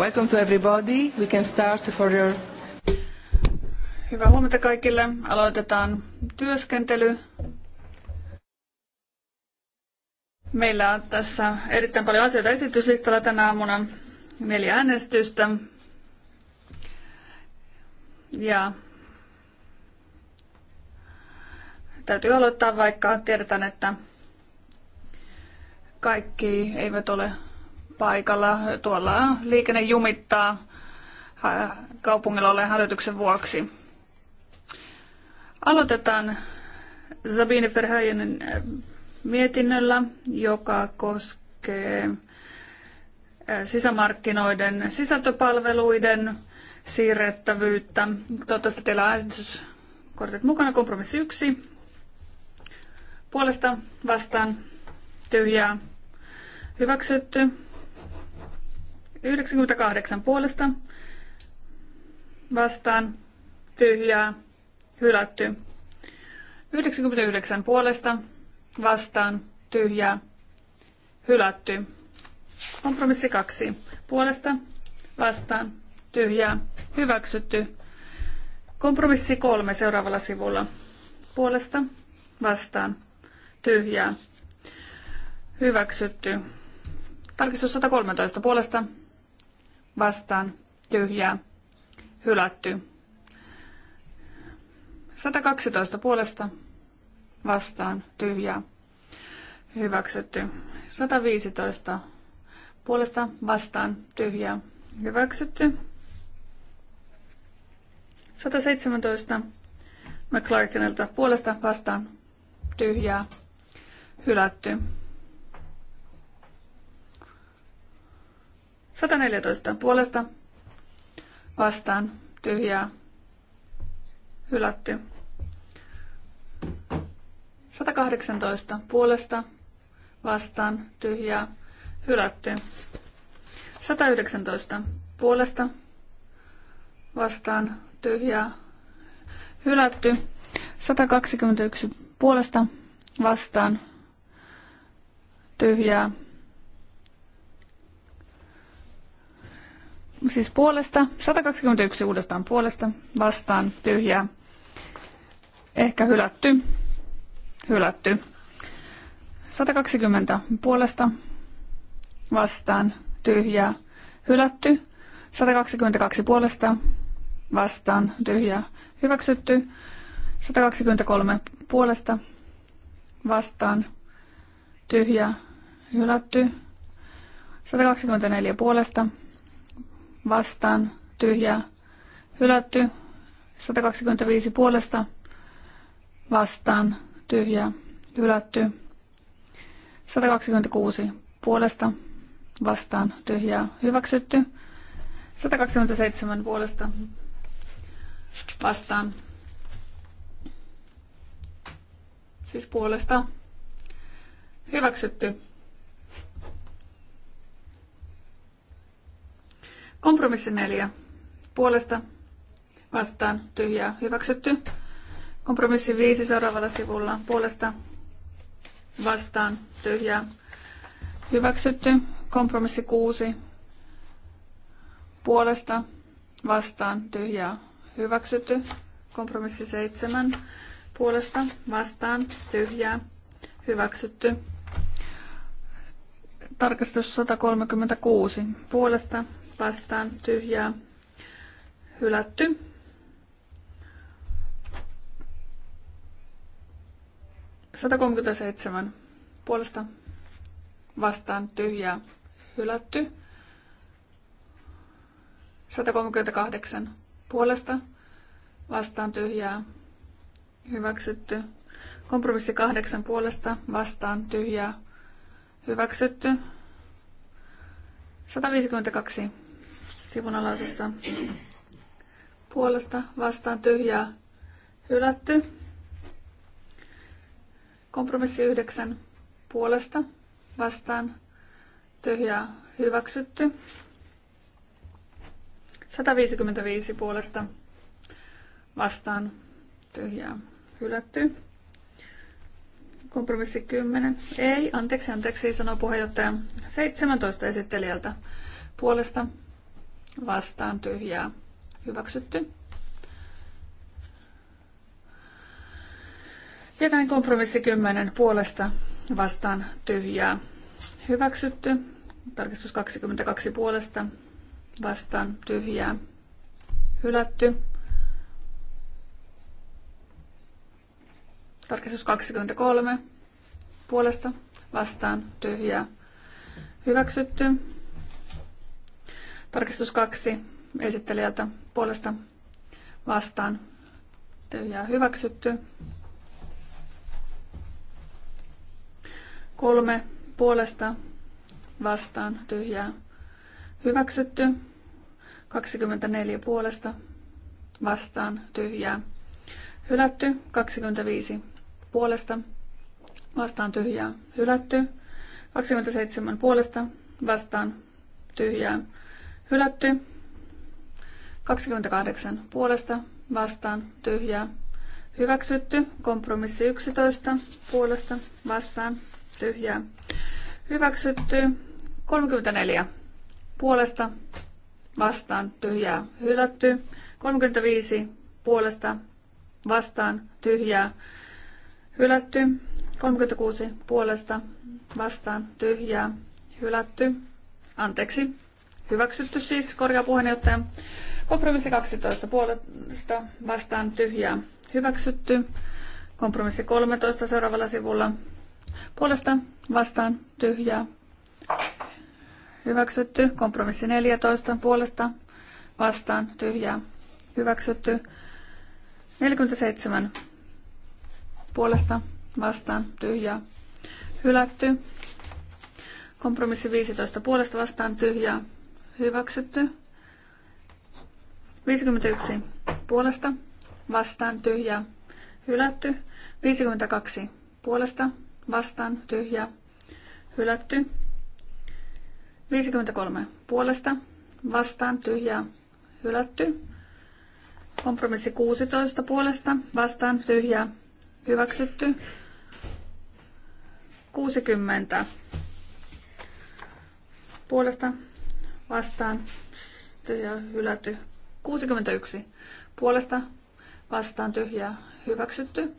Welcome to everybody. We can start for your... Hyvää huomenta kaikille. Aloitetaan työskentely. Meillä on tässä erittäin paljon asioita esityslistalla tänä aamuna. Neljä äänestystä. Ja täytyy aloittaa, vaikka tiedetään, että kaikki eivät ole paikalla. Tuolla liikenne jumittaa kaupungilla olleen hälytyksen vuoksi. Aloitetaan Sabine Verheyenin äh, mietinnöllä, joka koskee äh, sisämarkkinoiden sisältöpalveluiden siirrettävyyttä. Toivottavasti teillä on äänestyskortit mukana. Kompromissi yksi Puolesta vastaan tyhjää hyväksytty. 98 puolesta vastaan tyhjää hylätty. 99 puolesta vastaan tyhjää hylätty. Kompromissi 2 puolesta vastaan tyhjää hyväksytty. Kompromissi 3 seuraavalla sivulla puolesta vastaan tyhjää hyväksytty. Tarkistus 113 puolesta vastaan tyhjää hylätty. 112 puolesta vastaan tyhjää hyväksytty. 115 puolesta vastaan tyhjää hyväksytty. 117 McClarkinilta puolesta vastaan tyhjää hylätty. 114 puolesta vastaan tyhjää hylätty. 118 puolesta vastaan tyhjää hylätty. 119 puolesta vastaan tyhjää hylätty. 121 puolesta vastaan tyhjää siis puolesta, 121 uudestaan puolesta, vastaan, tyhjää, ehkä hylätty, hylätty. 120 puolesta, vastaan, tyhjää, hylätty. 122 puolesta, vastaan, tyhjää, hyväksytty. 123 puolesta, vastaan, tyhjää, hylätty. 124 puolesta, vastaan tyhjä, hylätty. 125 puolesta vastaan tyhjä, hylätty. 126 puolesta vastaan tyhjä hyväksytty. 127 puolesta vastaan. Siis puolesta hyväksytty. Kompromissi neljä. Puolesta vastaan tyhjää hyväksytty. Kompromissi viisi seuraavalla sivulla. Puolesta vastaan tyhjää hyväksytty. Kompromissi kuusi. Puolesta vastaan tyhjää hyväksytty. Kompromissi seitsemän. Puolesta vastaan tyhjää hyväksytty. Tarkastus 136. Puolesta vastaan tyhjää hylätty. Satakolmekymmentäseitsemän puolesta vastaan tyhjää hylätty. 138 puolesta vastaan tyhjää hyväksytty. Kompromissi 8 puolesta vastaan tyhjää hyväksytty. 152 sivun alaisessa puolesta vastaan tyhjää hylätty. Kompromissi 9 puolesta vastaan tyhjää hyväksytty. 155 puolesta vastaan tyhjää hylätty. Kompromissi 10. Ei, anteeksi, anteeksi, sanoo puheenjohtaja 17 esittelijältä puolesta vastaan tyhjää hyväksytty. Ja näin kompromissi 10 puolesta vastaan tyhjää hyväksytty. Tarkistus 22 puolesta vastaan tyhjää hylätty. Tarkistus 23 puolesta vastaan tyhjää hyväksytty. Tarkistus kaksi esittelijältä puolesta vastaan. Tyhjää hyväksytty. Kolme puolesta vastaan tyhjää hyväksytty. 24 puolesta vastaan tyhjää hylätty. 25 puolesta vastaan tyhjää hylätty. 27 puolesta vastaan tyhjää Hylätty. 28 puolesta vastaan tyhjää. Hyväksytty. Kompromissi 11 puolesta vastaan tyhjää. Hyväksytty. 34 puolesta vastaan tyhjää. Hylätty. 35 puolesta vastaan tyhjää. Hylätty. 36 puolesta vastaan tyhjää. Hylätty. Anteeksi. Hyväksytty siis korjaa puheenjohtaja. Kompromissi 12 puolesta vastaan tyhjää. Hyväksytty. Kompromissi 13 seuraavalla sivulla puolesta vastaan tyhjää. Hyväksytty. Kompromissi 14 puolesta vastaan tyhjää. Hyväksytty. 47 puolesta vastaan tyhjää. Hylätty. Kompromissi 15 puolesta vastaan tyhjää. Hyväksytty. 51. Puolesta. Vastaan. tyhjä, Hylätty. 52. Puolesta. Vastaan. tyhjä, Hylätty. 53. Puolesta. Vastaan. tyhjä Hylätty. Kompromissi 16 puolesta. Vastaan. tyhjä Hyväksytty. 60 puolesta vastaan tyhjää hylätty. 61 puolesta vastaan tyhjää hyväksytty.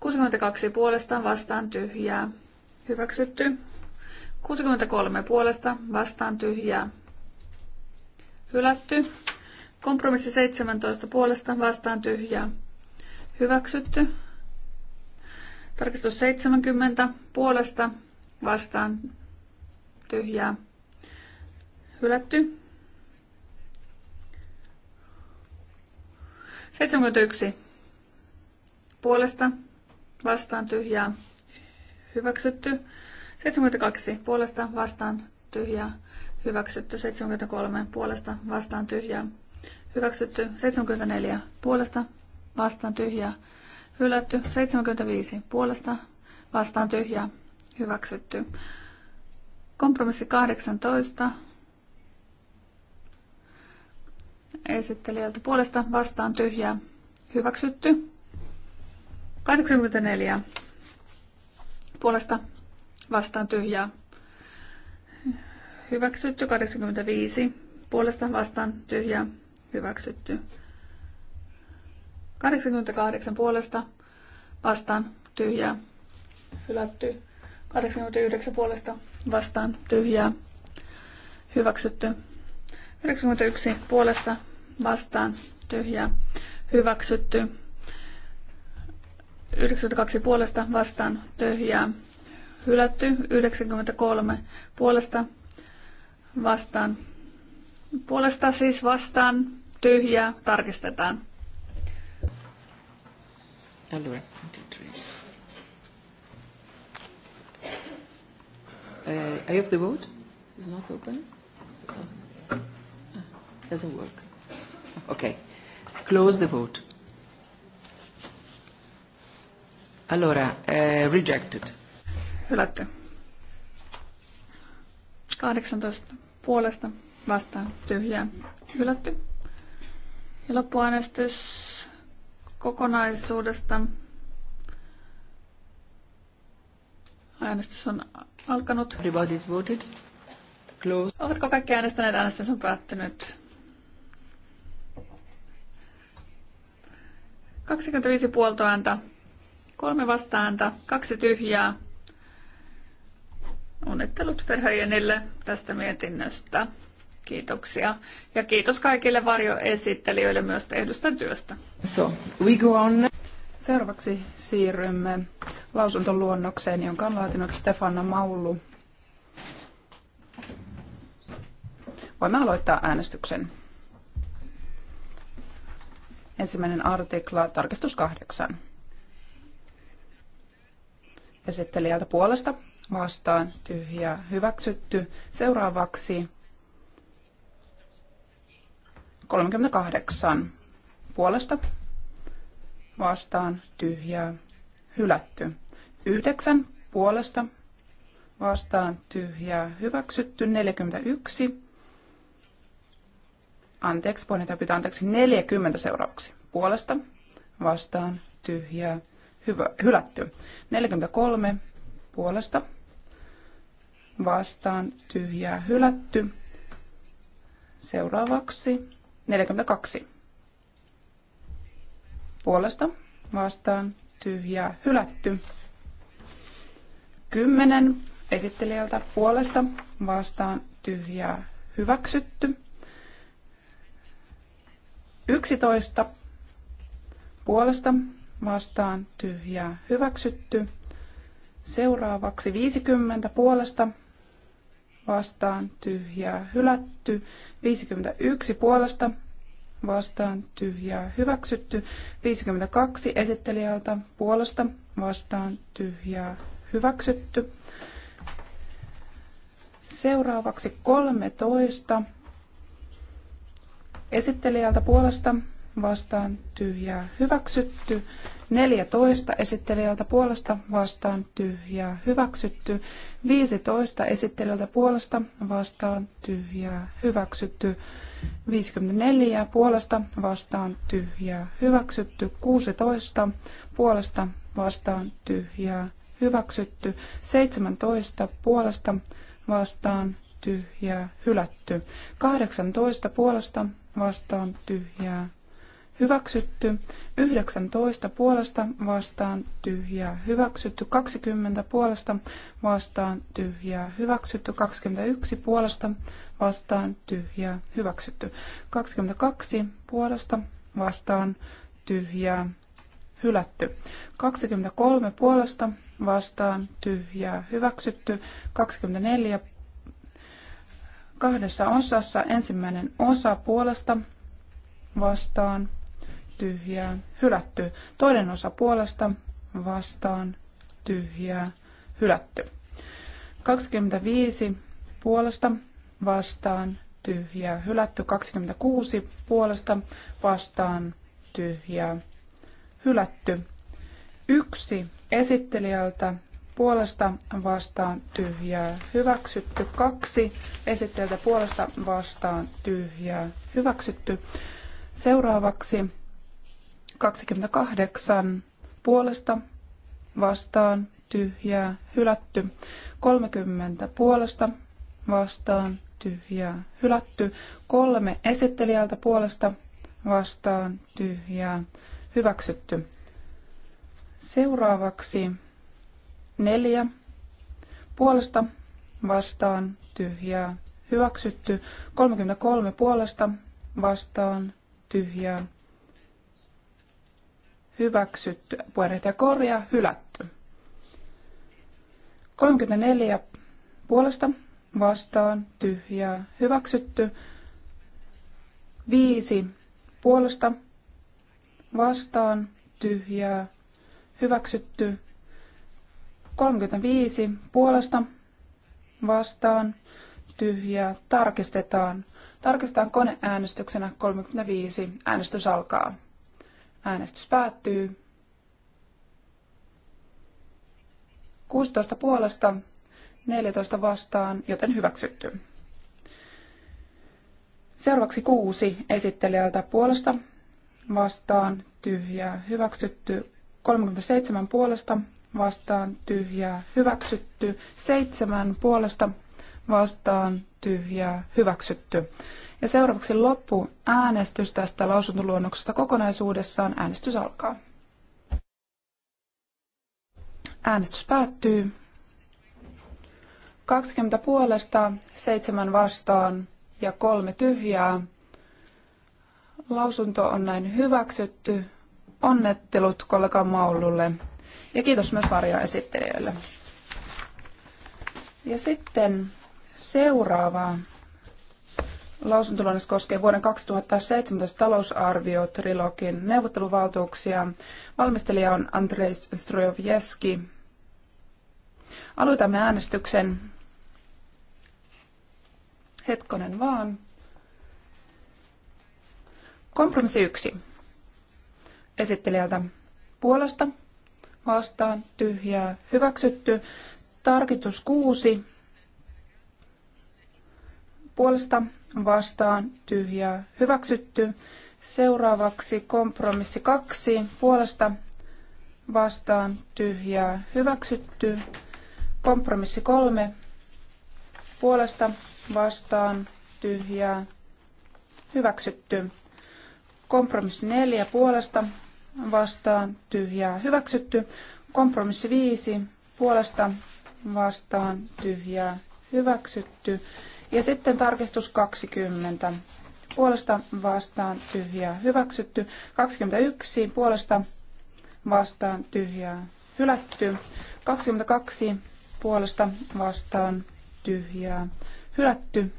62 puolesta vastaan tyhjää hyväksytty. 63 puolesta vastaan tyhjää hylätty. Kompromissi 17 puolesta vastaan tyhjää hyväksytty. Tarkistus 70 puolesta vastaan tyhjää Hylätty. 71. Puolesta vastaan tyhjää. Hyväksytty. 72. Puolesta vastaan tyhjää. Hyväksytty. 73. Puolesta vastaan tyhjää. Hyväksytty. 74. Puolesta vastaan tyhjää. Hylätty. 75. Puolesta vastaan tyhjää. Hyväksytty. Kompromissi 18. esittelijältä puolesta vastaan tyhjää hyväksytty. 84 puolesta vastaan tyhjää hyväksytty. 85 puolesta vastaan tyhjää hyväksytty. 88 puolesta vastaan tyhjää hylätty. 89 puolesta vastaan tyhjää hyväksytty. 91 puolesta vastaan tyhjää hyväksytty. 92 puolesta vastaan tyhjää hylätty. 93 puolesta vastaan puolesta siis vastaan tyhjää tarkistetaan. Allora, Uh, I have the vote. It's not open. Doesn't work. Ok. Close the vote. Allora, eh, rejected. Hylätty. Kahdeksantoista puolesta vastaan tyhjää. Hylätty. Ja loppuäänestys kokonaisuudesta. Äänestys on alkanut. Everybody's voted. Close. Ovatko kaikki äänestäneet? Äänestys on päättynyt. 25 puoltoääntä, kolme vastaääntä, kaksi tyhjää. Onnittelut perheenille tästä mietinnöstä. Kiitoksia. Ja kiitos kaikille varjoesittelijöille myös tehdystä työstä. So, we go on. Seuraavaksi siirrymme lausuntoluonnokseen, jonka on laatinut Stefana Maulu. Voimme aloittaa äänestyksen. Ensimmäinen artikla, tarkistus kahdeksan. Esittelijältä puolesta vastaan tyhjä hyväksytty. Seuraavaksi 38 puolesta vastaan tyhjä hylätty. Yhdeksän puolesta vastaan tyhjä hyväksytty. 41 anteeksi, puheenjohtaja pitää anteeksi, 40 seuraavaksi. Puolesta, vastaan, tyhjää, hyvä, hylätty. 43 puolesta, vastaan, tyhjää, hylätty. Seuraavaksi 42 puolesta, vastaan, tyhjää, hylätty. 10 esittelijältä puolesta, vastaan, tyhjää, hyväksytty. 11 puolesta vastaan tyhjää hyväksytty. Seuraavaksi 50 puolesta vastaan tyhjää hylätty. 51 puolesta vastaan tyhjää hyväksytty. 52 esittelijältä puolesta vastaan tyhjää hyväksytty. Seuraavaksi 13 esittelijältä puolesta vastaan tyhjää hyväksytty. 14 esittelijältä puolesta vastaan tyhjää hyväksytty. 15 esittelijältä puolesta vastaan tyhjää hyväksytty. 54 puolesta vastaan tyhjää hyväksytty. 16 puolesta vastaan tyhjää hyväksytty. 17 puolesta vastaan tyhjää, hylätty. 18 puolesta vastaan tyhjää, hyväksytty. 19 puolesta vastaan tyhjää, hyväksytty. 20 puolesta vastaan tyhjää, hyväksytty. 21 puolesta vastaan tyhjää, hyväksytty. 22 puolesta vastaan tyhjää, hylätty. 23 puolesta vastaan tyhjää, hyväksytty. 24 kahdessa osassa. Ensimmäinen osa puolesta vastaan tyhjää hylätty. Toinen osa puolesta vastaan tyhjää hylätty. 25 puolesta vastaan tyhjää hylätty. 26 puolesta vastaan tyhjää hylätty. Yksi esittelijältä puolesta vastaan tyhjää hyväksytty. Kaksi esittäjältä puolesta vastaan tyhjää hyväksytty. Seuraavaksi 28 puolesta vastaan tyhjää hylätty. 30 puolesta vastaan tyhjää hylätty. Kolme esittelijältä puolesta vastaan tyhjää hyväksytty. Seuraavaksi Neljä. Puolesta vastaan tyhjää hyväksytty. 33 puolesta vastaan tyhjää hyväksytty. Puheenjohtaja korjaa hylätty. 34 puolesta vastaan tyhjää hyväksytty. 5 puolesta vastaan tyhjää hyväksytty. 35 puolesta vastaan tyhjää tarkistetaan. Tarkistetaan koneäänestyksenä 35. Äänestys alkaa. Äänestys päättyy. 16 puolesta, 14 vastaan, joten hyväksytty. Seuraavaksi kuusi esittelijältä puolesta vastaan tyhjää hyväksytty, 37 puolesta vastaan tyhjää hyväksytty. Seitsemän puolesta vastaan tyhjää hyväksytty. Ja seuraavaksi loppu äänestys tästä lausuntoluonnoksesta kokonaisuudessaan. Äänestys alkaa. Äänestys päättyy. 20 puolesta, 7 vastaan ja kolme tyhjää. Lausunto on näin hyväksytty. Onnettelut kollega Maululle. Ja kiitos myös esittelijöille. Ja sitten seuraava lausuntoluonnos koskee vuoden 2017 talousarviotrilogin neuvotteluvaltuuksia. Valmistelija on Andrei Strojovjeski. Aloitamme äänestyksen. Hetkonen vaan. Kompromissi yksi. Esittelijältä puolesta vastaan tyhjää hyväksytty. Tarkistus 6 puolesta vastaan tyhjää hyväksytty. Seuraavaksi kompromissi 2 puolesta vastaan tyhjää hyväksytty. Kompromissi 3 puolesta vastaan tyhjää hyväksytty. Kompromissi 4 puolesta vastaan tyhjää hyväksytty. Kompromissi 5 puolesta vastaan tyhjää hyväksytty. Ja sitten tarkistus 20 puolesta vastaan tyhjää hyväksytty. 21 puolesta vastaan tyhjää hylätty. 22 puolesta vastaan tyhjää hylätty.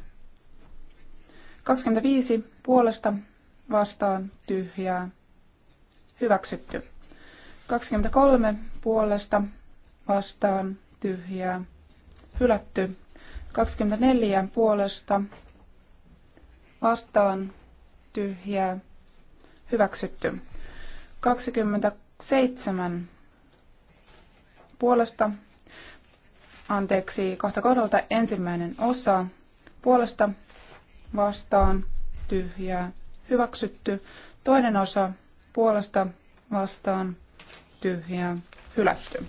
25 puolesta vastaan tyhjää hyväksytty. 23 puolesta vastaan tyhjää hylätty. 24 puolesta vastaan tyhjää hyväksytty. 27 puolesta, anteeksi, kohta kohdalta ensimmäinen osa puolesta vastaan tyhjää hyväksytty. Toinen osa puolesta vastaan tyhjää hylätty.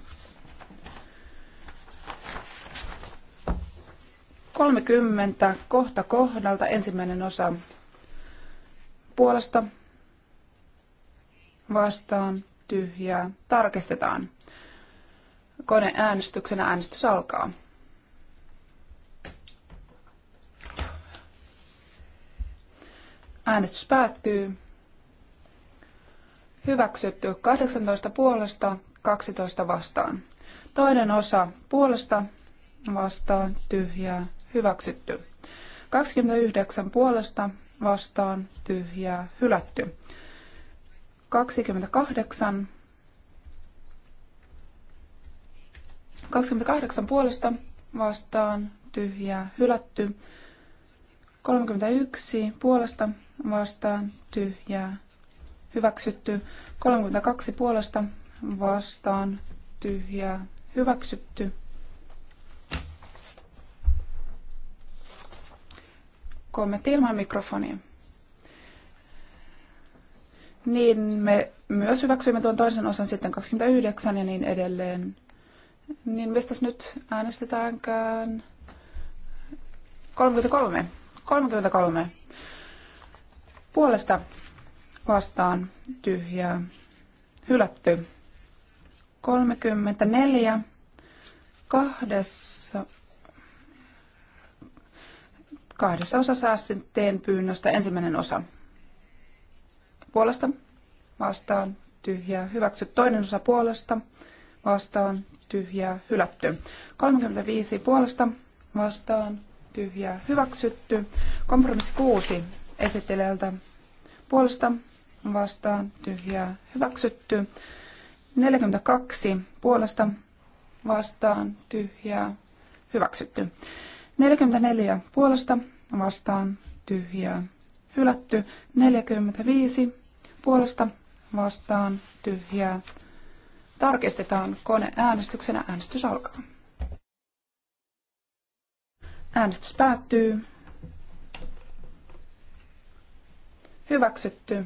30 kohta kohdalta ensimmäinen osa puolesta vastaan tyhjää tarkistetaan. kone äänestyksenä äänestys alkaa. Äänestys päättyy hyväksytty 18 puolesta, 12 vastaan. Toinen osa puolesta, vastaan, tyhjää, hyväksytty. 29 puolesta, vastaan, tyhjää, hylätty. 28 28 puolesta vastaan, tyhjää, hylätty. 31 puolesta vastaan, tyhjää, hyväksytty. 32 puolesta vastaan tyhjää hyväksytty. Kommentti ilman mikrofonia. Niin me myös hyväksyimme tuon toisen osan sitten 29 ja niin edelleen. Niin mistä nyt äänestetäänkään? 33. 33. Puolesta vastaan tyhjää hylätty. 34 kahdessa, kahdessa osassa teen pyynnöstä ensimmäinen osa. Puolesta vastaan tyhjää hyväksy. Toinen osa puolesta vastaan tyhjää hylätty. 35 puolesta vastaan tyhjää hyväksytty. Kompromissi 6 esittelijältä puolesta vastaan tyhjää hyväksytty. 42 puolesta vastaan tyhjää hyväksytty. 44 puolesta vastaan tyhjää hylätty. 45 puolesta vastaan tyhjää. Tarkistetaan äänestyksenä Äänestys alkaa. Äänestys päättyy. Hyväksytty.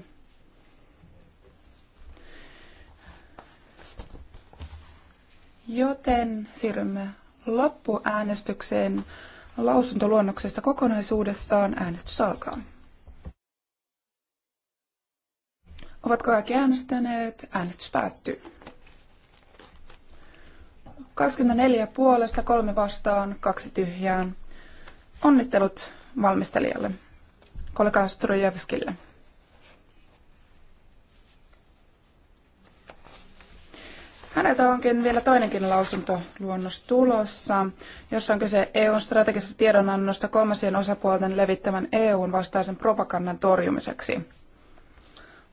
Joten siirrymme loppuäänestykseen lausuntoluonnoksesta kokonaisuudessaan. Äänestys alkaa. Ovatko kaikki äänestäneet? Äänestys päättyy. 24 puolesta, kolme vastaan, kaksi tyhjää. Onnittelut valmistelijalle, kollega Strojevskille. Häneltä onkin vielä toinenkin lausuntoluonnos tulossa, jossa on kyse EUn strategisesta tiedonannosta kolmasien osapuolten levittämän EUn vastaisen propagandan torjumiseksi.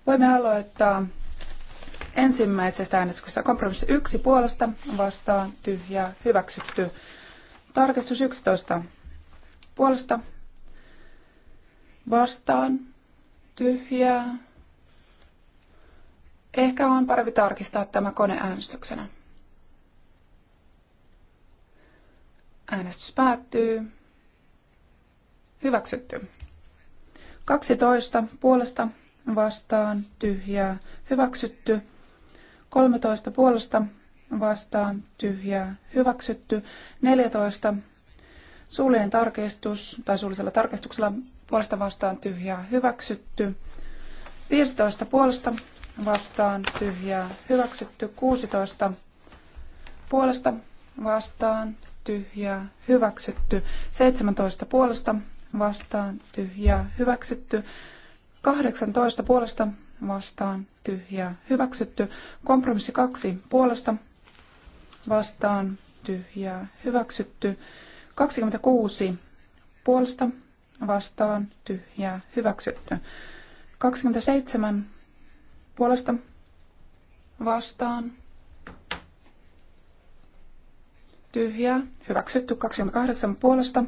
Voimme aloittaa ensimmäisestä äänestyksestä kompromissi yksi puolesta vastaan tyhjää hyväksytty. Tarkistus 11 puolesta vastaan tyhjää Ehkä on parempi tarkistaa tämä äänestyksenä. Äänestys päättyy. Hyväksytty. 12 puolesta vastaan tyhjää hyväksytty. 13 puolesta vastaan tyhjää hyväksytty. 14 suullinen tarkistus tai suullisella tarkistuksella puolesta vastaan tyhjää hyväksytty. 15 puolesta vastaan tyhjää hyväksytty 16 puolesta vastaan tyhjää hyväksytty 17 puolesta vastaan tyhjää hyväksytty 18 puolesta vastaan tyhjää hyväksytty kompromissi 2 puolesta vastaan tyhjää hyväksytty 26 puolesta vastaan tyhjää hyväksytty 27 puolesta vastaan. Tyhjää. Hyväksytty 28 puolesta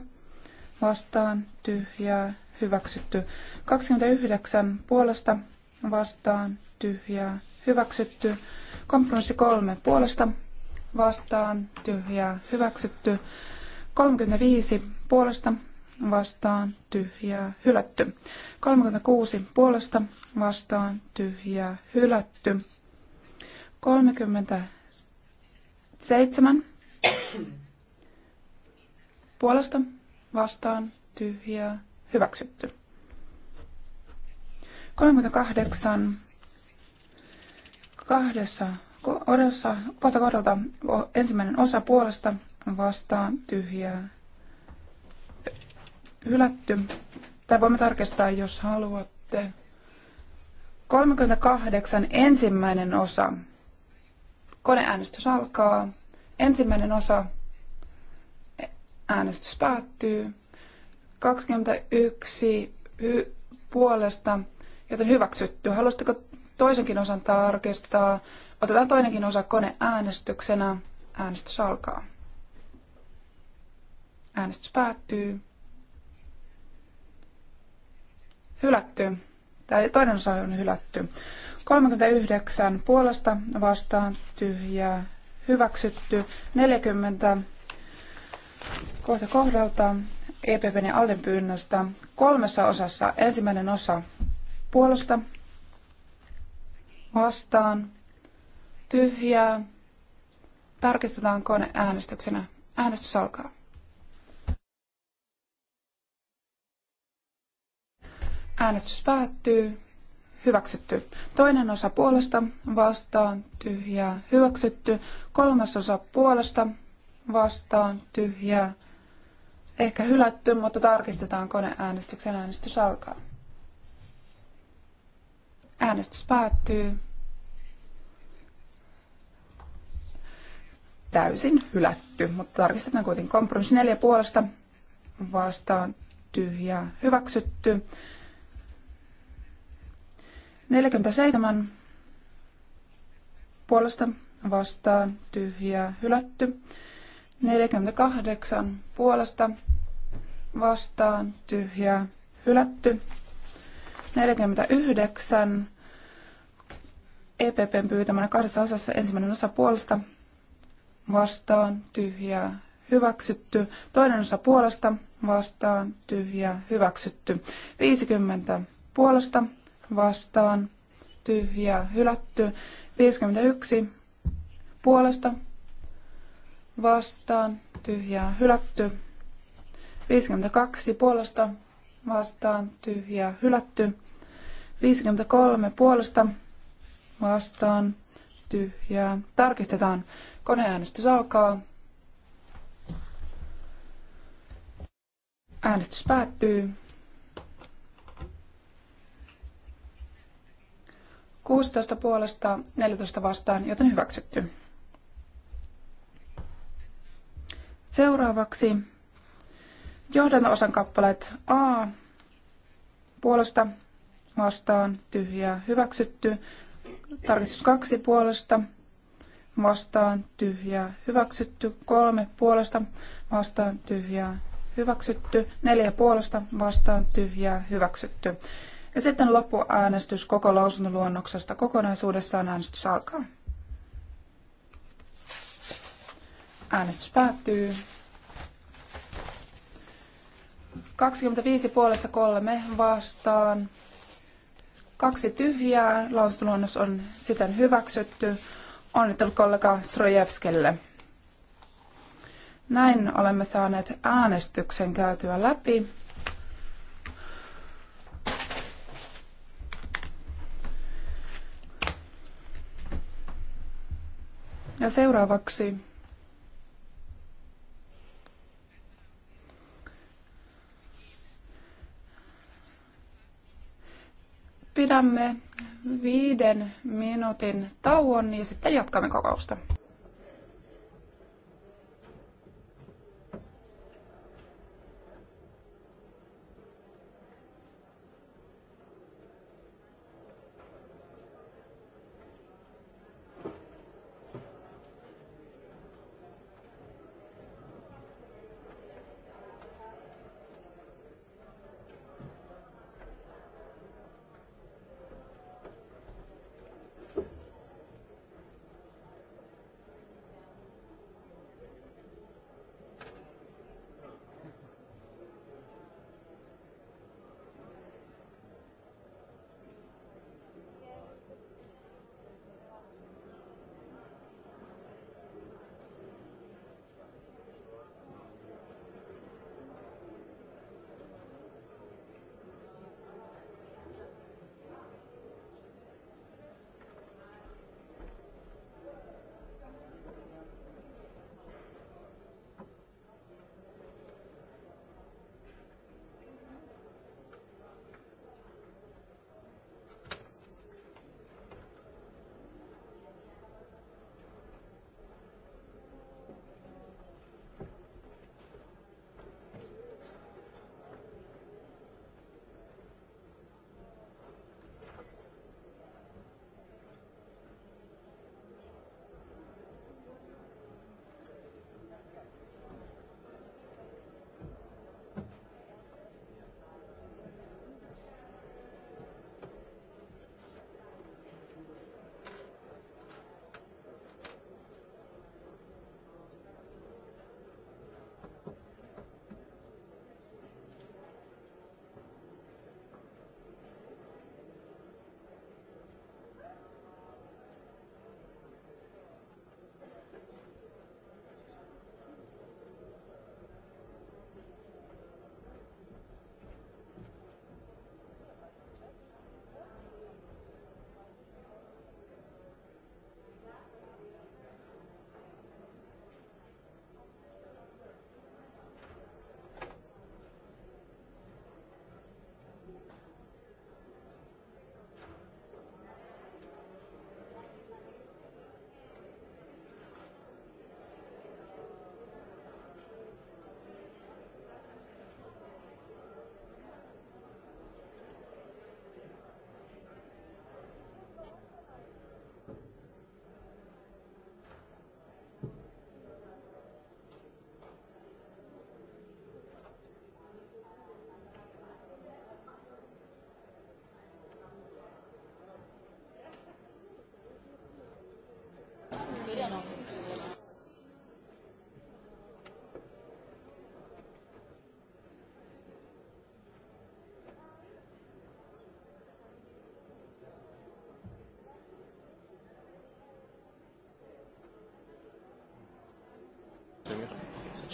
vastaan. Tyhjää. Hyväksytty 29 puolesta vastaan. Tyhjää. Hyväksytty. Kompromissi 3 puolesta vastaan. Tyhjää. Hyväksytty. 35 puolesta vastaan tyhjää hylätty. 36 puolesta vastaan tyhjää hylätty. 37 puolesta vastaan tyhjää hyväksytty. 38 kahdessa kohdassa kohta kohdalta ensimmäinen osa puolesta vastaan tyhjää hylätty. Tai voimme tarkistaa, jos haluatte. 38 ensimmäinen osa. Koneäänestys alkaa. Ensimmäinen osa. Äänestys päättyy. 21 hy- puolesta, joten hyväksytty. Haluaisitteko toisenkin osan tarkistaa? Otetaan toinenkin osa koneäänestyksenä. Äänestys alkaa. Äänestys päättyy. hylätty, tai toinen osa on hylätty. 39 puolesta vastaan tyhjää hyväksytty. 40 kohta kohdalta EPPn ja Alden pyynnöstä kolmessa osassa. Ensimmäinen osa puolesta vastaan tyhjää. Tarkistetaan koneäänestyksenä. Äänestys alkaa. Äänestys päättyy. Hyväksytty. Toinen osa puolesta vastaan tyhjää. Hyväksytty. Kolmas osa puolesta vastaan tyhjää. Ehkä hylätty, mutta tarkistetaan koneäänestyksen äänestys alkaa. Äänestys päättyy. Täysin hylätty, mutta tarkistetaan kuitenkin kompromissi neljä puolesta vastaan tyhjää hyväksytty. 47 puolesta vastaan tyhjää hylätty. 48 puolesta vastaan tyhjää hylätty. 49 EPPn pyytämänä kahdessa osassa ensimmäinen osa puolesta vastaan tyhjää hyväksytty. Toinen osa puolesta vastaan tyhjää hyväksytty. 50 puolesta vastaan tyhjää hylätty. 51 puolesta vastaan tyhjää hylätty. 52 puolesta vastaan tyhjää hylätty. 53 puolesta vastaan tyhjää. Tarkistetaan. Koneäänestys alkaa. Äänestys päättyy. 16 puolesta, 14 vastaan, joten hyväksytty. Seuraavaksi johdanto-osan kappaleet A puolesta vastaan tyhjää hyväksytty. Tarkistus 2 puolesta vastaan tyhjää hyväksytty. 3 puolesta vastaan tyhjää hyväksytty. 4 puolesta vastaan tyhjää hyväksytty. Ja sitten loppuäänestys koko lausuntoluonnoksesta kokonaisuudessaan äänestys alkaa. Äänestys päättyy. 25 puolesta kolme vastaan. Kaksi tyhjää. Lausuntoluonnos on siten hyväksytty. Onnittelut kollega Strojevskelle. Näin olemme saaneet äänestyksen käytyä läpi. Ja seuraavaksi pidämme viiden minuutin tauon ja sitten jatkamme kokousta.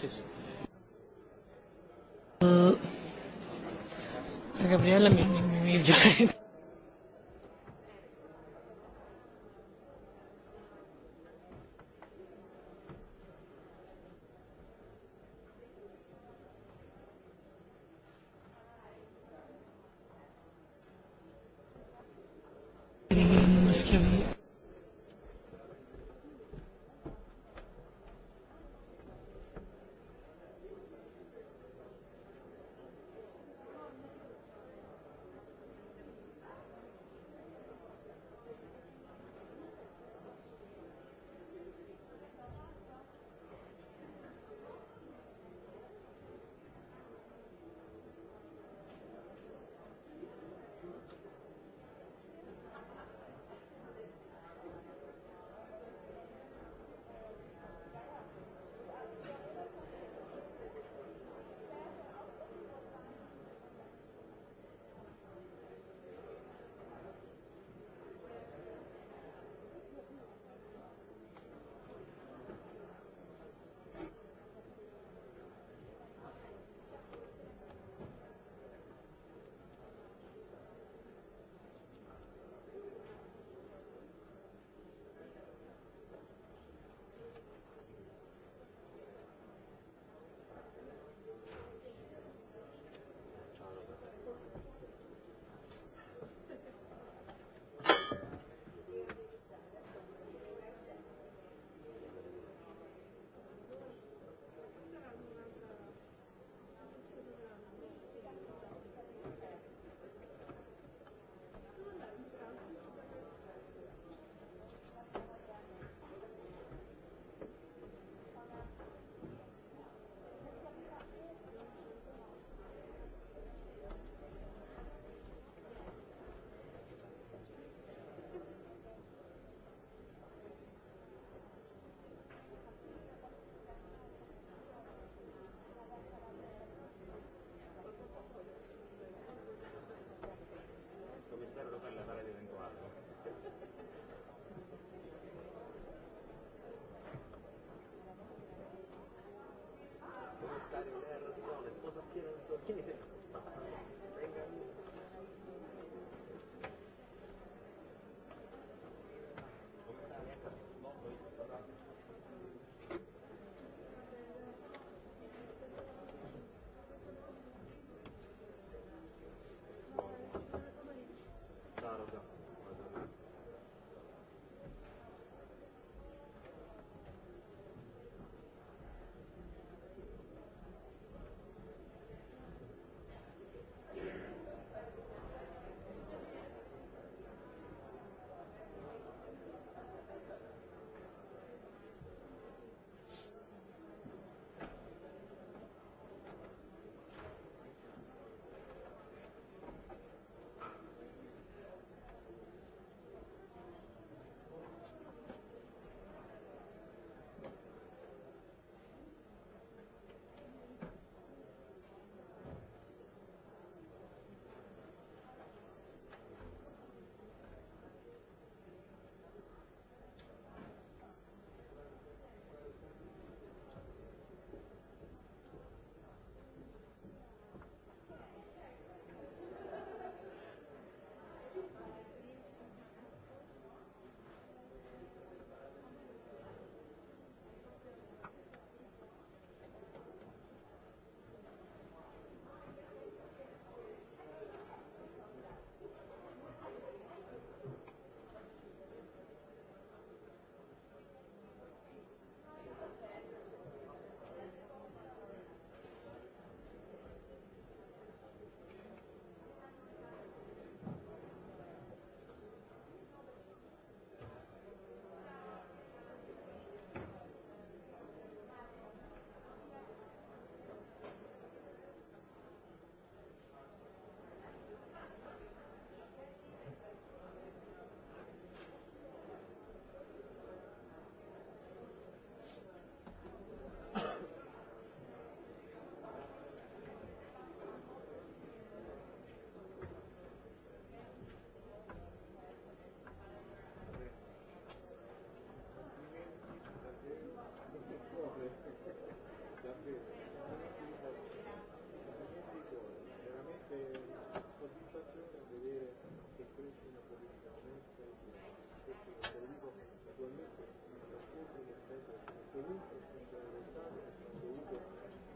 noches. Gabriela, mi, mi, mi, le esposa Piera e la sua chiesa.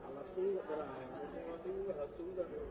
alla sua grande, una figura assolutamente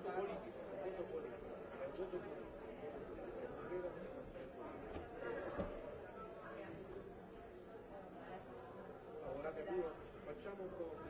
voto politico, un politico, è un politico. facciamo un po'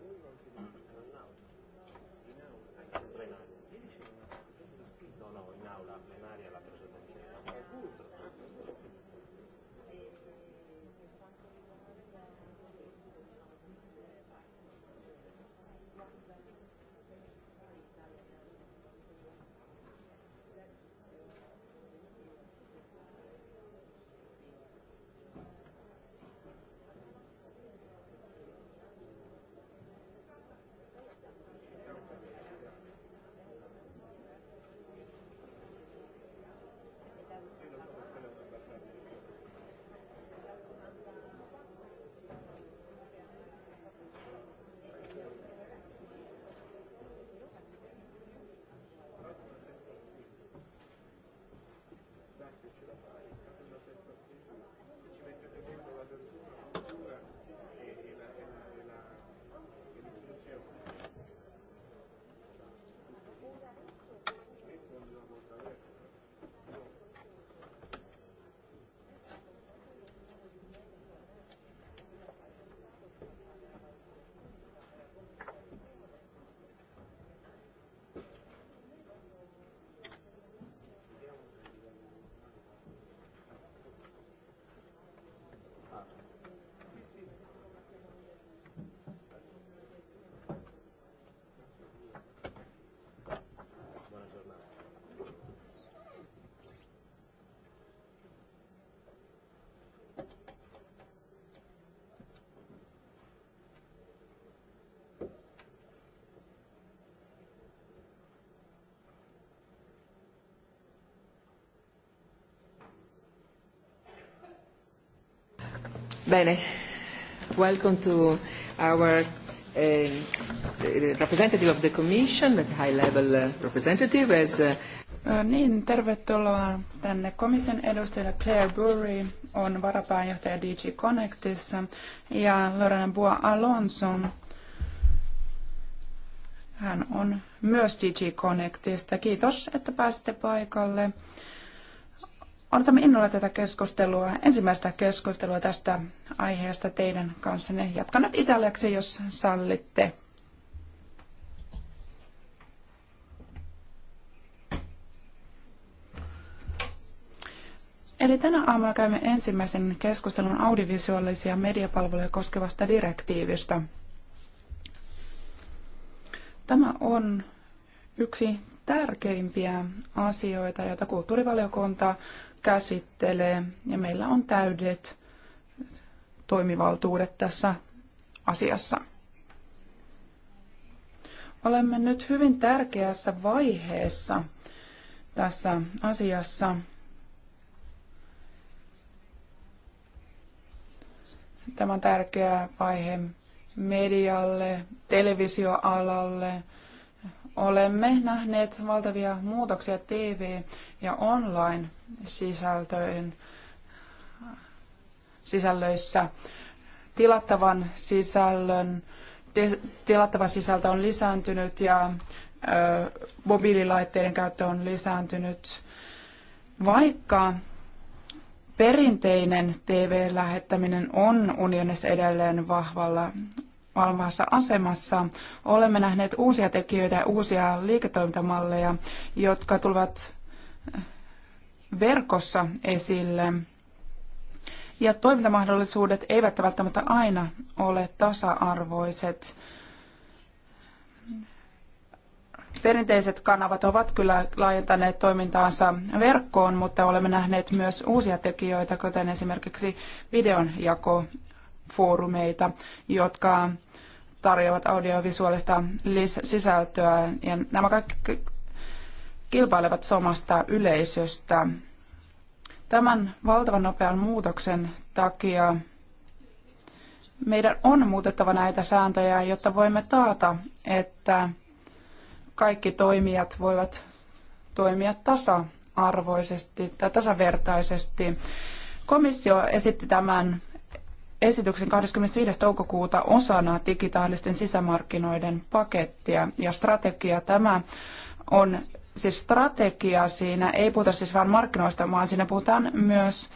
Bene. Welcome to our uh, representative of the Commission, the high-level uh, eh, representative as uh, niin, tervetuloa tänne komission edustajille. Claire Burry on varapääjohtaja DG Connectissa ja Lorena Bua Alonso. Hän on myös DG Connectista. Kiitos, että pääsitte paikalle. Odotamme innolla tätä keskustelua, ensimmäistä keskustelua tästä aiheesta teidän kanssanne. Jatkan nyt italiaksi, jos sallitte. Eli tänä aamulla käymme ensimmäisen keskustelun audiovisuaalisia mediapalveluja koskevasta direktiivistä. Tämä on yksi tärkeimpiä asioita, joita kulttuurivaliokunta käsittelee ja meillä on täydet toimivaltuudet tässä asiassa. Olemme nyt hyvin tärkeässä vaiheessa tässä asiassa. Tämä on tärkeä vaihe medialle, televisioalalle, Olemme nähneet valtavia muutoksia TV- ja online sisältöjen sisällöissä. Tilattavan sisällön tilattava sisältö on lisääntynyt ja ö, mobiililaitteiden käyttö on lisääntynyt. Vaikka perinteinen TV-lähettäminen on unionissa edelleen vahvalla valvassa asemassa. Olemme nähneet uusia tekijöitä ja uusia liiketoimintamalleja, jotka tulevat äh, verkossa esille. Ja toimintamahdollisuudet eivät välttämättä aina ole tasa-arvoiset. Perinteiset kanavat ovat kyllä laajentaneet toimintaansa verkkoon, mutta olemme nähneet myös uusia tekijöitä, kuten esimerkiksi videon jako foorumeita, jotka tarjoavat audiovisuaalista sisältöä. Ja nämä kaikki kilpailevat samasta yleisöstä. Tämän valtavan nopean muutoksen takia meidän on muutettava näitä sääntöjä, jotta voimme taata, että kaikki toimijat voivat toimia tasa-arvoisesti tai tasavertaisesti. Komissio esitti tämän esityksen 25. toukokuuta osana digitaalisten sisämarkkinoiden pakettia ja strategia tämä on siis strategia siinä, ei puhuta siis vain markkinoista, vaan siinä puhutaan myös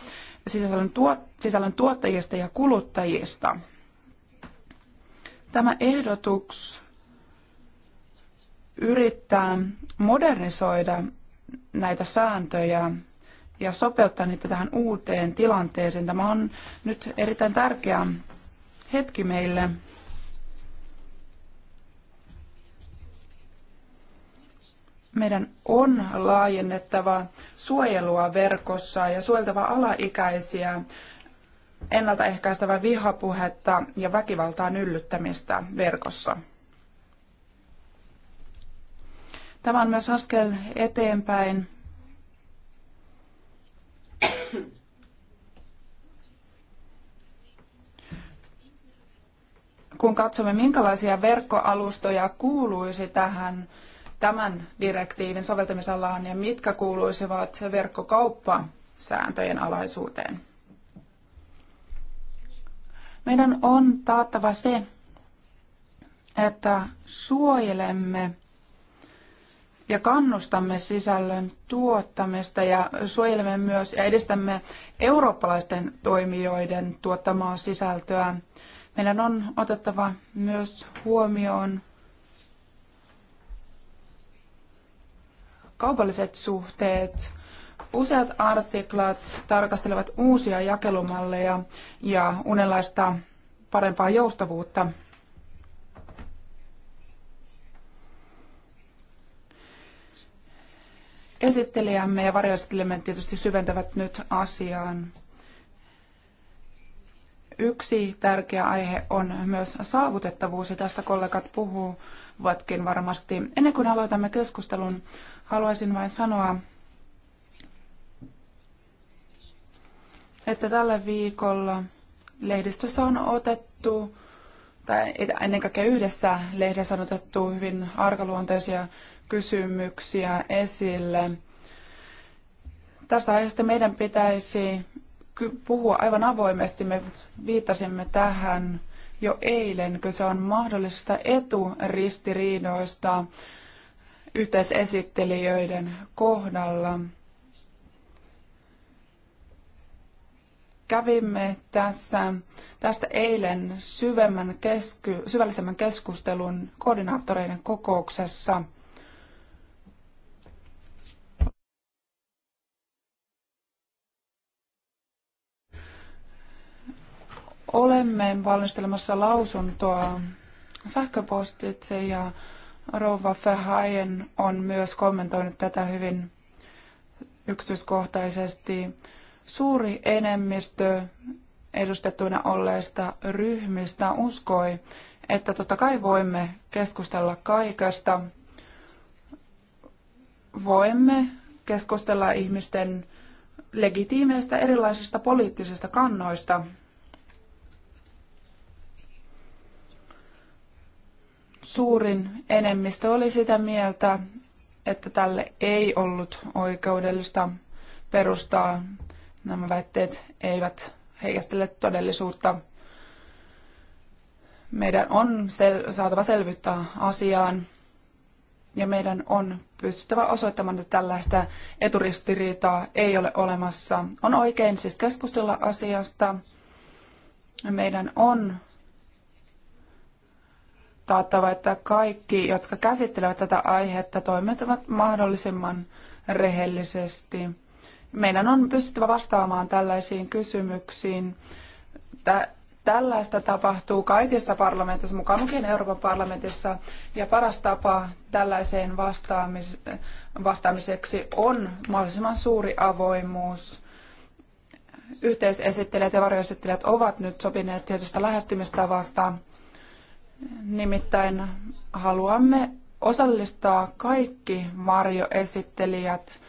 sisällön, tuot, sisällön tuottajista ja kuluttajista. Tämä ehdotus yrittää modernisoida näitä sääntöjä ja sopeuttaa niitä tähän uuteen tilanteeseen. Tämä on nyt erittäin tärkeä hetki meille. Meidän on laajennettava suojelua verkossa ja suojeltava alaikäisiä, ennaltaehkäistävä vihapuhetta ja väkivaltaan yllyttämistä verkossa. Tämä on myös askel eteenpäin kun katsomme, minkälaisia verkkoalustoja kuuluisi tähän tämän direktiivin soveltamisalaan ja mitkä kuuluisivat verkkokauppasääntöjen alaisuuteen. Meidän on taattava se, että suojelemme ja kannustamme sisällön tuottamista ja suojelemme myös ja edistämme eurooppalaisten toimijoiden tuottamaa sisältöä. Meidän on otettava myös huomioon kaupalliset suhteet. Useat artiklat tarkastelevat uusia jakelumalleja ja unenlaista parempaa joustavuutta. Esittelijämme ja varjoesittelijämme tietysti syventävät nyt asiaan. Yksi tärkeä aihe on myös saavutettavuus, ja tästä kollegat puhuvatkin varmasti. Ennen kuin aloitamme keskustelun, haluaisin vain sanoa, että tällä viikolla lehdistössä on otettu, tai ennen kaikkea yhdessä lehdessä on otettu hyvin arkaluonteisia kysymyksiä esille. Tästä aiheesta meidän pitäisi puhua aivan avoimesti. Me viittasimme tähän jo eilen, kun se on mahdollisista eturistiriidoista yhteisesittelijöiden kohdalla. Kävimme tässä, tästä eilen syvemmän kesky, syvällisemmän keskustelun koordinaattoreiden kokouksessa – Olemme valmistelemassa lausuntoa sähköpostitse ja Rouva Fehajen on myös kommentoinut tätä hyvin yksityiskohtaisesti. Suuri enemmistö edustettuina olleista ryhmistä uskoi, että totta kai voimme keskustella kaikesta. Voimme keskustella ihmisten legitiimeistä erilaisista poliittisista kannoista, Suurin enemmistö oli sitä mieltä, että tälle ei ollut oikeudellista perustaa. Nämä väitteet eivät heijastele todellisuutta. Meidän on sel- saatava selvittää asiaan ja meidän on pystyttävä osoittamaan, että tällaista eturistiriitaa ei ole olemassa. On oikein siis keskustella asiasta. Meidän on taattava, että kaikki, jotka käsittelevät tätä aihetta, toimittavat mahdollisimman rehellisesti. Meidän on pystyttävä vastaamaan tällaisiin kysymyksiin. Tällaista tapahtuu kaikissa parlamentissa, mukaan lukien Euroopan parlamentissa, ja paras tapa tällaiseen vastaamis- vastaamiseksi on mahdollisimman suuri avoimuus. Yhteisesittelijät ja varjoesittelijät ovat nyt sopineet tietystä lähestymistavasta Nimittäin haluamme osallistaa kaikki varjoesittelijät.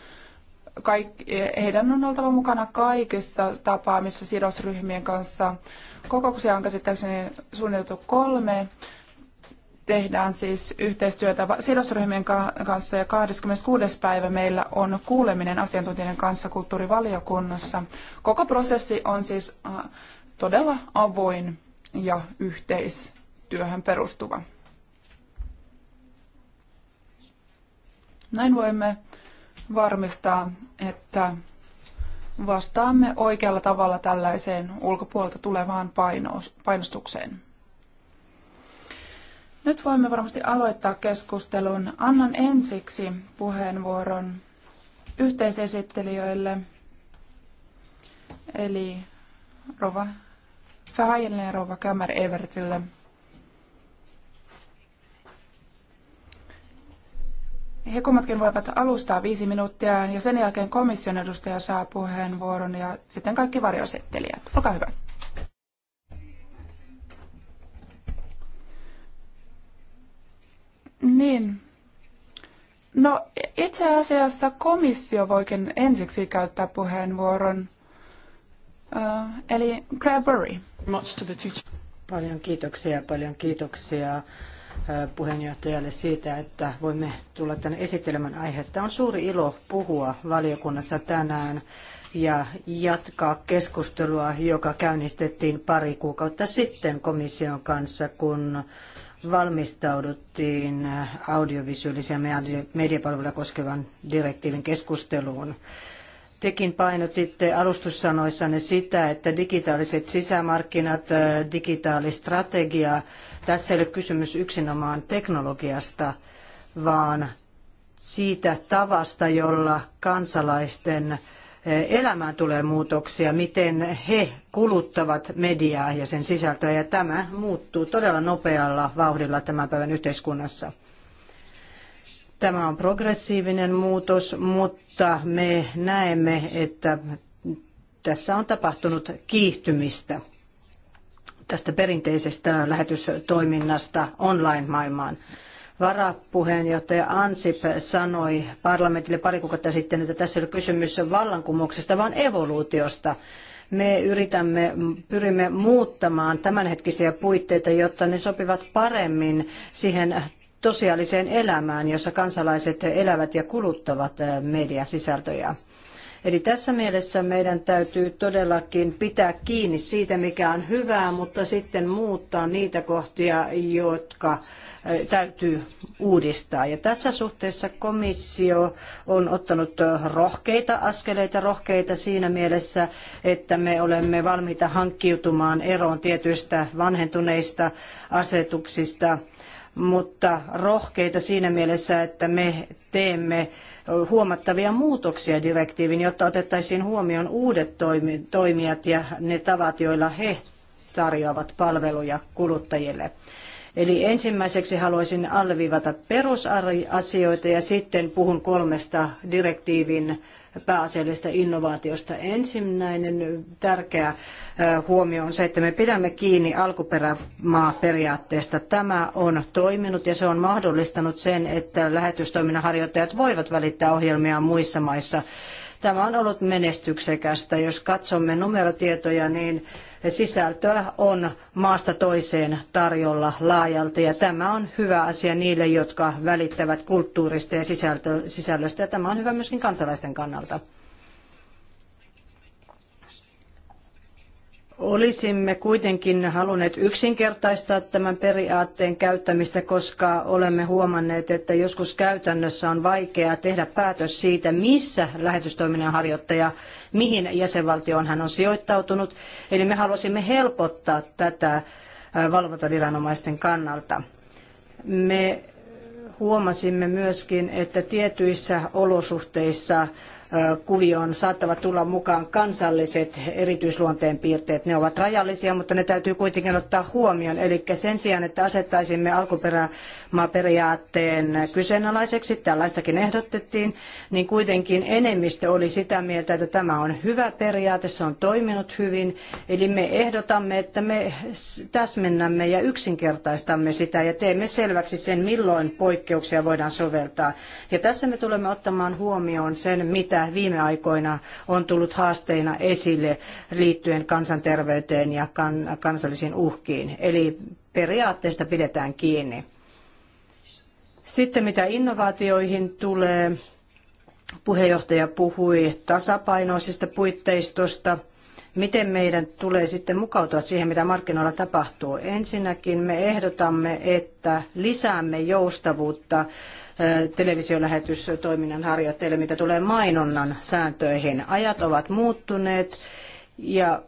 Kaik- heidän on oltava mukana kaikissa tapaamissa sidosryhmien kanssa. Kokouksia on käsittääkseni suunniteltu kolme. Tehdään siis yhteistyötä sidosryhmien kanssa ja 26. päivä meillä on kuuleminen asiantuntijoiden kanssa kulttuurivaliokunnassa. Koko prosessi on siis äh, todella avoin ja yhteis työhön perustuva. Näin voimme varmistaa, että vastaamme oikealla tavalla tällaiseen ulkopuolelta tulevaan painostukseen. Nyt voimme varmasti aloittaa keskustelun. Annan ensiksi puheenvuoron yhteisesittelijöille, eli Rova Fahajille ja Rova Kämär Evertille. He kummatkin voivat alustaa viisi minuuttia ja sen jälkeen komission edustaja saa puheenvuoron ja sitten kaikki varjosettelijät. Olkaa hyvä. Niin. No itse asiassa komissio voikin ensiksi käyttää puheenvuoron. Uh, eli Gregory. Paljon kiitoksia, paljon kiitoksia puheenjohtajalle siitä, että voimme tulla tänne esittelemään aihetta. On suuri ilo puhua valiokunnassa tänään ja jatkaa keskustelua, joka käynnistettiin pari kuukautta sitten komission kanssa, kun valmistauduttiin audiovisuaalisia mediapalveluja koskevan direktiivin keskusteluun. Tekin painotitte alustussanoissanne sitä, että digitaaliset sisämarkkinat, äh, digitaalistrategia, tässä ei ole kysymys yksinomaan teknologiasta, vaan siitä tavasta, jolla kansalaisten äh, elämään tulee muutoksia, miten he kuluttavat mediaa ja sen sisältöä, ja tämä muuttuu todella nopealla vauhdilla tämän päivän yhteiskunnassa. Tämä on progressiivinen muutos, mutta me näemme, että tässä on tapahtunut kiihtymistä tästä perinteisestä lähetystoiminnasta online-maailmaan. Varapuheenjohtaja Ansip sanoi parlamentille pari kuukautta sitten, että tässä ei ole kysymys vallankumouksesta, vaan evoluutiosta me yritämme, pyrimme muuttamaan tämänhetkisiä puitteita, jotta ne sopivat paremmin siihen tosiaaliseen elämään, jossa kansalaiset elävät ja kuluttavat eh, mediasisältöjä. Eli tässä mielessä meidän täytyy todellakin pitää kiinni siitä, mikä on hyvää, mutta sitten muuttaa niitä kohtia, jotka eh, täytyy uudistaa. Ja tässä suhteessa komissio on ottanut eh, rohkeita askeleita, rohkeita siinä mielessä, että me olemme valmiita hankkiutumaan eroon tietyistä vanhentuneista asetuksista mutta rohkeita siinä mielessä, että me teemme huomattavia muutoksia direktiivin, jotta otettaisiin huomioon uudet toimijat ja ne tavat, joilla he tarjoavat palveluja kuluttajille. Eli ensimmäiseksi haluaisin alviivata perusasioita ja sitten puhun kolmesta direktiivin pääasiallisista innovaatiosta. Ensimmäinen tärkeä huomio on se, että me pidämme kiinni alkuperämaaperiaatteesta. Tämä on toiminut ja se on mahdollistanut sen, että lähetystoiminnan harjoittajat voivat välittää ohjelmia muissa maissa. Tämä on ollut menestyksekästä. Jos katsomme numerotietoja, niin sisältöä on maasta toiseen tarjolla laajalti ja tämä on hyvä asia niille, jotka välittävät kulttuurista ja sisältöä, sisällöstä ja tämä on hyvä myöskin kansalaisten kannalta. Olisimme kuitenkin halunneet yksinkertaistaa tämän periaatteen käyttämistä, koska olemme huomanneet, että joskus käytännössä on vaikeaa tehdä päätös siitä, missä lähetystoiminnan harjoittaja, mihin jäsenvaltioon hän on sijoittautunut. Eli me halusimme helpottaa tätä äh, valvontaviranomaisten kannalta. Me huomasimme myöskin, että tietyissä olosuhteissa kuvioon saattavat tulla mukaan kansalliset erityisluonteen piirteet. Ne ovat rajallisia, mutta ne täytyy kuitenkin ottaa huomioon. Eli sen sijaan, että asettaisimme alkuperämaaperiaatteen kyseenalaiseksi, tällaistakin ehdotettiin, niin kuitenkin enemmistö oli sitä mieltä, että tämä on hyvä periaate, se on toiminut hyvin. Eli me ehdotamme, että me täsmennämme ja yksinkertaistamme sitä ja teemme selväksi sen, milloin poikkeuksia voidaan soveltaa. Ja tässä me tulemme ottamaan huomioon sen, mitä mitä viime aikoina on tullut haasteina esille liittyen kansanterveyteen ja kansallisiin uhkiin. Eli periaatteesta pidetään kiinni. Sitten mitä innovaatioihin tulee, puheenjohtaja puhui tasapainoisesta puitteistosta. Miten meidän tulee sitten mukautua siihen, mitä markkinoilla tapahtuu? Ensinnäkin me ehdotamme, että lisäämme joustavuutta televisiolähetystoiminnan harjoittajille, mitä tulee mainonnan sääntöihin. Ajat ovat muuttuneet ja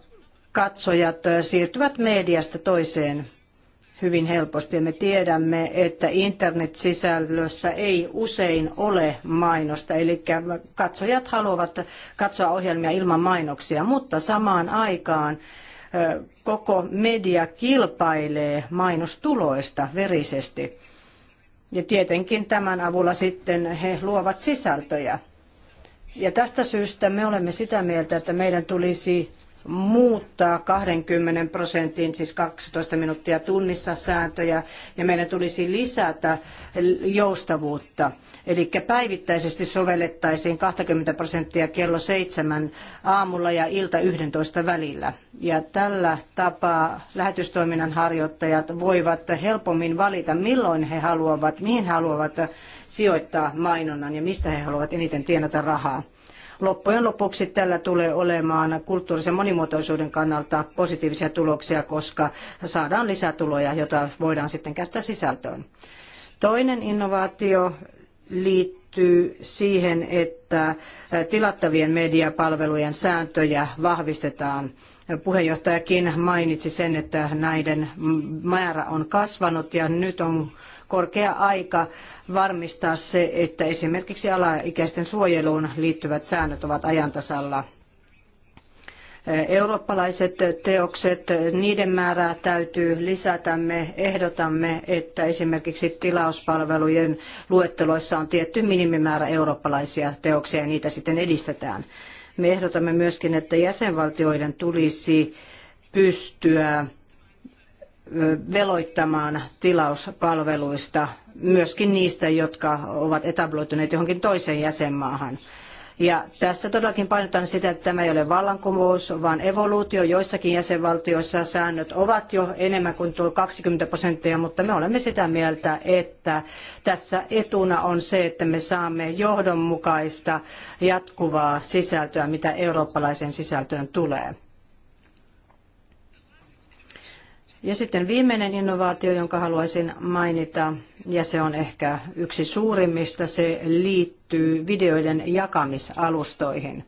katsojat siirtyvät mediasta toiseen hyvin helposti. Ja me tiedämme, että internetsisällössä ei usein ole mainosta, eli katsojat haluavat katsoa ohjelmia ilman mainoksia, mutta samaan aikaan koko media kilpailee mainostuloista verisesti. Ja tietenkin tämän avulla sitten he luovat sisältöjä. Ja tästä syystä me olemme sitä mieltä, että meidän tulisi muuttaa 20 prosentin, siis 12 minuuttia tunnissa sääntöjä, ja meidän tulisi lisätä joustavuutta. Eli päivittäisesti sovellettaisiin 20 prosenttia kello seitsemän aamulla ja ilta 11 välillä. Ja tällä tapaa lähetystoiminnan harjoittajat voivat helpommin valita, milloin he haluavat, mihin haluavat sijoittaa mainonnan ja mistä he haluavat eniten tienata rahaa loppujen lopuksi tällä tulee olemaan kulttuurisen monimuotoisuuden kannalta positiivisia tuloksia, koska saadaan lisätuloja, joita voidaan sitten käyttää sisältöön. Toinen innovaatio liittyy siihen, että tilattavien mediapalvelujen sääntöjä vahvistetaan. Puheenjohtajakin mainitsi sen, että näiden määrä on kasvanut ja nyt on korkea aika varmistaa se, että esimerkiksi alaikäisten suojeluun liittyvät säännöt ovat ajantasalla eurooppalaiset teokset, niiden määrää täytyy lisätä. Me ehdotamme, että esimerkiksi tilauspalvelujen luetteloissa on tietty minimimäärä eurooppalaisia teoksia ja niitä sitten edistetään. Me ehdotamme myöskin, että jäsenvaltioiden tulisi pystyä veloittamaan tilauspalveluista, myöskin niistä, jotka ovat etabloituneet johonkin toiseen jäsenmaahan. Ja tässä todellakin painotan sitä, että tämä ei ole vallankumous, vaan evoluutio. Joissakin jäsenvaltioissa säännöt ovat jo enemmän kuin tuo 20 prosenttia, mutta me olemme sitä mieltä, että tässä etuna on se, että me saamme johdonmukaista jatkuvaa sisältöä, mitä eurooppalaiseen sisältöön tulee. Ja sitten viimeinen innovaatio, jonka haluaisin mainita, ja se on ehkä yksi suurimmista, se liittyy videoiden jakamisalustoihin.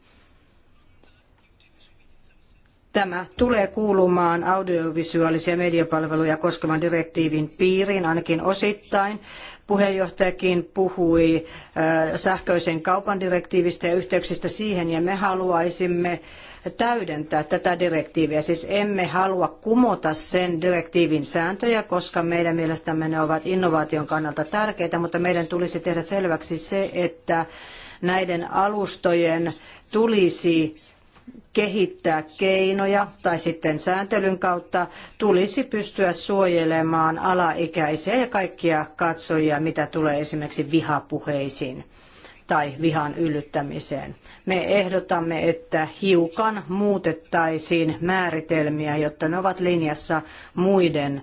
Tämä tulee kuulumaan audiovisuaalisia mediapalveluja koskevan direktiivin piiriin ainakin osittain. Puheenjohtajakin puhui äh, sähköisen kaupan direktiivistä ja yhteyksistä siihen, ja me haluaisimme täydentää tätä direktiiviä. Siis emme halua kumota sen direktiivin sääntöjä, koska meidän mielestämme ne ovat innovaation kannalta tärkeitä, mutta meidän tulisi tehdä selväksi se, että näiden alustojen tulisi kehittää keinoja tai sitten sääntelyn kautta tulisi pystyä suojelemaan alaikäisiä ja kaikkia katsojia, mitä tulee esimerkiksi vihapuheisiin tai vihan yllyttämiseen. Me ehdotamme, että hiukan muutettaisiin määritelmiä, jotta ne ovat linjassa muiden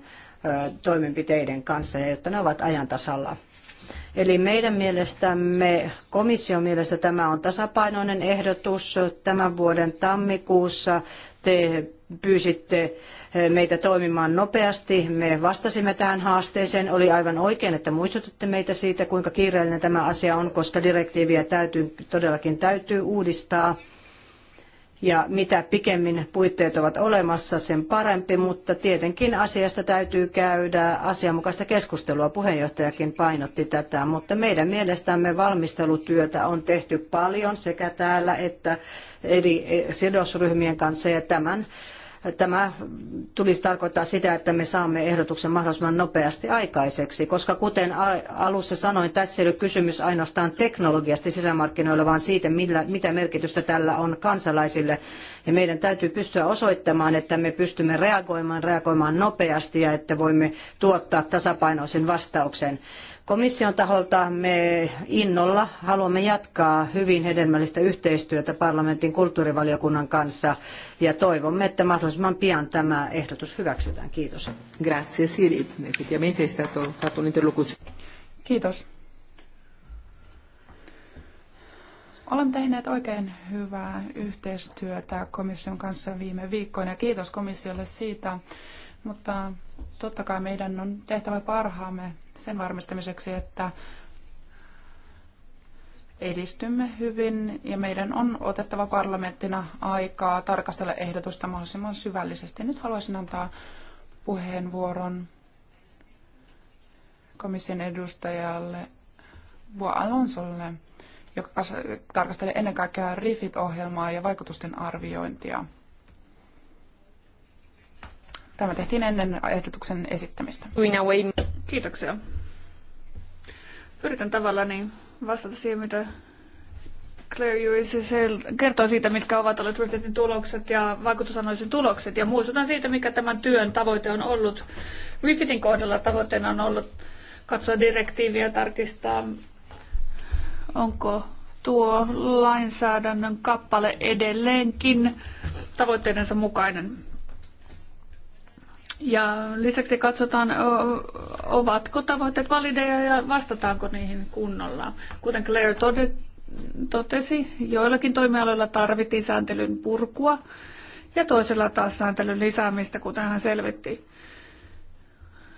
toimenpiteiden kanssa ja jotta ne ovat ajan tasalla. Eli meidän mielestämme, komission mielestä tämä on tasapainoinen ehdotus. Tämän vuoden tammikuussa te pyysitte eh, meitä toimimaan nopeasti. Me vastasimme tähän haasteeseen. Oli aivan oikein, että muistutitte meitä siitä, kuinka kiireellinen tämä asia on, koska direktiiviä täytyy, todellakin täytyy uudistaa. Ja mitä pikemmin puitteet ovat olemassa, sen parempi, mutta tietenkin asiasta täytyy käydä asianmukaista keskustelua. Puheenjohtajakin painotti tätä, mutta meidän mielestämme valmistelutyötä on tehty paljon sekä täällä että eri eh, sidosryhmien kanssa ja tämän Tämä tulisi tarkoittaa sitä, että me saamme ehdotuksen mahdollisimman nopeasti aikaiseksi, koska kuten alussa sanoin, tässä ei ole kysymys ainoastaan teknologiasta sisämarkkinoilla, vaan siitä, millä, mitä merkitystä tällä on kansalaisille. Ja meidän täytyy pystyä osoittamaan, että me pystymme reagoimaan, reagoimaan nopeasti ja että voimme tuottaa tasapainoisen vastauksen Komission taholta me innolla haluamme jatkaa hyvin hedelmällistä yhteistyötä parlamentin kulttuurivaliokunnan kanssa ja toivomme, että mahdollisimman pian tämä ehdotus hyväksytään. Kiitos. Grazie, Siri, effettivamente è stato fatto Kiitos. Olemme tehneet oikein hyvää yhteistyötä komission kanssa viime viikkoina. Kiitos komissiolle siitä, mutta totta kai meidän on tehtävä parhaamme sen varmistamiseksi, että edistymme hyvin ja meidän on otettava parlamenttina aikaa tarkastella ehdotusta mahdollisimman syvällisesti. Nyt haluaisin antaa puheenvuoron komission edustajalle Bua Alonsolle, joka tarkastelee ennen kaikkea RIFIT-ohjelmaa ja vaikutusten arviointia. Tämä tehtiin ennen ehdotuksen esittämistä. Kiitoksia. Yritän tavallaan vastata siihen, mitä Claire Lewis kertoo siitä, mitkä ovat olleet Riffitin tulokset ja vaikutusanalyysin tulokset. Ja muistutan siitä, mikä tämän työn tavoite on ollut. Riffitin kohdalla tavoitteena on ollut katsoa direktiiviä ja tarkistaa, onko tuo lainsäädännön kappale edelleenkin tavoitteidensa mukainen. Ja lisäksi katsotaan, ovatko tavoitteet valideja ja vastataanko niihin kunnolla. Kuten Claire totesi, joillakin toimialoilla tarvittiin sääntelyn purkua ja toisella taas sääntelyn lisäämistä, kuten hän selvitti.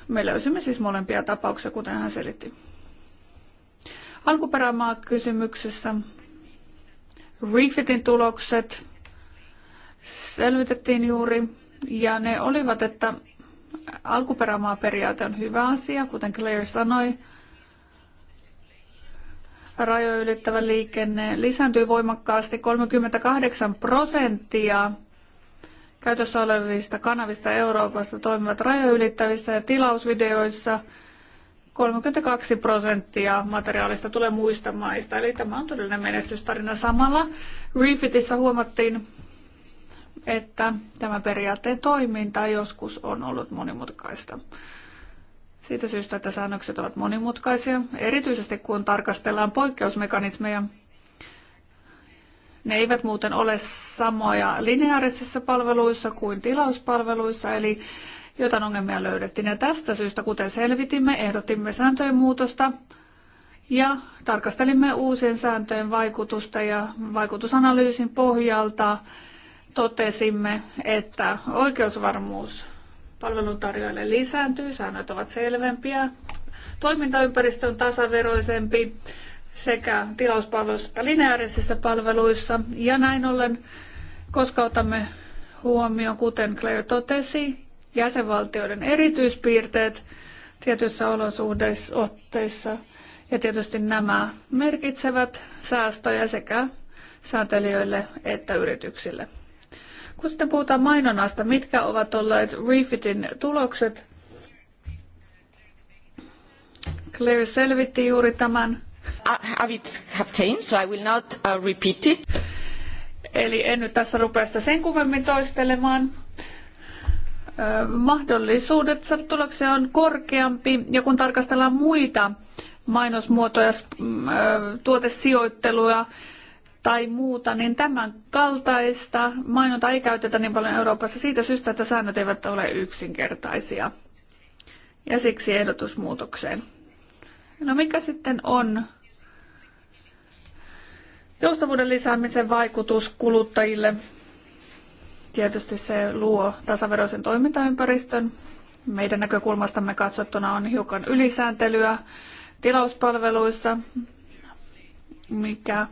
Me löysimme siis molempia tapauksia, kuten hän selitti. Alkuperämaa kysymyksessä Refitin tulokset selvitettiin juuri ja ne olivat, että Alkuperämaaperiaate on hyvä asia, kuten Claire sanoi. Rajojen ylittävä liikenne lisääntyy voimakkaasti 38 prosenttia käytössä olevista kanavista Euroopassa toimivat rajoylittävissä ja tilausvideoissa 32 prosenttia materiaalista tulee muista maista. Eli tämä on todellinen menestystarina. Samalla Refitissä huomattiin, että tämä periaatteen toiminta joskus on ollut monimutkaista. Siitä syystä, että säännökset ovat monimutkaisia, erityisesti kun tarkastellaan poikkeusmekanismeja. Ne eivät muuten ole samoja lineaarisissa palveluissa kuin tilauspalveluissa, eli jotain ongelmia löydettiin. Ja tästä syystä, kuten selvitimme, ehdotimme sääntöjen muutosta ja tarkastelimme uusien sääntöjen vaikutusta ja vaikutusanalyysin pohjalta totesimme, että oikeusvarmuus palveluntarjoajille lisääntyy, säännöt ovat selvempiä, toimintaympäristö on tasaveroisempi sekä tilauspalveluissa että lineaarisissa palveluissa. Ja näin ollen, koska otamme huomioon, kuten Claire totesi, jäsenvaltioiden erityispiirteet tietyissä olosuhteissa, ja tietysti nämä merkitsevät säästöjä sekä säätelijöille että yrityksille. Kun sitten puhutaan mainonnasta, mitkä ovat olleet Refitin tulokset? Claire selvitti juuri tämän. Uh, have have changed, so I will not uh, repeat it. Eli en nyt tässä rupea sitä sen kummemmin toistelemaan. Mahdollisuudet saada tuloksia on korkeampi ja kun tarkastellaan muita mainosmuotoja, tuotesijoitteluja, tai muuta, niin tämän kaltaista mainontaa ei käytetä niin paljon Euroopassa siitä syystä, että säännöt eivät ole yksinkertaisia. Ja siksi ehdotus muutokseen. No mikä sitten on joustavuuden lisäämisen vaikutus kuluttajille? Tietysti se luo tasaveroisen toimintaympäristön. Meidän näkökulmastamme katsottuna on hiukan ylisääntelyä tilauspalveluissa, mikä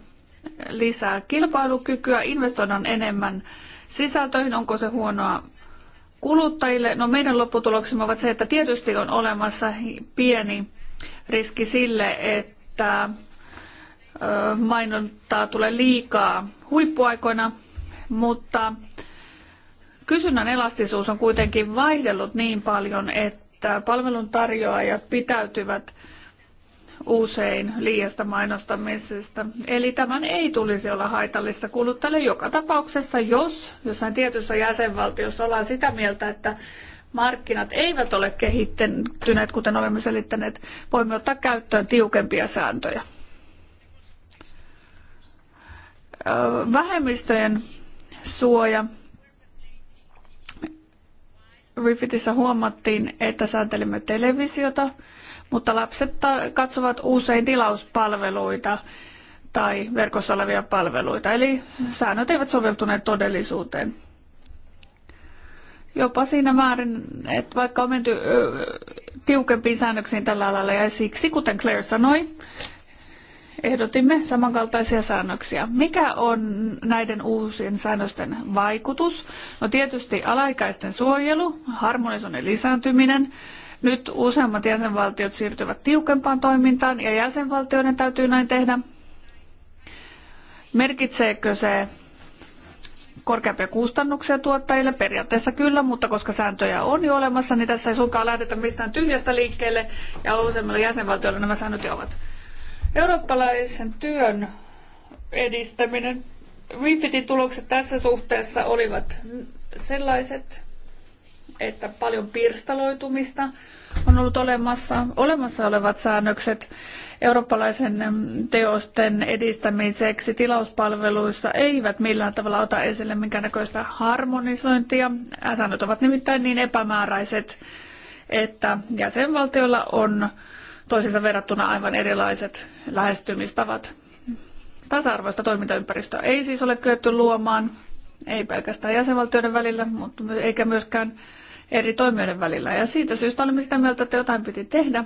lisää kilpailukykyä, investoidaan enemmän sisältöihin, onko se huonoa kuluttajille? No meidän lopputuloksemme ovat se, että tietysti on olemassa pieni riski sille, että mainontaa tulee liikaa huippuaikoina, mutta kysynnän elastisuus on kuitenkin vaihdellut niin paljon, että palveluntarjoajat pitäytyvät usein liiasta mainostamisesta. Eli tämän ei tulisi olla haitallista kuluttajalle joka tapauksessa, jos jossain tietyssä jäsenvaltiossa ollaan sitä mieltä, että markkinat eivät ole kehittyneet, kuten olemme selittäneet, voimme ottaa käyttöön tiukempia sääntöjä. Vähemmistöjen suoja. Refitissä huomattiin, että sääntelimme televisiota, mutta lapset katsovat usein tilauspalveluita tai verkossa olevia palveluita, eli säännöt eivät soveltuneet todellisuuteen. Jopa siinä määrin, että vaikka on menty tiukempiin säännöksiin tällä alalla ja siksi, kuten Claire sanoi, ehdotimme samankaltaisia säännöksiä. Mikä on näiden uusien säännösten vaikutus? No tietysti alaikäisten suojelu, harmonisoinnin lisääntyminen, nyt useammat jäsenvaltiot siirtyvät tiukempaan toimintaan ja jäsenvaltioiden täytyy näin tehdä. Merkitseekö se korkeampia kustannuksia tuottajille? Periaatteessa kyllä, mutta koska sääntöjä on jo olemassa, niin tässä ei suinkaan lähdetä mistään tyhjästä liikkeelle ja useimmilla jäsenvaltioilla nämä säännöt jo ovat. Eurooppalaisen työn edistäminen. Wifitin tulokset tässä suhteessa olivat sellaiset, että paljon pirstaloitumista on ollut olemassa. Olemassa olevat säännökset eurooppalaisen mm, teosten edistämiseksi tilauspalveluissa eivät millään tavalla ota esille minkäännäköistä harmonisointia. Säännöt ovat nimittäin niin epämääräiset, että jäsenvaltioilla on toisiinsa verrattuna aivan erilaiset lähestymistavat. Tasa-arvoista toimintaympäristöä ei siis ole kyetty luomaan, ei pelkästään jäsenvaltioiden välillä, mutta eikä myöskään eri toimijoiden välillä. Ja siitä syystä olemme sitä mieltä, että jotain piti tehdä.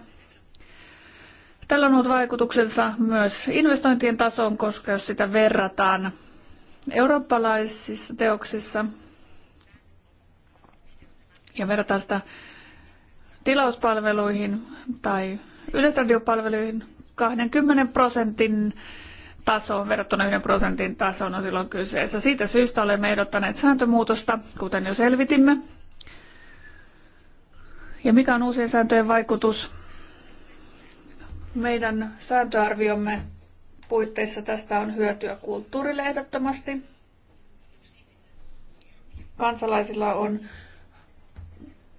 Tällä on ollut vaikutuksensa myös investointien tasoon, koska jos sitä verrataan eurooppalaisissa teoksissa ja verrataan sitä tilauspalveluihin tai yleisradiopalveluihin 20 prosentin tasoon verrattuna 1 prosentin tasoon on silloin kyseessä. Siitä syystä olemme ehdottaneet sääntömuutosta, kuten jo selvitimme, ja mikä on uusien sääntöjen vaikutus? Meidän sääntöarviomme puitteissa tästä on hyötyä kulttuurille ehdottomasti. Kansalaisilla on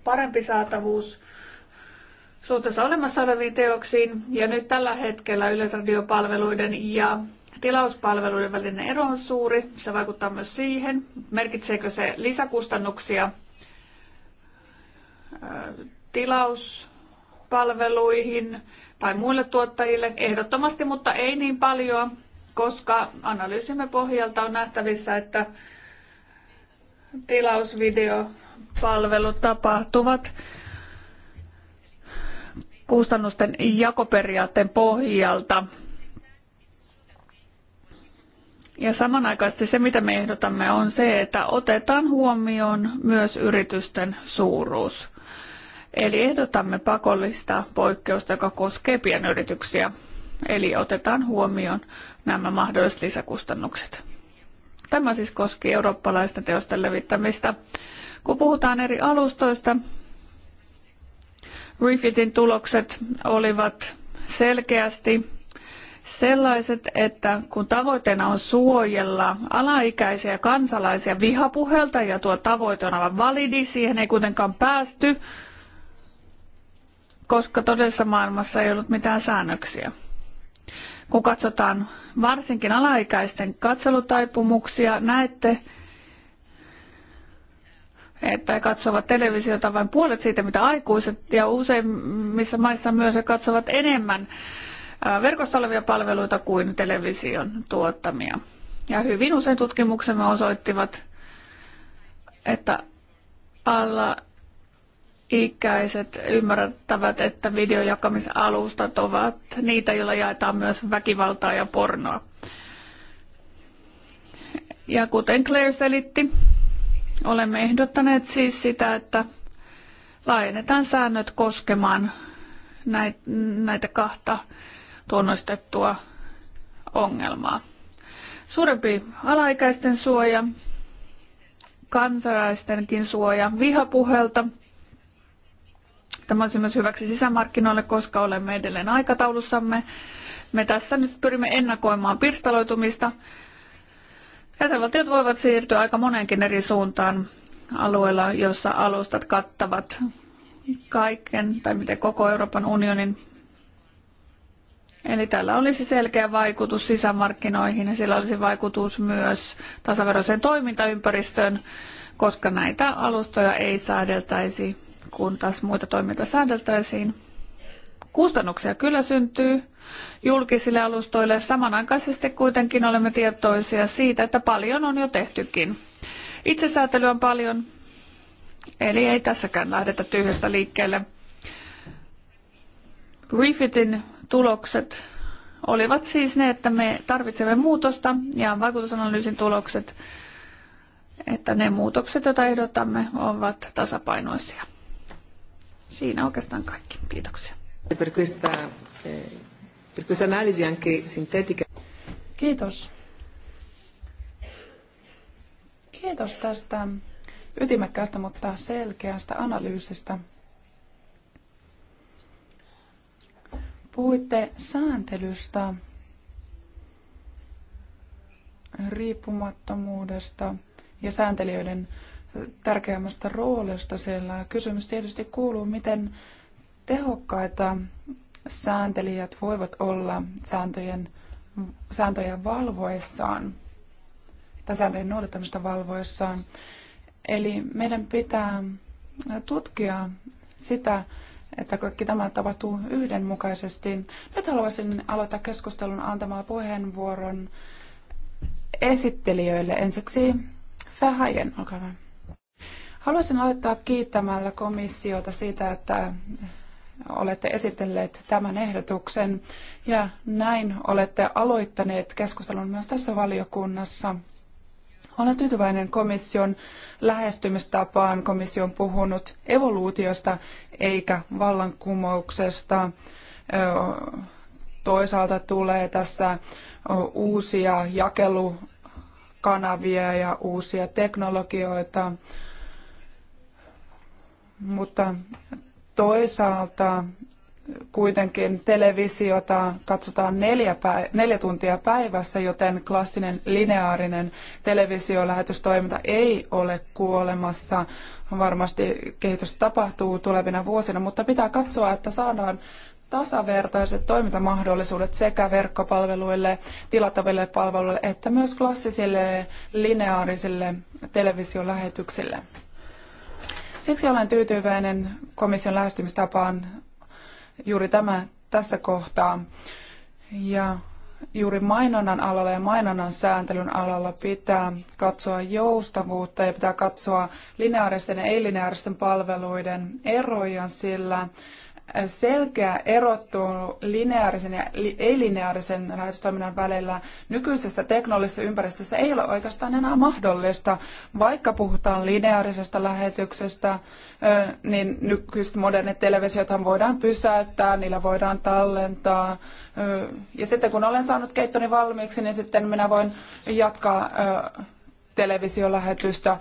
parempi saatavuus suhteessa olemassa oleviin teoksiin. Ja nyt tällä hetkellä yleisradiopalveluiden ja tilauspalveluiden välinen ero on suuri. Se vaikuttaa myös siihen, merkitseekö se lisäkustannuksia tilauspalveluihin tai muille tuottajille ehdottomasti, mutta ei niin paljon, koska analyysimme pohjalta on nähtävissä, että tilausvideopalvelut tapahtuvat kustannusten jakoperiaatteen pohjalta. Ja samanaikaisesti se, mitä me ehdotamme, on se, että otetaan huomioon myös yritysten suuruus. Eli ehdotamme pakollista poikkeusta, joka koskee pienyrityksiä. Eli otetaan huomioon nämä mahdolliset lisäkustannukset. Tämä siis koski eurooppalaisten teosten levittämistä. Kun puhutaan eri alustoista, Refitin tulokset olivat selkeästi sellaiset, että kun tavoitteena on suojella alaikäisiä kansalaisia vihapuhelta ja tuo tavoite on aivan validi, siihen ei kuitenkaan päästy, koska todellisessa maailmassa ei ollut mitään säännöksiä. Kun katsotaan varsinkin alaikäisten katselutaipumuksia, näette, että he katsovat televisiota vain puolet siitä, mitä aikuiset, ja useimmissa maissa myös he katsovat enemmän verkossa olevia palveluita kuin television tuottamia. Ja hyvin usein tutkimuksemme osoittivat, että alla ikäiset ymmärtävät, että videojakamisalustat ovat niitä, joilla jaetaan myös väkivaltaa ja pornoa. Ja kuten Claire selitti, olemme ehdottaneet siis sitä, että laajennetaan säännöt koskemaan näitä kahta tunnistettua ongelmaa. Suurempi alaikäisten suoja, kansalaistenkin suoja vihapuhelta – Tämä olisi myös hyväksi sisämarkkinoille, koska olemme edelleen aikataulussamme. Me tässä nyt pyrimme ennakoimaan pirstaloitumista. Jäsenvaltiot voivat siirtyä aika moneenkin eri suuntaan alueella, jossa alustat kattavat kaiken tai miten koko Euroopan unionin. Eli tällä olisi selkeä vaikutus sisämarkkinoihin ja sillä olisi vaikutus myös tasaveroiseen toimintaympäristöön, koska näitä alustoja ei säädeltäisi kun taas muita toimijoita säädeltäisiin. Kustannuksia kyllä syntyy julkisille alustoille. Samanaikaisesti kuitenkin olemme tietoisia siitä, että paljon on jo tehtykin. Itsesäätelyä on paljon, eli ei tässäkään lähdetä tyhjästä liikkeelle. Refitin tulokset olivat siis ne, että me tarvitsemme muutosta ja vaikutusanalyysin tulokset, että ne muutokset, joita ehdotamme, ovat tasapainoisia. Siinä oikeastaan kaikki. Kiitoksia. Per questa, eh, per questa analisi anche sintetica. Kiitos. Kiitos tästä ytimekkäästä, mutta selkeästä analyysistä. Puhuitte sääntelystä, riippumattomuudesta ja sääntelijöiden tärkeämmästä roolista siellä. Kysymys tietysti kuuluu, miten tehokkaita sääntelijät voivat olla sääntöjen, sääntöjä valvoessaan tai sääntöjen noudattamista valvoessaan. Eli meidän pitää tutkia sitä, että kaikki tämä tapahtuu yhdenmukaisesti. Nyt haluaisin aloittaa keskustelun antamalla puheenvuoron esittelijöille. Ensiksi Fähajen olkaa hyvä. Haluaisin aloittaa kiittämällä komissiota siitä, että olette esitelleet tämän ehdotuksen ja näin olette aloittaneet keskustelun myös tässä valiokunnassa. Olen tyytyväinen komission lähestymistapaan. Komissio on puhunut evoluutiosta eikä vallankumouksesta. Toisaalta tulee tässä uusia jakelukanavia ja uusia teknologioita mutta toisaalta kuitenkin televisiota katsotaan neljä, päiv- neljä tuntia päivässä, joten klassinen lineaarinen televisiolähetystoiminta ei ole kuolemassa. Varmasti kehitys tapahtuu tulevina vuosina, mutta pitää katsoa, että saadaan tasavertaiset toimintamahdollisuudet sekä verkkopalveluille, tilattaville palveluille että myös klassisille lineaarisille televisiolähetyksille. Siksi olen tyytyväinen komission lähestymistapaan juuri tämä tässä kohtaa. Ja juuri mainonnan alalla ja mainonnan sääntelyn alalla pitää katsoa joustavuutta ja pitää katsoa lineaaristen ja ei-lineaaristen palveluiden eroja, sillä selkeä erottelu lineaarisen ja ei-lineaarisen lähetystoiminnan välillä nykyisessä teknologisessa ympäristössä ei ole oikeastaan enää mahdollista. Vaikka puhutaan lineaarisesta lähetyksestä, niin nykyiset modernit televisiothan voidaan pysäyttää, niillä voidaan tallentaa. Ja sitten kun olen saanut keittoni valmiiksi, niin sitten minä voin jatkaa televisiolähetystä.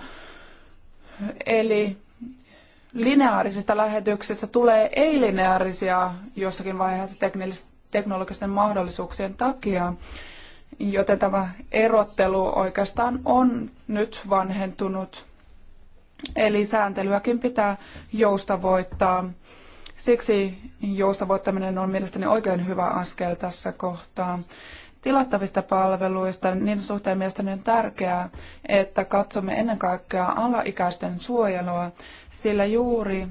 Eli lineaarisista lähetyksistä tulee ei-lineaarisia jossakin vaiheessa teknologisten mahdollisuuksien takia. Joten tämä erottelu oikeastaan on nyt vanhentunut. Eli sääntelyäkin pitää joustavoittaa. Siksi joustavoittaminen on mielestäni oikein hyvä askel tässä kohtaa tilattavista palveluista, niiden suhteen mielestäni on tärkeää, että katsomme ennen kaikkea alaikäisten suojelua, sillä juuri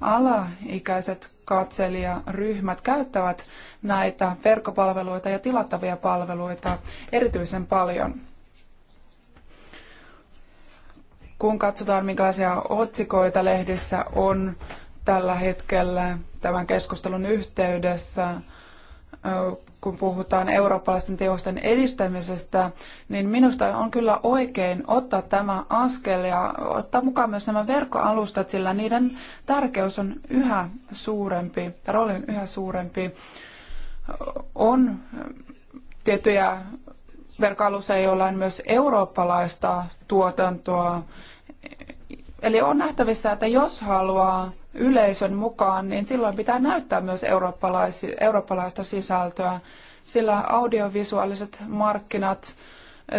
alaikäiset katselijaryhmät käyttävät näitä verkkopalveluita ja tilattavia palveluita erityisen paljon. Kun katsotaan, minkälaisia otsikoita lehdissä on tällä hetkellä tämän keskustelun yhteydessä, kun puhutaan eurooppalaisten teosten edistämisestä, niin minusta on kyllä oikein ottaa tämä askel ja ottaa mukaan myös nämä verkkoalustat, sillä niiden tärkeys on yhä suurempi, rooli on yhä suurempi. On tiettyjä verkkoalusta, joilla on myös eurooppalaista tuotantoa. Eli on nähtävissä, että jos haluaa yleisön mukaan, niin silloin pitää näyttää myös eurooppalaista sisältöä, sillä audiovisuaaliset markkinat,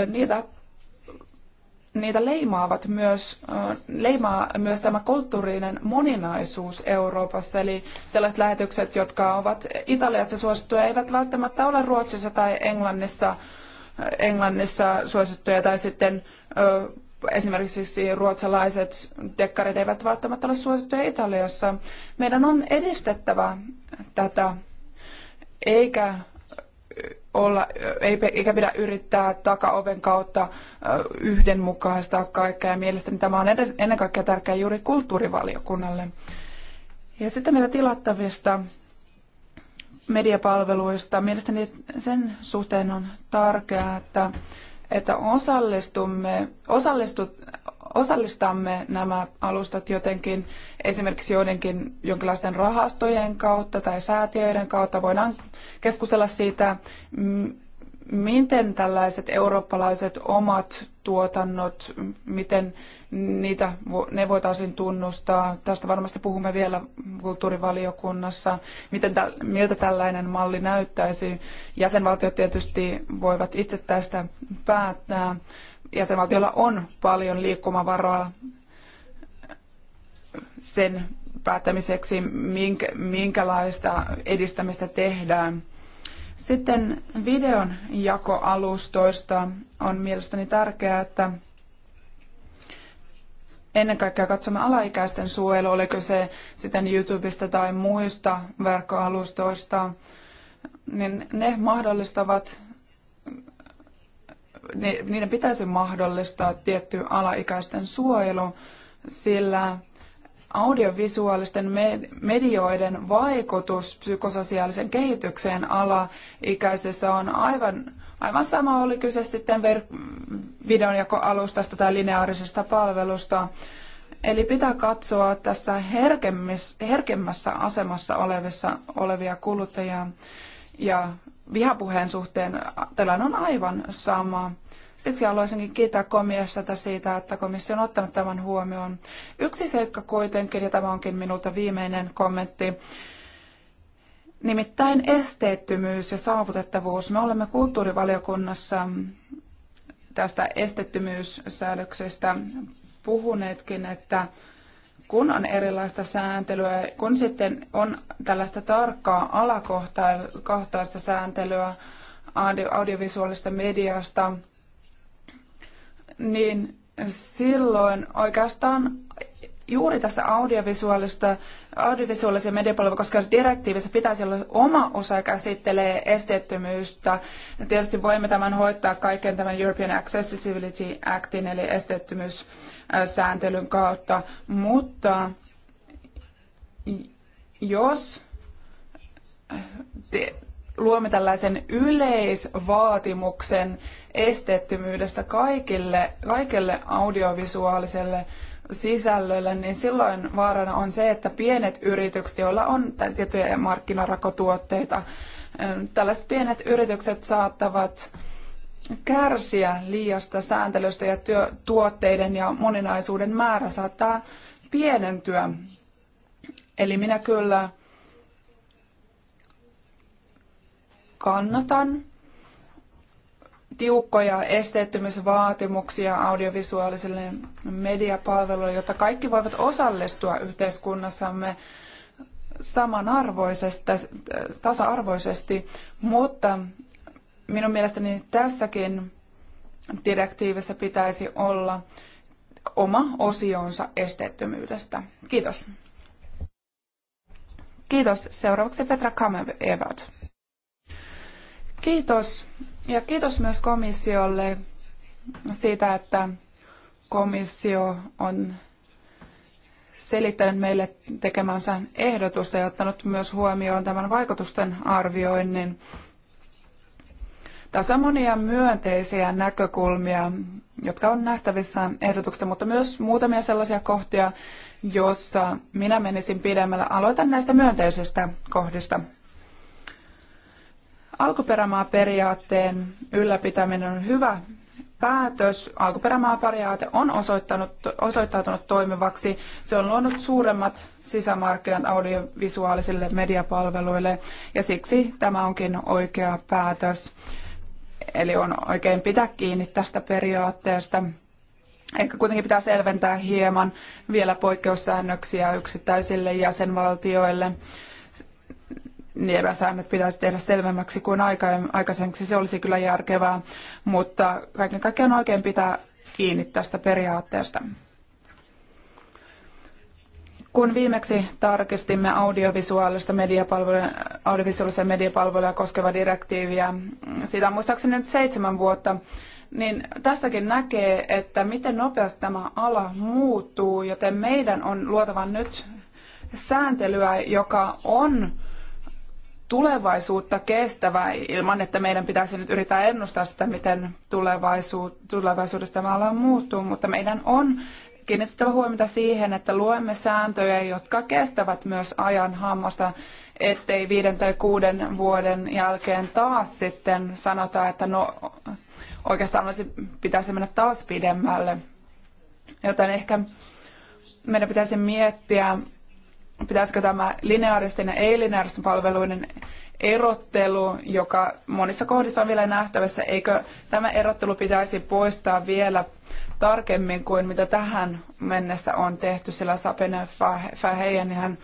niitä, niitä leimaavat myös, leimaa myös tämä kulttuurinen moninaisuus Euroopassa, eli sellaiset lähetykset, jotka ovat Italiassa suosittuja, eivät välttämättä ole Ruotsissa tai Englannissa, Englannissa suosittuja tai sitten esimerkiksi siis ruotsalaiset dekkarit eivät välttämättä ole suosittuja Italiassa. Meidän on edistettävä tätä, eikä, olla, eikä pidä yrittää takaoven kautta yhdenmukaistaa kaikkea. Ja mielestäni tämä on ennen kaikkea tärkeää juuri kulttuurivaliokunnalle. Ja sitten meillä tilattavista mediapalveluista. Mielestäni sen suhteen on tärkeää, että että osallistumme, osallistut, osallistamme nämä alustat jotenkin esimerkiksi joidenkin jonkinlaisten rahastojen kautta tai säätiöiden kautta. Voidaan keskustella siitä, miten tällaiset eurooppalaiset omat tuotannot, miten niitä, ne voitaisiin tunnustaa. Tästä varmasti puhumme vielä kulttuurivaliokunnassa, miten miltä tällainen malli näyttäisi. Jäsenvaltiot tietysti voivat itse tästä päättää. Jäsenvaltiolla on paljon liikkumavaraa sen päättämiseksi, minkä, minkälaista edistämistä tehdään sitten videon jakoalustoista on mielestäni tärkeää, että ennen kaikkea katsomme alaikäisten suojelu, oliko se sitten YouTubesta tai muista verkkoalustoista, niin ne mahdollistavat, niiden pitäisi mahdollistaa tietty alaikäisten suojelu, sillä audiovisuaalisten medioiden vaikutus psykososiaalisen kehitykseen alaikäisessä on aivan, aivan sama, oli kyse sitten ver- videonjakoalustasta tai lineaarisesta palvelusta. Eli pitää katsoa tässä herkemmässä asemassa olevissa, olevia kuluttajia ja vihapuheen suhteen tällainen on aivan sama. Siksi haluaisinkin kiittää komissiota siitä, että komissio on ottanut tämän huomioon. Yksi seikka kuitenkin, ja tämä onkin minulta viimeinen kommentti, nimittäin esteettömyys ja saavutettavuus. Me olemme kulttuurivaliokunnassa tästä esteettömyyssäädöksestä puhuneetkin, että kun on erilaista sääntelyä, kun sitten on tällaista tarkkaa alakohtaista sääntelyä audiovisuaalista mediasta, niin silloin oikeastaan juuri tässä audiovisuaalista, audiovisuaalisia mediapalveluja koskevassa direktiivissä pitäisi olla oma osa, joka käsittelee esteettömyystä, Ja tietysti voimme tämän hoitaa kaiken tämän European Accessibility Actin eli esteettömyyssääntelyn kautta, mutta jos luomme tällaisen yleisvaatimuksen esteettömyydestä kaikille, kaikille audiovisuaaliselle sisällölle, niin silloin vaarana on se, että pienet yritykset, joilla on tiettyjä markkinarakotuotteita, ähm, tällaiset pienet yritykset saattavat kärsiä liiasta sääntelystä ja työ, tuotteiden ja moninaisuuden määrä saattaa pienentyä. Eli minä kyllä kannatan tiukkoja esteettömyysvaatimuksia audiovisuaalisille mediapalveluille, jotta kaikki voivat osallistua yhteiskunnassamme samanarvoisesti, tasa-arvoisesti, mutta minun mielestäni tässäkin direktiivissä pitäisi olla oma osionsa esteettömyydestä. Kiitos. Kiitos. Seuraavaksi Petra Kamevert. Kiitos. Ja kiitos myös komissiolle siitä, että komissio on selittänyt meille tekemänsä ehdotusta ja ottanut myös huomioon tämän vaikutusten arvioinnin. Tässä on monia myönteisiä näkökulmia, jotka on nähtävissä ehdotuksesta, mutta myös muutamia sellaisia kohtia, joissa minä menisin pidemmällä. Aloitan näistä myönteisistä kohdista. Alkuperämaaperiaatteen ylläpitäminen on hyvä päätös. Alkuperämaaperiaate on osoittautunut toimivaksi. Se on luonut suuremmat sisämarkkinat audiovisuaalisille mediapalveluille ja siksi tämä onkin oikea päätös. Eli on oikein pitää kiinni tästä periaatteesta. Ehkä kuitenkin pitää selventää hieman vielä poikkeussäännöksiä yksittäisille jäsenvaltioille nämä niin pitäisi tehdä selvemmäksi kuin aikaisemmin, Se olisi kyllä järkevää, mutta kaiken kaikkiaan oikein pitää kiinni tästä periaatteesta. Kun viimeksi tarkistimme audiovisuaalista mediapalveluja, audiovisuaalisia mediapalveluja koskeva direktiiviä, sitä on muistaakseni nyt seitsemän vuotta, niin tästäkin näkee, että miten nopeasti tämä ala muuttuu, joten meidän on luotava nyt sääntelyä, joka on tulevaisuutta kestävä ilman, että meidän pitäisi nyt yrittää ennustaa sitä, miten tulevaisuudessa tämä ala muuttuu, mutta meidän on kiinnitettävä huomiota siihen, että luemme sääntöjä, jotka kestävät myös ajan hammasta, ettei viiden tai kuuden vuoden jälkeen taas sitten sanota, että no oikeastaan olisi, pitäisi mennä taas pidemmälle. Joten ehkä meidän pitäisi miettiä pitäisikö tämä lineaaristen ja ei-lineaaristen palveluiden erottelu, joka monissa kohdissa on vielä nähtävissä, eikö tämä erottelu pitäisi poistaa vielä tarkemmin kuin mitä tähän mennessä on tehty, sillä Sabine Verheyen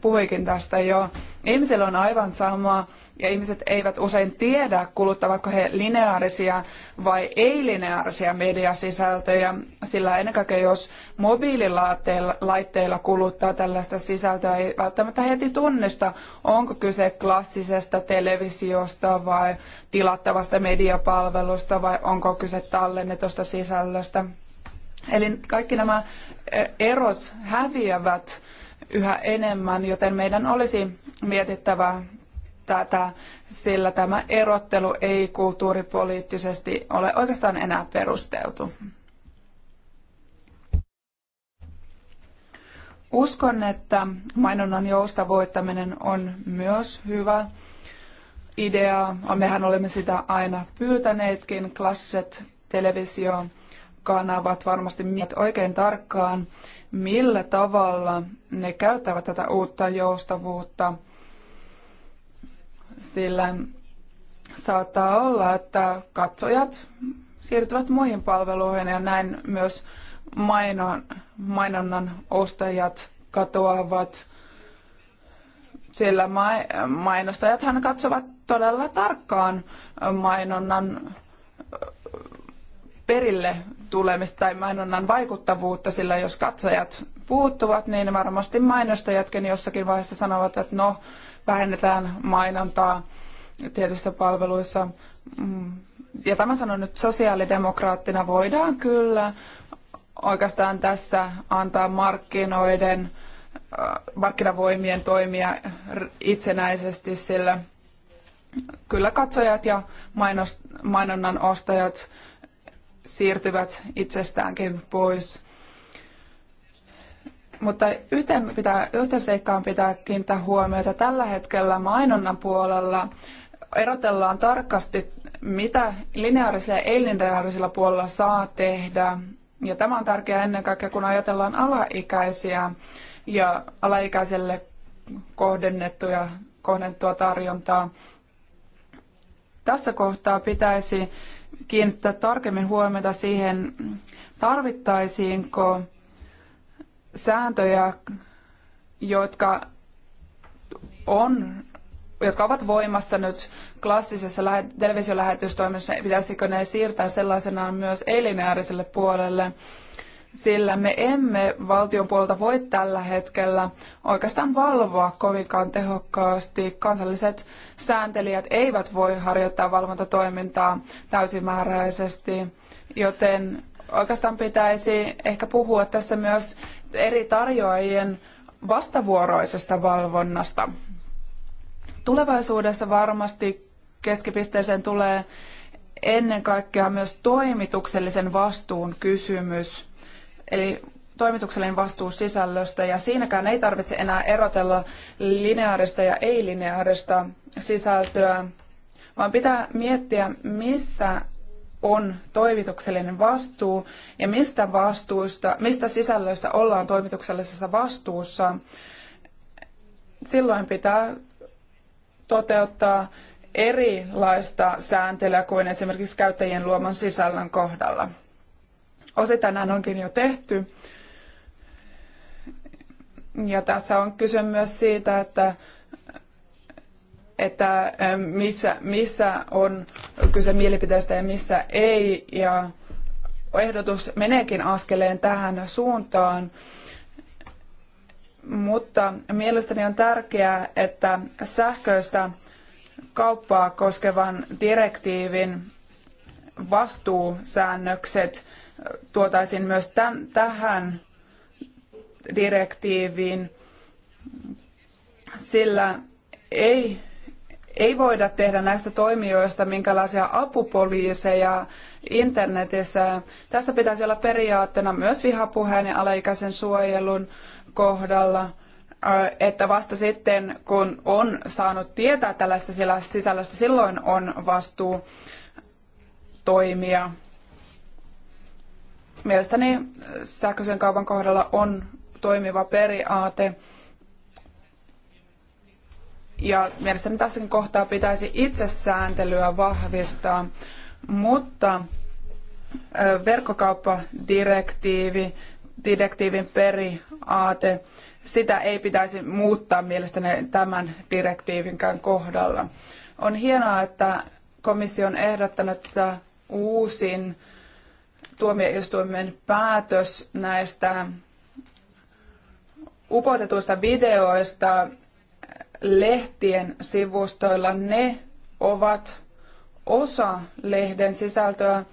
puhuikin tästä jo. Ihmisillä on aivan sama ja ihmiset eivät usein tiedä, kuluttavatko he lineaarisia vai ei-lineaarisia mediasisältöjä, sillä ennen kaikkea jos mobiililaitteilla kuluttaa tällaista sisältöä, ei välttämättä heti tunnista, onko kyse klassisesta televisiosta vai tilattavasta mediapalvelusta vai onko kyse tallennetusta sisällöstä. Eli kaikki nämä eh, erot häviävät yhä enemmän, joten meidän olisi mietittävä tätä, sillä tämä erottelu ei kulttuuripoliittisesti ole oikeastaan enää perusteltu. Uskon, että mainonnan joustavoittaminen on myös hyvä idea. Mehän olemme sitä aina pyytäneetkin. Klasset televisiokanavat varmasti miet oikein tarkkaan, millä tavalla ne käyttävät tätä uutta joustavuutta, sillä saattaa olla, että katsojat siirtyvät muihin palveluihin ja näin myös mainon, mainonnan ostajat katoavat, sillä mainostajathan katsovat todella tarkkaan mainonnan perille tulemista tai mainonnan vaikuttavuutta, sillä jos katsojat puuttuvat, niin varmasti mainostajatkin jossakin vaiheessa sanovat, että no, vähennetään mainontaa tietyissä palveluissa. Mm. Ja tämä sanon nyt sosiaalidemokraattina, voidaan kyllä oikeastaan tässä antaa markkinoiden, äh, markkinavoimien toimia itsenäisesti, sillä kyllä katsojat ja mainos, mainonnan ostajat siirtyvät itsestäänkin pois. Mutta yhteen, pitää, yhteen seikkaan pitää kiinnittää huomiota. Tällä hetkellä mainonnan puolella erotellaan tarkasti, mitä lineaarisella ja ei-lineaarisella puolella saa tehdä. Ja tämä on tärkeää ennen kaikkea, kun ajatellaan alaikäisiä ja alaikäiselle kohdennettuja, kohdennettua tarjontaa. Tässä kohtaa pitäisi kiinnittää tarkemmin huomiota siihen, tarvittaisiinko sääntöjä, jotka, on, jotka ovat voimassa nyt klassisessa televisiolähetystoiminnassa, pitäisikö ne siirtää sellaisenaan myös ei puolelle sillä me emme valtion puolelta voi tällä hetkellä oikeastaan valvoa kovinkaan tehokkaasti. Kansalliset sääntelijät eivät voi harjoittaa valvontatoimintaa täysimääräisesti, joten oikeastaan pitäisi ehkä puhua tässä myös eri tarjoajien vastavuoroisesta valvonnasta. Tulevaisuudessa varmasti keskipisteeseen tulee ennen kaikkea myös toimituksellisen vastuun kysymys eli toimituksellinen vastuu sisällöstä, ja siinäkään ei tarvitse enää erotella lineaarista ja ei-lineaarista sisältöä, vaan pitää miettiä, missä on toimituksellinen vastuu ja mistä, vastuusta, mistä sisällöistä ollaan toimituksellisessa vastuussa. Silloin pitää toteuttaa erilaista sääntelyä kuin esimerkiksi käyttäjien luoman sisällön kohdalla tänään onkin jo tehty. Ja tässä on kyse myös siitä, että, että eh, missä, missä on kyse mielipiteestä ja missä ei. Ja ehdotus meneekin askeleen tähän suuntaan. Mutta mielestäni on tärkeää, että sähköistä kauppaa koskevan direktiivin vastuusäännökset tuotaisiin myös tämän, tähän direktiiviin, sillä ei, ei voida tehdä näistä toimijoista minkälaisia apupoliiseja internetissä. Tästä pitäisi olla periaatteena myös vihapuheen ja alaikäisen suojelun kohdalla äh, että vasta sitten, kun on saanut tietää tällaista sisällöstä, silloin on vastuu toimia. Mielestäni sähköisen kaupan kohdalla on toimiva periaate. Ja mielestäni tässäkin kohtaa pitäisi itsesääntelyä vahvistaa, mutta verkkokauppadirektiivi, direktiivin periaate, sitä ei pitäisi muuttaa mielestäni tämän direktiivinkään kohdalla. On hienoa, että komissio on ehdottanut tätä uusin tuomioistuimen päätös näistä upotetuista videoista lehtien sivustoilla, ne ovat osa lehden sisältöä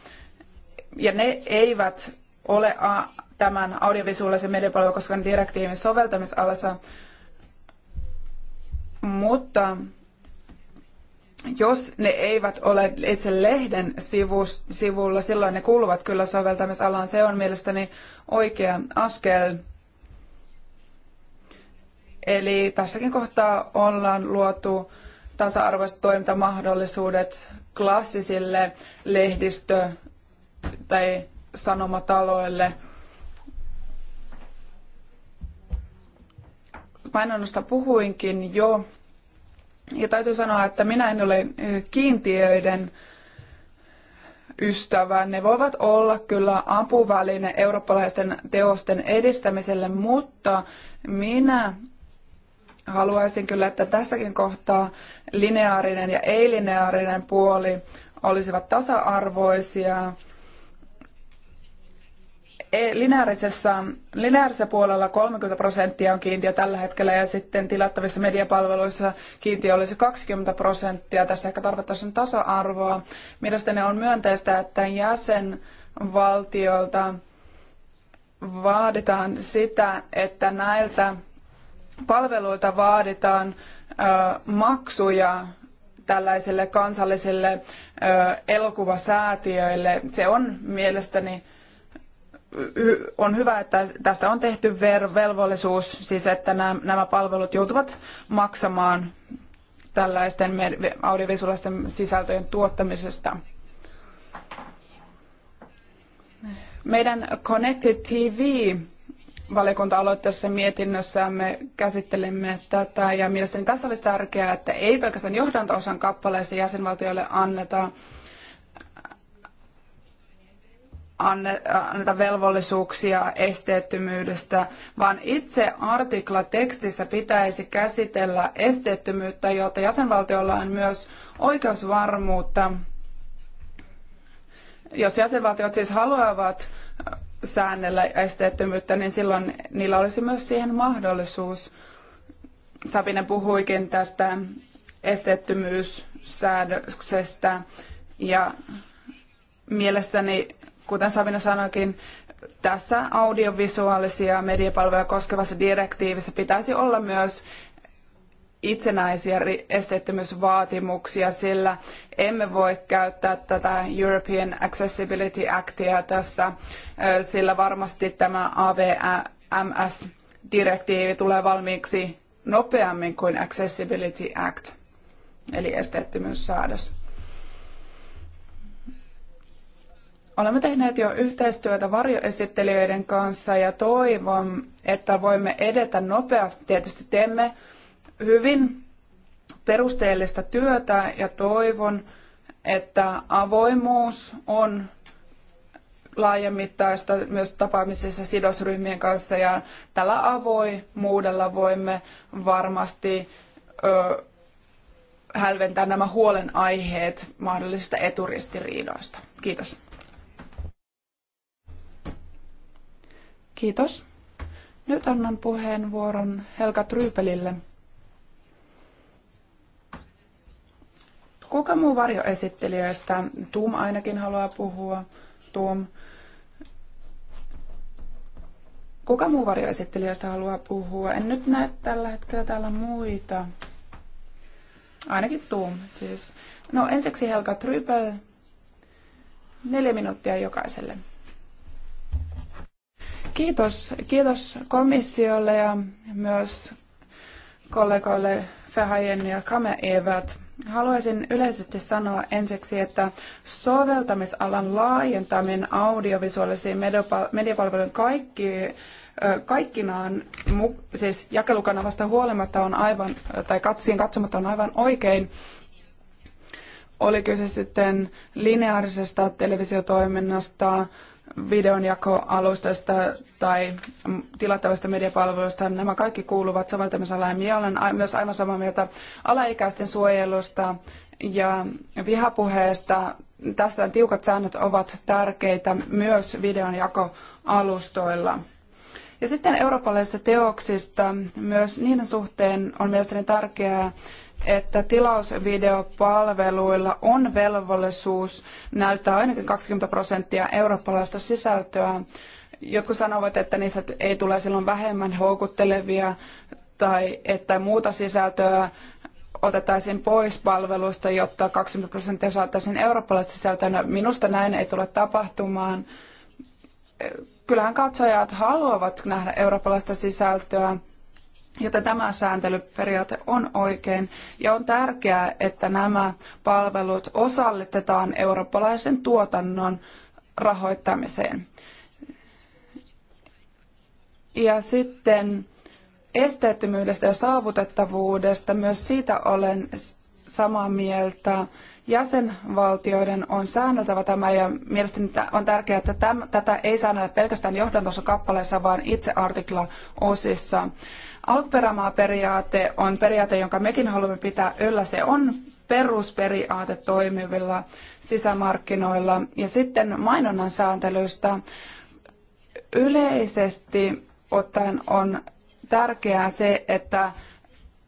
ja ne eivät ole tämän audiovisuaalisen mediapalvelukoskan direktiivin soveltamisalassa, mutta jos ne eivät ole itse lehden sivulla, silloin ne kuuluvat kyllä soveltamisalaan. Se on mielestäni oikea askel. Eli tässäkin kohtaa ollaan luotu tasa-arvoiset toimintamahdollisuudet klassisille lehdistö- tai sanomataloille. Painonnosta puhuinkin jo ja täytyy sanoa, että minä en ole kiintiöiden ystävä. Ne voivat olla kyllä apuväline eurooppalaisten teosten edistämiselle, mutta minä haluaisin kyllä, että tässäkin kohtaa lineaarinen ja ei-lineaarinen puoli olisivat tasa-arvoisia E, lineaarisessa, lineaarisessa puolella 30 prosenttia on kiintiö tällä hetkellä ja sitten tilattavissa mediapalveluissa kiintiö olisi 20 prosenttia. Tässä ehkä tarvittaisiin tasa-arvoa. Mielestäni on myönteistä, että jäsenvaltiolta vaaditaan sitä, että näiltä palveluilta vaaditaan maksuja tällaisille kansallisille elokuvasäätiöille. Se on mielestäni on hyvä, että tästä on tehty velvollisuus, siis että nämä palvelut joutuvat maksamaan tällaisten audiovisuaalisten sisältöjen tuottamisesta. Meidän Connected TV valiokunta-aloitteessa mietinnössämme käsittelemme tätä ja mielestäni tässä olisi tärkeää, että ei pelkästään osan kappaleessa jäsenvaltioille anneta anneta velvollisuuksia esteettömyydestä, vaan itse artikla tekstissä pitäisi käsitellä esteettömyyttä, jotta jäsenvaltioilla on myös oikeusvarmuutta. Jos jäsenvaltiot siis haluavat säännellä esteettömyyttä, niin silloin niillä olisi myös siihen mahdollisuus. Sabine puhuikin tästä esteettömyyssäädöksestä ja mielestäni kuten Sabina sanoikin, tässä audiovisuaalisia mediapalveluja koskevassa direktiivissä pitäisi olla myös itsenäisiä esteettömyysvaatimuksia, sillä emme voi käyttää tätä European Accessibility Actia tässä, sillä varmasti tämä AVMS-direktiivi tulee valmiiksi nopeammin kuin Accessibility Act, eli esteettömyyssäädös. Olemme tehneet jo yhteistyötä varjoesittelijöiden kanssa ja toivon, että voimme edetä nopeasti. Tietysti teemme hyvin perusteellista työtä ja toivon, että avoimuus on laajamittaista myös tapaamisissa sidosryhmien kanssa ja tällä avoimuudella voimme varmasti ö, hälventää nämä huolenaiheet mahdollisista eturistiriidoista. Kiitos. Kiitos. Nyt annan puheenvuoron Helka Tryypelille. Kuka muu varjoesittelijöistä? Tuum ainakin haluaa puhua. Tuum. Kuka muu varjoesittelijöistä haluaa puhua? En nyt näe tällä hetkellä täällä muita. Ainakin Tuum siis. No ensiksi Helga Trypel. Neljä minuuttia jokaiselle. Kiitos, kiitos komissiolle ja myös kollegoille Fehajen ja Kame-Evät. Haluaisin yleisesti sanoa ensiksi, että soveltamisalan laajentaminen audiovisuaalisiin mediapalveluihin kaikki, kaikkinaan, siis jakelukanavasta huolimatta on aivan, tai katsiin katsomatta on aivan oikein, oli kyse sitten lineaarisesta televisiotoiminnasta, videonjakoalustasta tai tilattavasta mediapalvelusta. Nämä kaikki kuuluvat soveltamisalaan. Minä olen myös aivan samaa mieltä alaikäisten suojelusta ja vihapuheesta. Tässä tiukat säännöt ovat tärkeitä myös videonjakoalustoilla. Ja sitten eurooppalaisista teoksista myös niiden suhteen on mielestäni tärkeää, että tilausvideopalveluilla on velvollisuus näyttää ainakin 20 prosenttia eurooppalaista sisältöä. Jotkut sanovat, että niistä ei tule silloin vähemmän houkuttelevia tai että muuta sisältöä otettaisiin pois palvelusta, jotta 20 prosenttia saataisiin eurooppalaista sisältöä. No, minusta näin ei tule tapahtumaan. Kyllähän katsojat haluavat nähdä eurooppalaista sisältöä Joten tämä sääntelyperiaate on oikein ja on tärkeää, että nämä palvelut osallistetaan eurooppalaisen tuotannon rahoittamiseen. Ja sitten esteettömyydestä ja saavutettavuudesta, myös siitä olen samaa mieltä. Jäsenvaltioiden on säänneltävä tämä ja mielestäni on tärkeää, että tämän, tätä ei säännellä pelkästään johdantossa kappaleessa, vaan itse artikla osissa. Alkuperämaaperiaate on periaate, jonka mekin haluamme pitää yllä. Se on perusperiaate toimivilla sisämarkkinoilla. Ja sitten mainonnan sääntelystä yleisesti ottaen on tärkeää se, että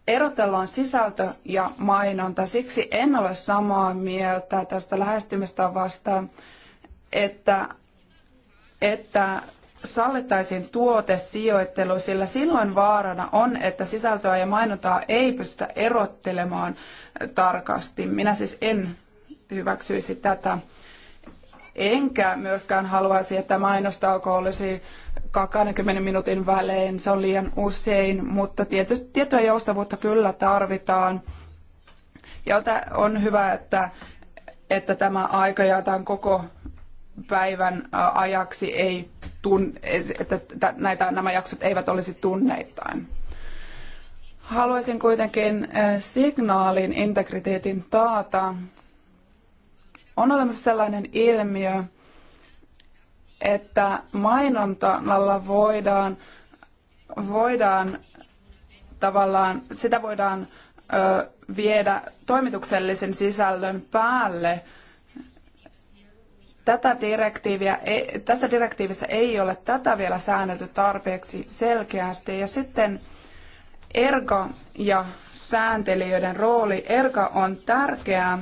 erotellaan sisältö ja mainonta. Siksi en ole samaa mieltä tästä lähestymistavasta, että, että sallittaisiin tuotesijoittelu, sillä silloin vaarana on, että sisältöä ja mainontaa ei pystytä erottelemaan tarkasti. Minä siis en hyväksyisi tätä. Enkä myöskään haluaisi, että mainostauko olisi 20 minuutin välein, se on liian usein, mutta tietysti tietoa joustavuutta kyllä tarvitaan. Ja on hyvä, että, että tämä aika jaetaan koko päivän ajaksi ei tun, että näitä, nämä jaksot eivät olisi tunneittain. Haluaisin kuitenkin signaalin integriteetin taata. On olemassa sellainen ilmiö, että mainontalla voidaan, voidaan tavallaan, sitä voidaan ö, viedä toimituksellisen sisällön päälle – Tätä direktiiviä, tässä direktiivissä ei ole tätä vielä säännelty tarpeeksi selkeästi. Ja sitten erga ja sääntelijöiden rooli. Erga on tärkeä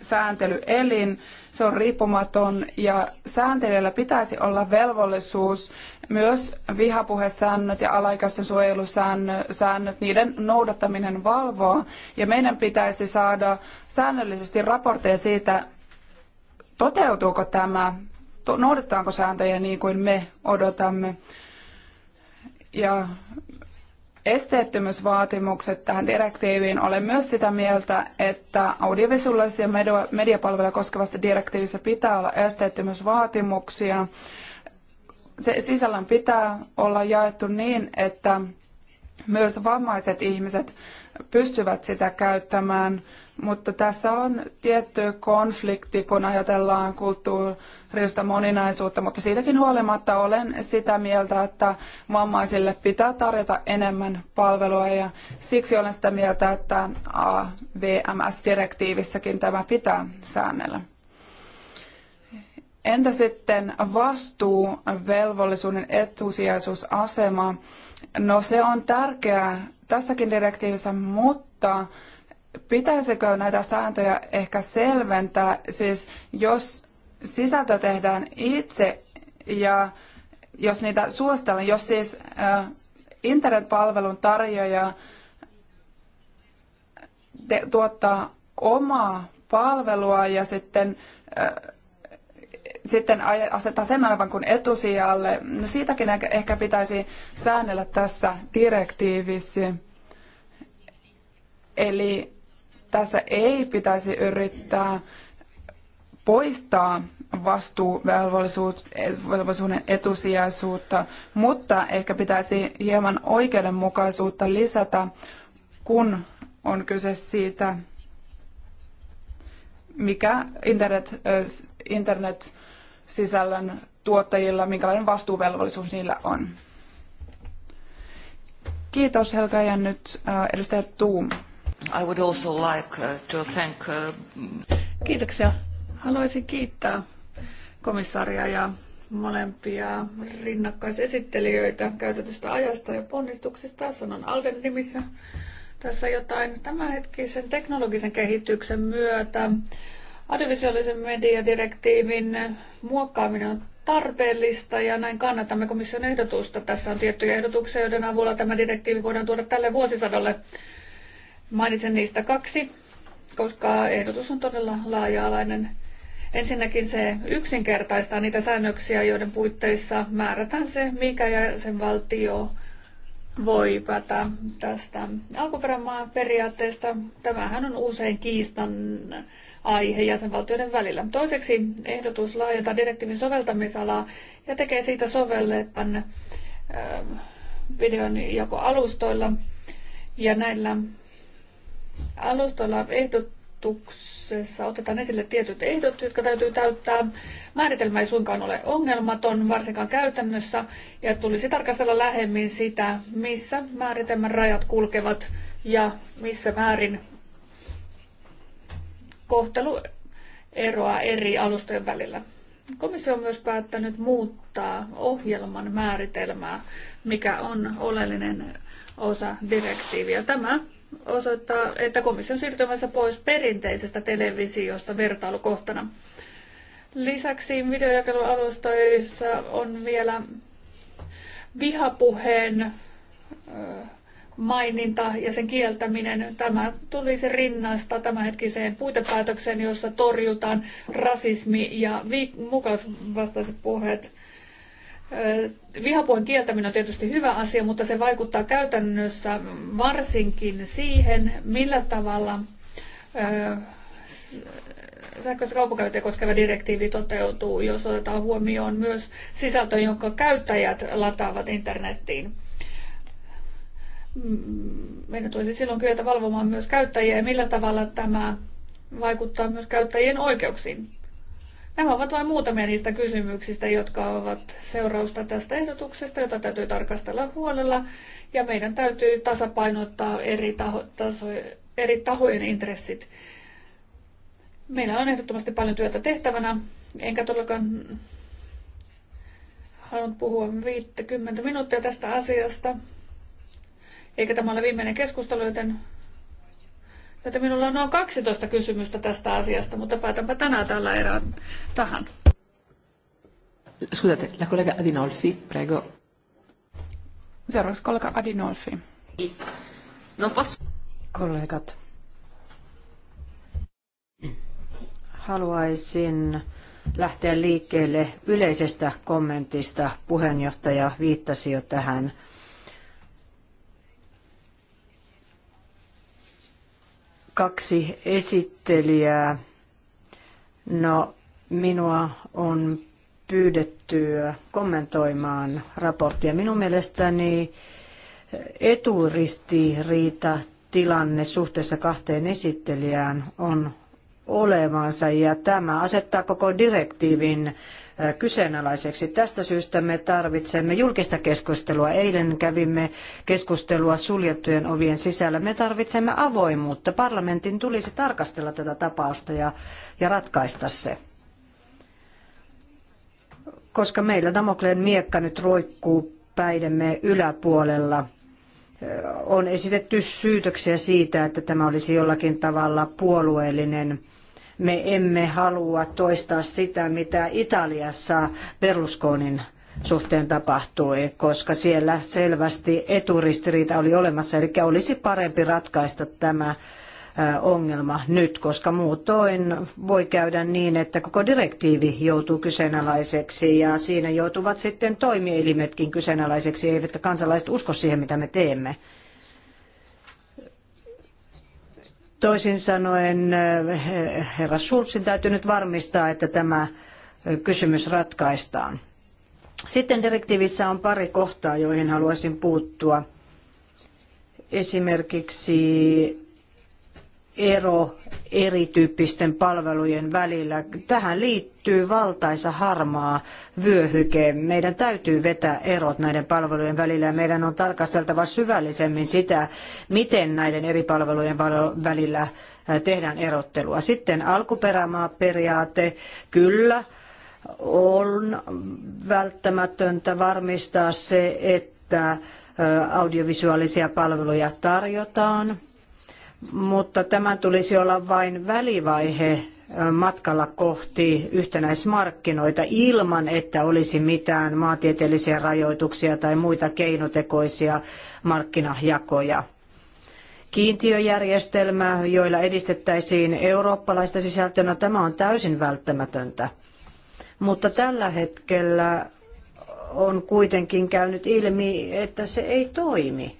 sääntelyelin, se on riippumaton ja sääntelijöillä pitäisi olla velvollisuus myös vihapuhesäännöt ja alaikäisten suojelusäännöt, niiden noudattaminen valvoa ja meidän pitäisi saada säännöllisesti raportteja siitä, toteutuuko tämä, noudattaako sääntöjä niin kuin me odotamme. Ja esteettömyysvaatimukset tähän direktiiviin. Olen myös sitä mieltä, että audiovisuaalisia mediapalveluja koskevasta direktiivissä pitää olla esteettömyysvaatimuksia. Se sisällön pitää olla jaettu niin, että myös vammaiset ihmiset pystyvät sitä käyttämään mutta tässä on tietty konflikti, kun ajatellaan kulttuurista moninaisuutta, mutta siitäkin huolimatta olen sitä mieltä, että vammaisille pitää tarjota enemmän palvelua ja siksi olen sitä mieltä, että AVMS direktiivissäkin tämä pitää säännellä. Entä sitten vastuu, velvollisuuden etusijaisuusasema? No se on tärkeää tässäkin direktiivissä, mutta pitäisikö näitä sääntöjä ehkä selventää, siis jos sisältö tehdään itse ja jos niitä suositellaan, jos siis äh, internetpalvelun tarjoaja te, tuottaa omaa palvelua ja sitten, äh, sitten asettaa sen aivan kuin etusijalle. No siitäkin ehkä pitäisi säännellä tässä direktiivissä. Eli tässä ei pitäisi yrittää poistaa vastuuvelvollisuuden etusijaisuutta, mutta ehkä pitäisi hieman oikeudenmukaisuutta lisätä, kun on kyse siitä, mikä internet, internet-sisällön tuottajilla, minkälainen vastuuvelvollisuus niillä on. Kiitos Helka ja nyt edustaja Tuum. I would also like uh, to thank... Uh, Kiitoksia. Haluaisin kiittää komissaria ja molempia rinnakkaisesittelijöitä käytetystä ajasta ja ponnistuksista. Sanon Alden nimissä tässä jotain. Tämänhetkisen teknologisen kehityksen myötä audiovisuaalisen mediadirektiivin muokkaaminen on tarpeellista ja näin kannatamme komission ehdotusta. Tässä on tiettyjä ehdotuksia, joiden avulla tämä direktiivi voidaan tuoda tälle vuosisadalle Mainitsen niistä kaksi, koska ehdotus on todella laaja-alainen. Ensinnäkin se yksinkertaistaa niitä säännöksiä, joiden puitteissa määrätään se, mikä jäsenvaltio voi päätä tästä alkuperämaan periaatteesta. Tämähän on usein kiistan aihe jäsenvaltioiden välillä. Toiseksi ehdotus laajentaa direktiivin soveltamisalaa ja tekee siitä sovellettavan ähm, videon jakoalustoilla ja näillä alustalla ehdotuksessa otetaan esille tietyt ehdot, jotka täytyy täyttää. Määritelmä ei suinkaan ole ongelmaton, varsinkaan käytännössä, ja tulisi tarkastella lähemmin sitä, missä määritelmän rajat kulkevat ja missä määrin kohtelu eroaa eri alustojen välillä. Komissio on myös päättänyt muuttaa ohjelman määritelmää, mikä on oleellinen osa direktiiviä. Tämä osoittaa, että komissio siirtymässä pois perinteisestä televisiosta vertailukohtana. Lisäksi videojakelualustoissa on vielä vihapuheen maininta ja sen kieltäminen. Tämä tulisi rinnasta tämänhetkiseen puitepäätökseen, jossa torjutaan rasismi ja vi- mukaisvastaiset puheet Vihapuheen kieltäminen on tietysti hyvä asia, mutta se vaikuttaa käytännössä varsinkin siihen, millä tavalla sähköistä kaupankäyntiä koskeva direktiivi toteutuu, jos otetaan huomioon myös sisältö, jonka käyttäjät lataavat internettiin. Mm, meidän tulisi silloin kyetä valvomaan myös käyttäjiä ja millä tavalla tämä vaikuttaa myös käyttäjien oikeuksiin. Nämä ovat vain muutamia niistä kysymyksistä, jotka ovat seurausta tästä ehdotuksesta, jota täytyy tarkastella huolella. Ja meidän täytyy tasapainottaa eri, taho, taso, eri tahojen intressit. Meillä on ehdottomasti paljon työtä tehtävänä, enkä todellakaan halunnut puhua 50 minuuttia tästä asiasta. Eikä tämä ole viimeinen keskustelu, joten että minulla on noin 12 kysymystä tästä asiasta, mutta päätänpä tänään tällä erää tähän. Scusate, la collega Adinolfi, prego. Seuraavaksi kollega Adinolfi. No, posso... Kollegat, haluaisin lähteä liikkeelle yleisestä kommentista. Puheenjohtaja viittasi jo tähän kaksi esittelijää. No, minua on pyydetty kommentoimaan raporttia. Minun mielestäni eturistiriita tilanne suhteessa kahteen esittelijään on olevansa ja tämä asettaa koko direktiivin kyseenalaiseksi. Tästä syystä me tarvitsemme julkista keskustelua. Eilen kävimme keskustelua suljettujen ovien sisällä. Me tarvitsemme avoimuutta. Parlamentin tulisi tarkastella tätä tapausta ja, ja ratkaista se koska meillä Damokleen miekka nyt roikkuu päidemme yläpuolella. On esitetty syytöksiä siitä, että tämä olisi jollakin tavalla puolueellinen me emme halua toistaa sitä, mitä Italiassa Berlusconin suhteen tapahtui, koska siellä selvästi eturistiriita oli olemassa, eli olisi parempi ratkaista tämä ongelma nyt, koska muutoin voi käydä niin, että koko direktiivi joutuu kyseenalaiseksi ja siinä joutuvat sitten toimielimetkin kyseenalaiseksi, eivätkä kansalaiset usko siihen, mitä me teemme. Toisin sanoen eh, herra Schulzin täytyy nyt varmistaa, että tämä eh, kysymys ratkaistaan. Sitten direktiivissä on pari kohtaa, joihin haluaisin puuttua. Esimerkiksi ero erityyppisten palvelujen välillä. Tähän liittyy valtaisa harmaa vyöhyke. Meidän täytyy vetää erot näiden palvelujen välillä ja meidän on tarkasteltava syvällisemmin sitä, miten näiden eri palvelujen välillä äh, tehdään erottelua. Sitten alkuperämaaperiaate, kyllä, on välttämätöntä varmistaa se, että äh, audiovisuaalisia palveluja tarjotaan mutta tämän tulisi olla vain välivaihe matkalla kohti yhtenäismarkkinoita ilman, että olisi mitään maantieteellisiä rajoituksia tai muita keinotekoisia markkinajakoja Kiintiöjärjestelmä, joilla edistettäisiin eurooppalaista sisältöä, no, tämä on täysin välttämätöntä. Mutta tällä hetkellä on kuitenkin käynyt ilmi, että se ei toimi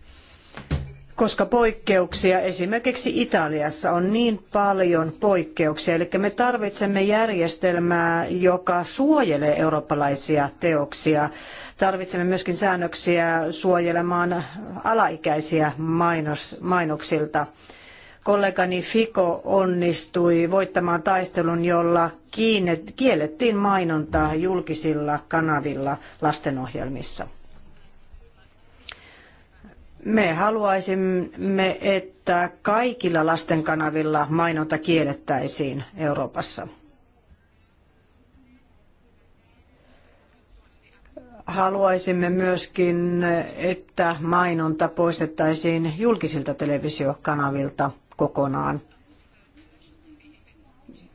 koska poikkeuksia esimerkiksi Italiassa on niin paljon poikkeuksia. Eli me tarvitsemme järjestelmää, joka suojelee eurooppalaisia teoksia. Tarvitsemme myöskin säännöksiä suojelemaan alaikäisiä mainos, mainoksilta. Kollegani Fiko onnistui voittamaan taistelun, jolla kiinnet, kiellettiin mainontaa julkisilla kanavilla lastenohjelmissa. Me haluaisimme, että kaikilla lasten kanavilla mainonta kiellettäisiin Euroopassa. haluaisimme myöskin, että mainonta poistettaisiin julkisilta televisiokanavilta kokonaan.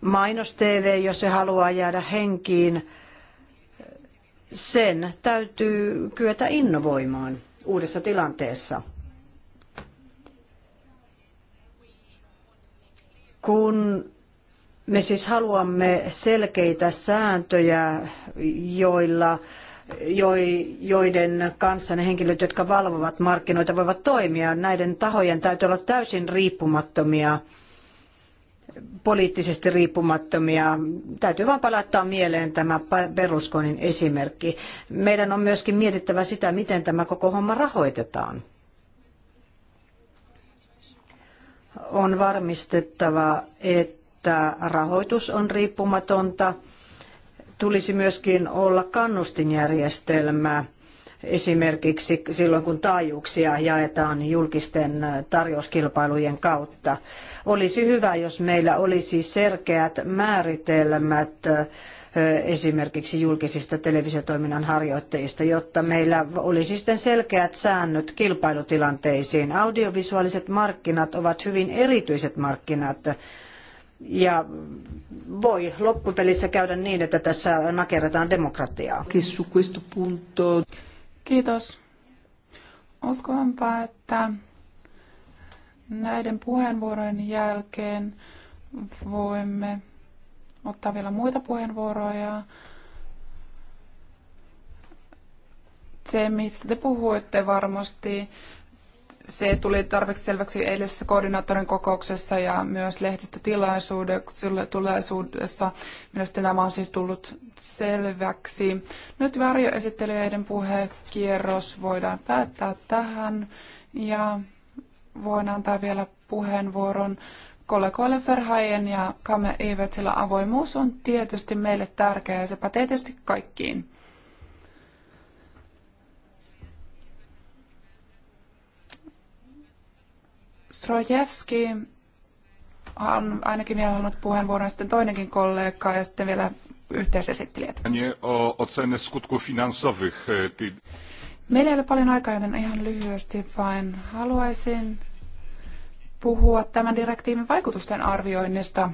Mainos TV, jos se haluaa jäädä henkiin, sen täytyy kyetä innovoimaan uudessa tilanteessa. Kun me siis haluamme selkeitä sääntöjä, joilla joiden kanssa ne henkilöt, jotka valvovat markkinoita, voivat toimia. Näiden tahojen täytyy olla täysin riippumattomia poliittisesti riippumattomia. Täytyy vain palauttaa mieleen tämä Berlusconin esimerkki. Meidän on myöskin mietittävä sitä, miten tämä koko homma rahoitetaan. On varmistettava, että rahoitus on riippumatonta. Tulisi myöskin olla kannustinjärjestelmää esimerkiksi silloin kun taajuuksia jaetaan julkisten tarjouskilpailujen kautta. Olisi hyvä, jos meillä olisi selkeät määritelmät esimerkiksi julkisista televisiotoiminnan harjoittajista, jotta meillä olisi sitten selkeät säännöt kilpailutilanteisiin. Audiovisuaaliset markkinat ovat hyvin erityiset markkinat. Ja voi loppupelissä käydä niin, että tässä nakerretaan demokratiaa. Kiitos. Uskonpa, että näiden puheenvuorojen jälkeen voimme ottaa vielä muita puheenvuoroja. Se, mistä te puhuitte varmasti, se tuli tarpeeksi selväksi eilisessä koordinaattorin kokouksessa ja myös lehdistötilaisuudessa. Minusta tämä on siis tullut selväksi. Nyt varjoesittelijöiden puhekierros voidaan päättää tähän ja voin antaa vielä puheenvuoron kollegoille Verhaien ja Kame Ivetsillä avoimuus on tietysti meille tärkeää ja se pätee tietysti kaikkiin. Strojevski on ainakin vielä halunnut puheenvuoron, sitten toinenkin kollega ja sitten vielä yhteisesittelijät. E, Meillä ei ole paljon aikaa, joten ihan lyhyesti vain haluaisin puhua tämän direktiivin vaikutusten arvioinnista.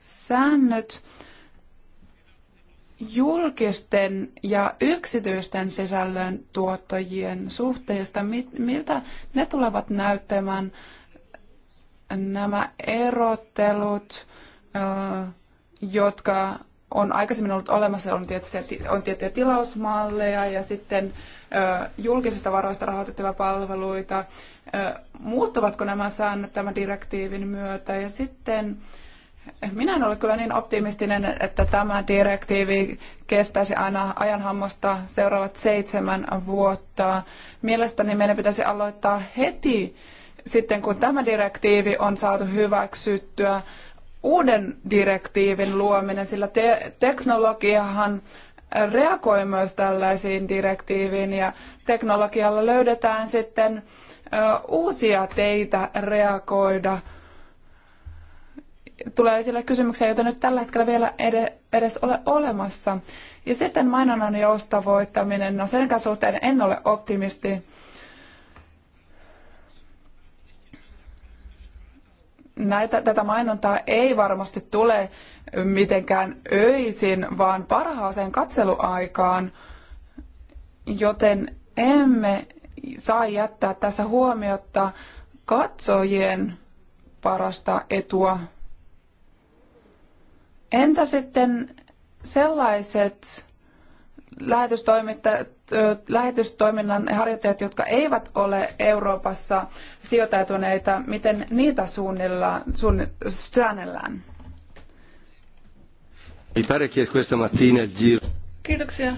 Säännöt julkisten ja yksityisten sisällön tuottajien suhteista, miltä ne tulevat näyttämään nämä erottelut, jotka on aikaisemmin ollut olemassa, on, tietysti, on tiettyjä tilausmalleja ja sitten julkisista varoista rahoitettavia palveluita. Muuttuvatko nämä säännöt tämän direktiivin myötä ja sitten minä en ole kyllä niin optimistinen, että tämä direktiivi kestäisi aina ajanhammosta seuraavat seitsemän vuotta. Mielestäni meidän pitäisi aloittaa heti sitten, kun tämä direktiivi on saatu hyväksyttyä, uuden direktiivin luominen, sillä te- teknologiahan reagoi myös tällaisiin direktiiviin ja teknologialla löydetään sitten uusia teitä reagoida – tulee esille kysymyksiä, joita nyt tällä hetkellä vielä edes ole olemassa. Ja sitten mainonnan joustavoittaminen, no sen suhteen en ole optimisti. Näitä, tätä mainontaa ei varmasti tule mitenkään öisin, vaan parhaaseen katseluaikaan, joten emme saa jättää tässä huomiota katsojien parasta etua Entä sitten sellaiset lähetystoiminnan harjoittajat, jotka eivät ole Euroopassa sijoitautuneita, miten niitä suunnillaan, säännellään? Kiitoksia.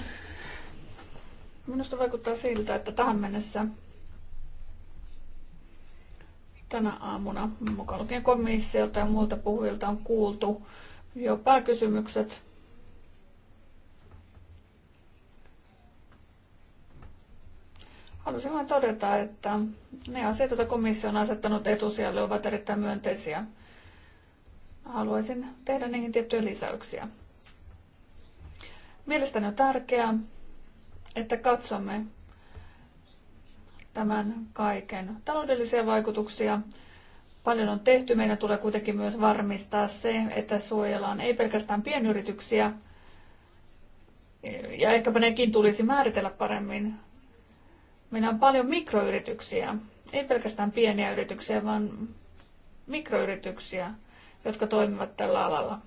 Minusta vaikuttaa siltä, että tähän mennessä tänä aamuna mukaan lukien komissiolta ja muilta puhujilta on kuultu Joo, pääkysymykset. Haluaisin vain todeta, että ne asiat, joita komissio on asettanut etusijalle, ovat erittäin myönteisiä. Haluaisin tehdä niihin tiettyjä lisäyksiä. Mielestäni on tärkeää, että katsomme tämän kaiken taloudellisia vaikutuksia Paljon on tehty. Meidän tulee kuitenkin myös varmistaa se, että suojellaan ei pelkästään pienyrityksiä, ja ehkäpä nekin tulisi määritellä paremmin. Meillä on paljon mikroyrityksiä, ei pelkästään pieniä yrityksiä, vaan mikroyrityksiä, jotka toimivat tällä alalla.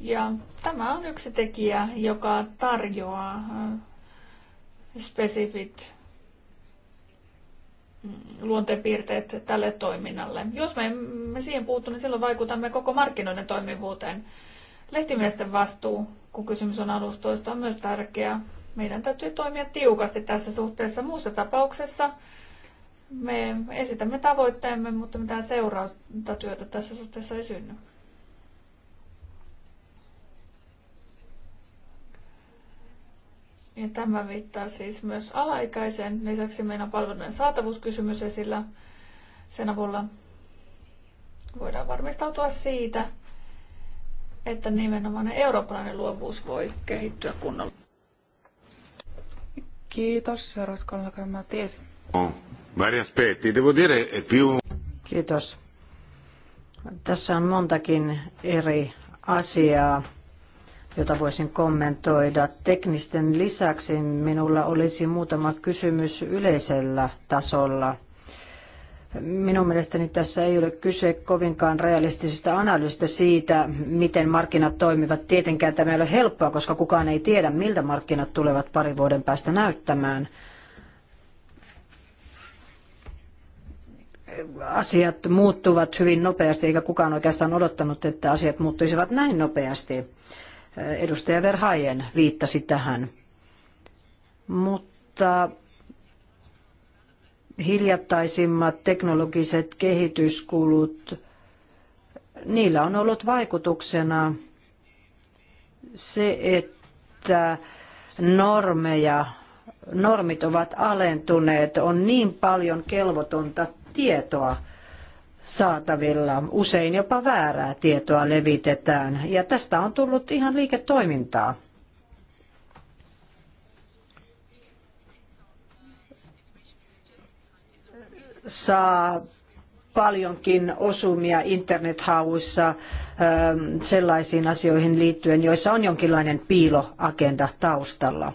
Ja tämä on yksi tekijä, joka tarjoaa äh, spesifit mm, luonteenpiirteet tälle toiminnalle. Jos me emme siihen puuttu, niin silloin vaikutamme koko markkinoiden toimivuuteen. Lehtimiesten vastuu, kun kysymys on alustoista, on myös tärkeää. Meidän täytyy toimia tiukasti tässä suhteessa. Muussa tapauksessa me esitämme tavoitteemme, mutta mitään seurausta tässä suhteessa ei synny. Ja tämä viittaa siis myös alaikäisen. Lisäksi meillä on palveluiden saatavuuskysymys esillä. Sen avulla voidaan varmistautua siitä, että nimenomaan eurooppalainen luovuus voi kehittyä kunnolla. Kiitos, Raskolla Mattiesi. No, vari aspetti, devo dire più... Kiitos. Tässä on montakin eri asiaa jota voisin kommentoida. Teknisten lisäksi minulla olisi muutama kysymys yleisellä tasolla. Minun mielestäni tässä ei ole kyse kovinkaan realistisesta analyysistä siitä, miten markkinat toimivat. Tietenkään tämä ei ole helppoa, koska kukaan ei tiedä, miltä markkinat tulevat pari vuoden päästä näyttämään. Asiat muuttuvat hyvin nopeasti, eikä kukaan oikeastaan odottanut, että asiat muuttuisivat näin nopeasti. Edustaja Verhaien viittasi tähän. Mutta hiljattaisimmat teknologiset kehityskulut, niillä on ollut vaikutuksena se, että normeja, normit ovat alentuneet, on niin paljon kelvotonta tietoa, saatavilla. Usein jopa väärää tietoa levitetään ja tästä on tullut ihan liiketoimintaa. Saa paljonkin osumia internethauissa ähm, sellaisiin asioihin liittyen, joissa on jonkinlainen piiloagenda taustalla.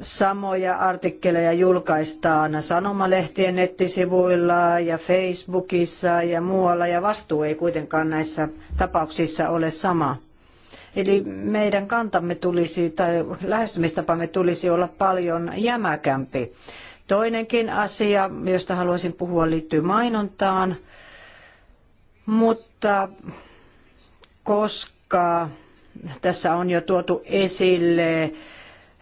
Samoja artikkeleja julkaistaan sanomalehtien nettisivuilla ja Facebookissa ja muualla, ja vastuu ei kuitenkaan näissä tapauksissa ole sama. Eli meidän kantamme tulisi, tai lähestymistapamme tulisi olla paljon jämäkämpi. Toinenkin asia, josta haluaisin puhua, liittyy mainontaan, mutta koska tässä on jo tuotu esille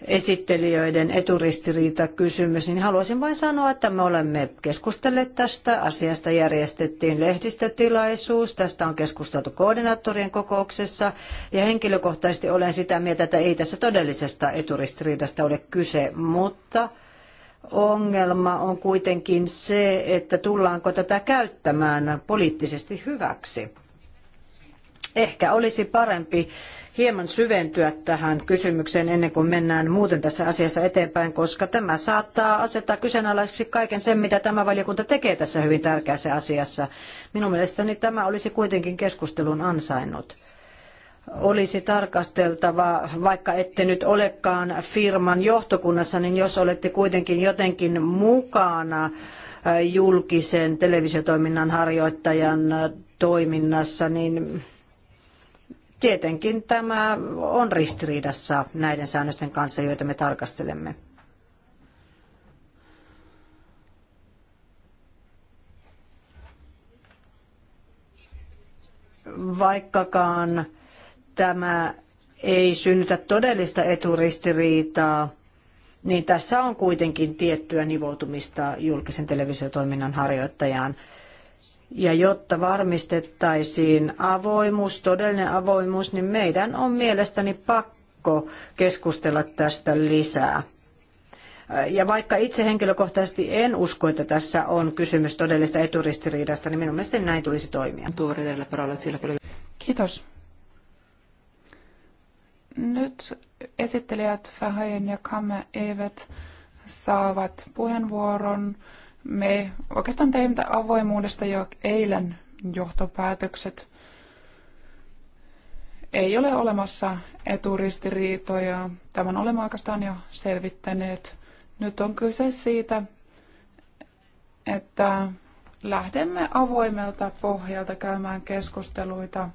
esittelijöiden eturistiriitakysymys, niin haluaisin vain sanoa, että me olemme keskustelleet tästä. Asiasta järjestettiin lehdistötilaisuus, tästä on keskusteltu koordinaattorien kokouksessa ja henkilökohtaisesti olen sitä mieltä, että ei tässä todellisesta eturistiriidasta ole kyse, mutta ongelma on kuitenkin se, että tullaanko tätä käyttämään poliittisesti hyväksi. Ehkä olisi parempi hieman syventyä tähän kysymykseen ennen kuin mennään muuten tässä asiassa eteenpäin, koska tämä saattaa asettaa kyseenalaiseksi kaiken sen, mitä tämä valiokunta tekee tässä hyvin tärkeässä asiassa. Minun mielestäni tämä olisi kuitenkin keskustelun ansainnut olisi tarkasteltava, vaikka ette nyt olekaan firman johtokunnassa, niin jos olette kuitenkin jotenkin mukana äh, julkisen televisiotoiminnan harjoittajan äh, toiminnassa, niin Tietenkin tämä on ristiriidassa näiden säännösten kanssa, joita me tarkastelemme. Vaikkakaan tämä ei synnytä todellista eturistiriitaa, niin tässä on kuitenkin tiettyä nivoutumista julkisen televisiotoiminnan harjoittajaan. Ja jotta varmistettaisiin avoimuus, todellinen avoimuus, niin meidän on mielestäni pakko keskustella tästä lisää. Ja vaikka itse henkilökohtaisesti en usko, että tässä on kysymys todellista eturistiriidasta, niin minun mielestäni näin tulisi toimia. Kiitos. Nyt esittelijät Fahajen ja Kamme eivät saavat puheenvuoron. Me oikeastaan teimme avoimuudesta jo eilen johtopäätökset. Ei ole olemassa eturistiriitoja. Tämän olemme oikeastaan jo selvittäneet. Nyt on kyse siitä, että lähdemme avoimelta pohjalta käymään keskusteluita.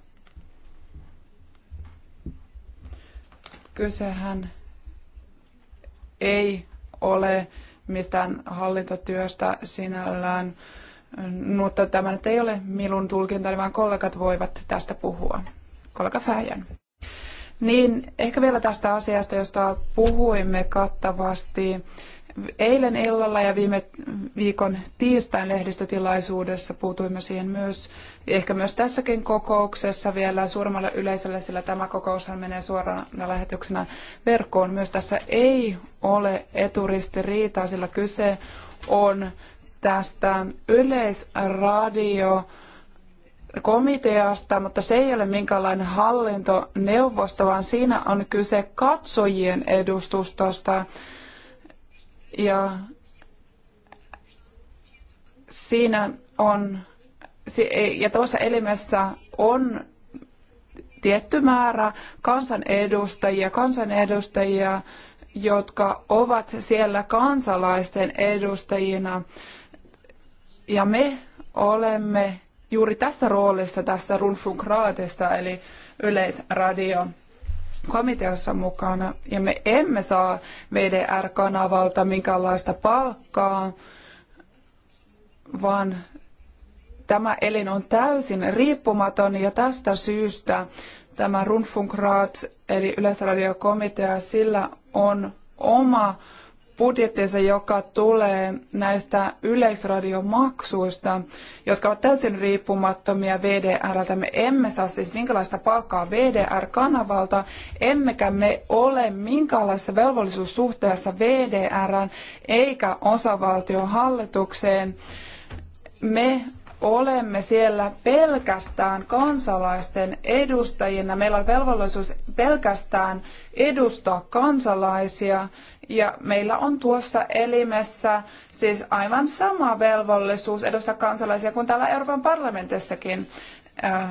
Kysehän ei ole mistään hallintotyöstä sinällään, mutta tämä nyt ei ole minun tulkinta, vaan kollegat voivat tästä puhua. Kollega Fäijän. Niin, ehkä vielä tästä asiasta, josta puhuimme kattavasti Eilen illalla ja viime viikon tiistain lehdistötilaisuudessa puutuimme siihen myös, ehkä myös tässäkin kokouksessa vielä suuremmalle yleisölle, sillä tämä kokoushan menee suoraan lähetyksenä verkkoon. Myös tässä ei ole eturistiriitaa, sillä kyse on tästä yleisradio komiteasta, mutta se ei ole minkäänlainen hallintoneuvosto, vaan siinä on kyse katsojien edustustosta ja siinä on, ja tuossa elimessä on tietty määrä kansanedustajia, kansanedustajia, jotka ovat siellä kansalaisten edustajina. Ja me olemme juuri tässä roolissa tässä Rundfunkraatissa, eli Yleisradio komiteassa mukana ja me emme saa VDR-kanavalta minkäänlaista palkkaa, vaan tämä elin on täysin riippumaton ja tästä syystä tämä Rundfunkrat eli Yleisradiokomitea, sillä on oma budjettinsa, joka tulee näistä yleisradiomaksuista, jotka ovat täysin riippumattomia VDRltä. Me emme saa siis minkälaista palkkaa VDR-kanavalta, emmekä me ole minkäänlaisessa velvollisuussuhteessa VDRn eikä osavaltion hallitukseen. Me olemme siellä pelkästään kansalaisten edustajina. Meillä on velvollisuus pelkästään edustaa kansalaisia ja meillä on tuossa elimessä siis aivan sama velvollisuus edustaa kansalaisia kuin täällä Euroopan parlamentissakin äh,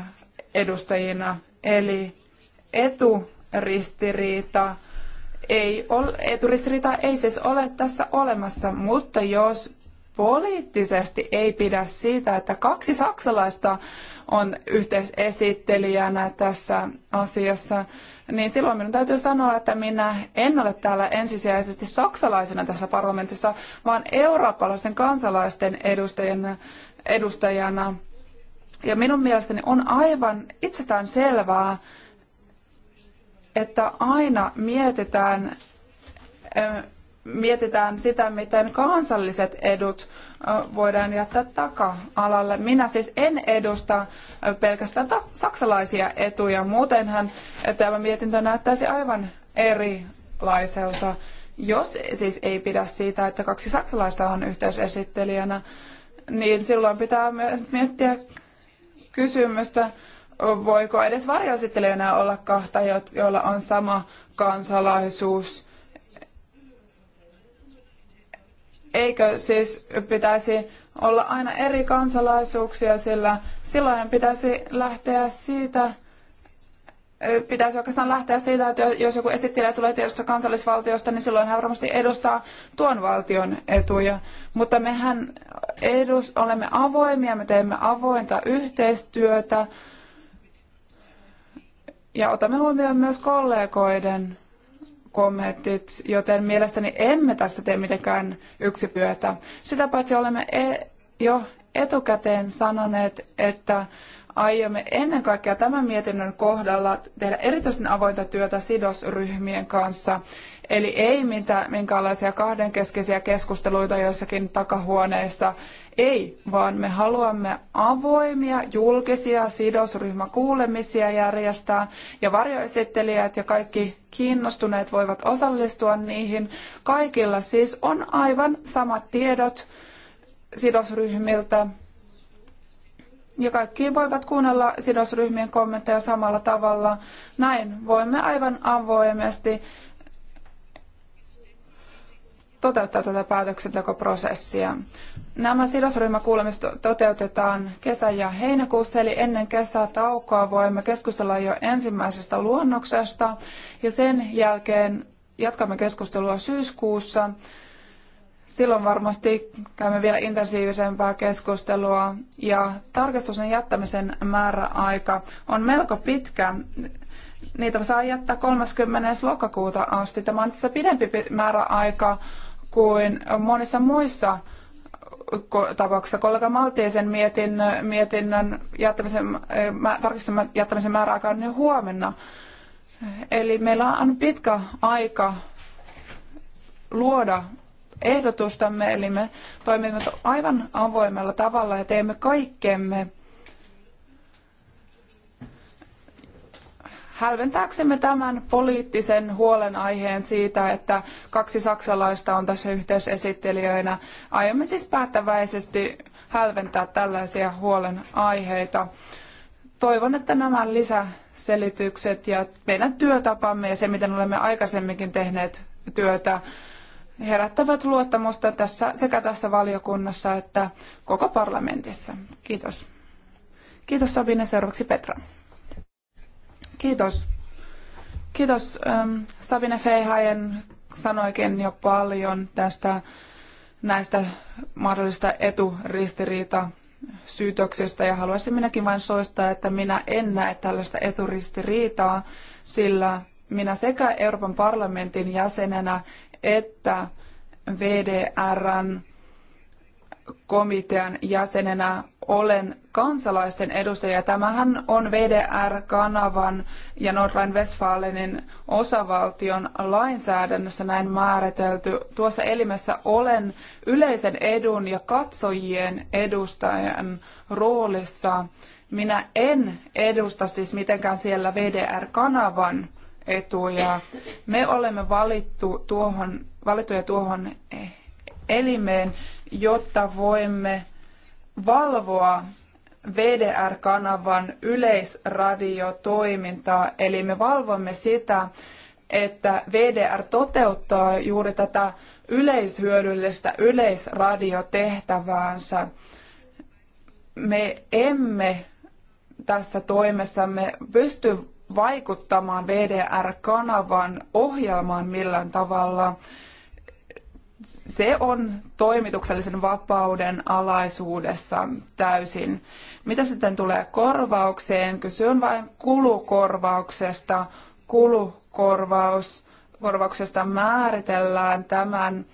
edustajina. Eli eturistiriita ei ole, eturistiriita ei siis ole tässä olemassa, mutta jos poliittisesti ei pidä siitä, että kaksi saksalaista on yhteisesittelijänä tässä asiassa, niin silloin minun täytyy sanoa, että minä en ole täällä ensisijaisesti saksalaisena tässä parlamentissa, vaan eurooppalaisten kansalaisten edustajana. edustajana. Ja minun mielestäni on aivan itsestään selvää, että aina mietitään, mietitään sitä, miten kansalliset edut voidaan jättää taka-alalle. Minä siis en edusta pelkästään saksalaisia etuja, muutenhan tämä mietintö näyttäisi aivan erilaiselta. Jos siis ei pidä siitä, että kaksi saksalaista on yhteisesittelijänä, niin silloin pitää miettiä kysymystä, voiko edes varjoesittelijänä olla kahta, joilla on sama kansalaisuus – Eikö siis pitäisi olla aina eri kansalaisuuksia, sillä silloin pitäisi lähteä siitä, pitäisi oikeastaan lähteä siitä, että jos joku esittelijä tulee tietystä kansallisvaltiosta, niin silloin hän varmasti edustaa tuon valtion etuja. Mutta mehän edus, olemme avoimia, me teemme avointa yhteistyötä ja otamme huomioon myös kollegoiden kommentit, joten mielestäni emme tästä tee mitenkään yksipyötä. Sitä paitsi olemme e- jo etukäteen sanoneet, että aiomme ennen kaikkea tämän mietinnön kohdalla tehdä erityisen avointa työtä sidosryhmien kanssa Eli ei mitään, minkäänlaisia kahdenkeskisiä keskusteluita joissakin takahuoneissa. Ei, vaan me haluamme avoimia, julkisia sidosryhmäkuulemisia järjestää ja varjoesittelijät ja kaikki kiinnostuneet voivat osallistua niihin. Kaikilla siis on aivan samat tiedot sidosryhmiltä ja kaikki voivat kuunnella sidosryhmien kommentteja samalla tavalla. Näin voimme aivan avoimesti toteuttaa tätä päätöksentekoprosessia. Nämä sidosryhmäkuulemiset toteutetaan kesä- ja heinäkuussa, eli ennen kesätaukoa voimme keskustella jo ensimmäisestä luonnoksesta, ja sen jälkeen jatkamme keskustelua syyskuussa. Silloin varmasti käymme vielä intensiivisempää keskustelua, ja tarkastuksen jättämisen määräaika on melko pitkä, niitä saa jättää 30. lokakuuta asti. Tämä on tässä siis pidempi määräaika. aika kuin monissa muissa tapauksessa. Kollega Maltiisen mietinnön, mietinnön jättämisen, tarkistuksen jättämisen määräaika on jo huomenna. Eli meillä on pitkä aika luoda ehdotustamme, eli me toimimme aivan avoimella tavalla ja teemme kaikkemme hälventääksemme tämän poliittisen huolenaiheen siitä, että kaksi saksalaista on tässä yhteisesittelijöinä. Aiomme siis päättäväisesti hälventää tällaisia huolenaiheita. Toivon, että nämä lisäselitykset ja meidän työtapamme ja se, miten olemme aikaisemminkin tehneet työtä, herättävät luottamusta tässä, sekä tässä valiokunnassa että koko parlamentissa. Kiitos. Kiitos Sabine. Seuraavaksi Petra. Kiitos. Kiitos. Ähm, Savine Feihajen sanoikin jo paljon tästä näistä mahdollisista eturistiriita syytöksistä ja haluaisin minäkin vain soistaa, että minä en näe tällaista eturistiriitaa, sillä minä sekä Euroopan parlamentin jäsenenä että VDRn komitean jäsenenä olen kansalaisten edustajia. Tämähän on VDR-kanavan ja Nordrhein-Westfalenin osavaltion lainsäädännössä näin määritelty. Tuossa elimessä olen yleisen edun ja katsojien edustajan roolissa. Minä en edusta siis mitenkään siellä VDR-kanavan etuja. Me olemme valittu tuohon, valittuja tuohon elimeen, jotta voimme valvoa VDR-kanavan yleisradiotoimintaa, eli me valvomme sitä, että VDR toteuttaa juuri tätä yleishyödyllistä yleisradiotehtäväänsä. Me emme tässä toimessamme pysty vaikuttamaan VDR-kanavan ohjelmaan millään tavalla se on toimituksellisen vapauden alaisuudessa täysin. Mitä sitten tulee korvaukseen? Kyse on vain kulukorvauksesta. Kulukorvaus korvauksesta määritellään tämän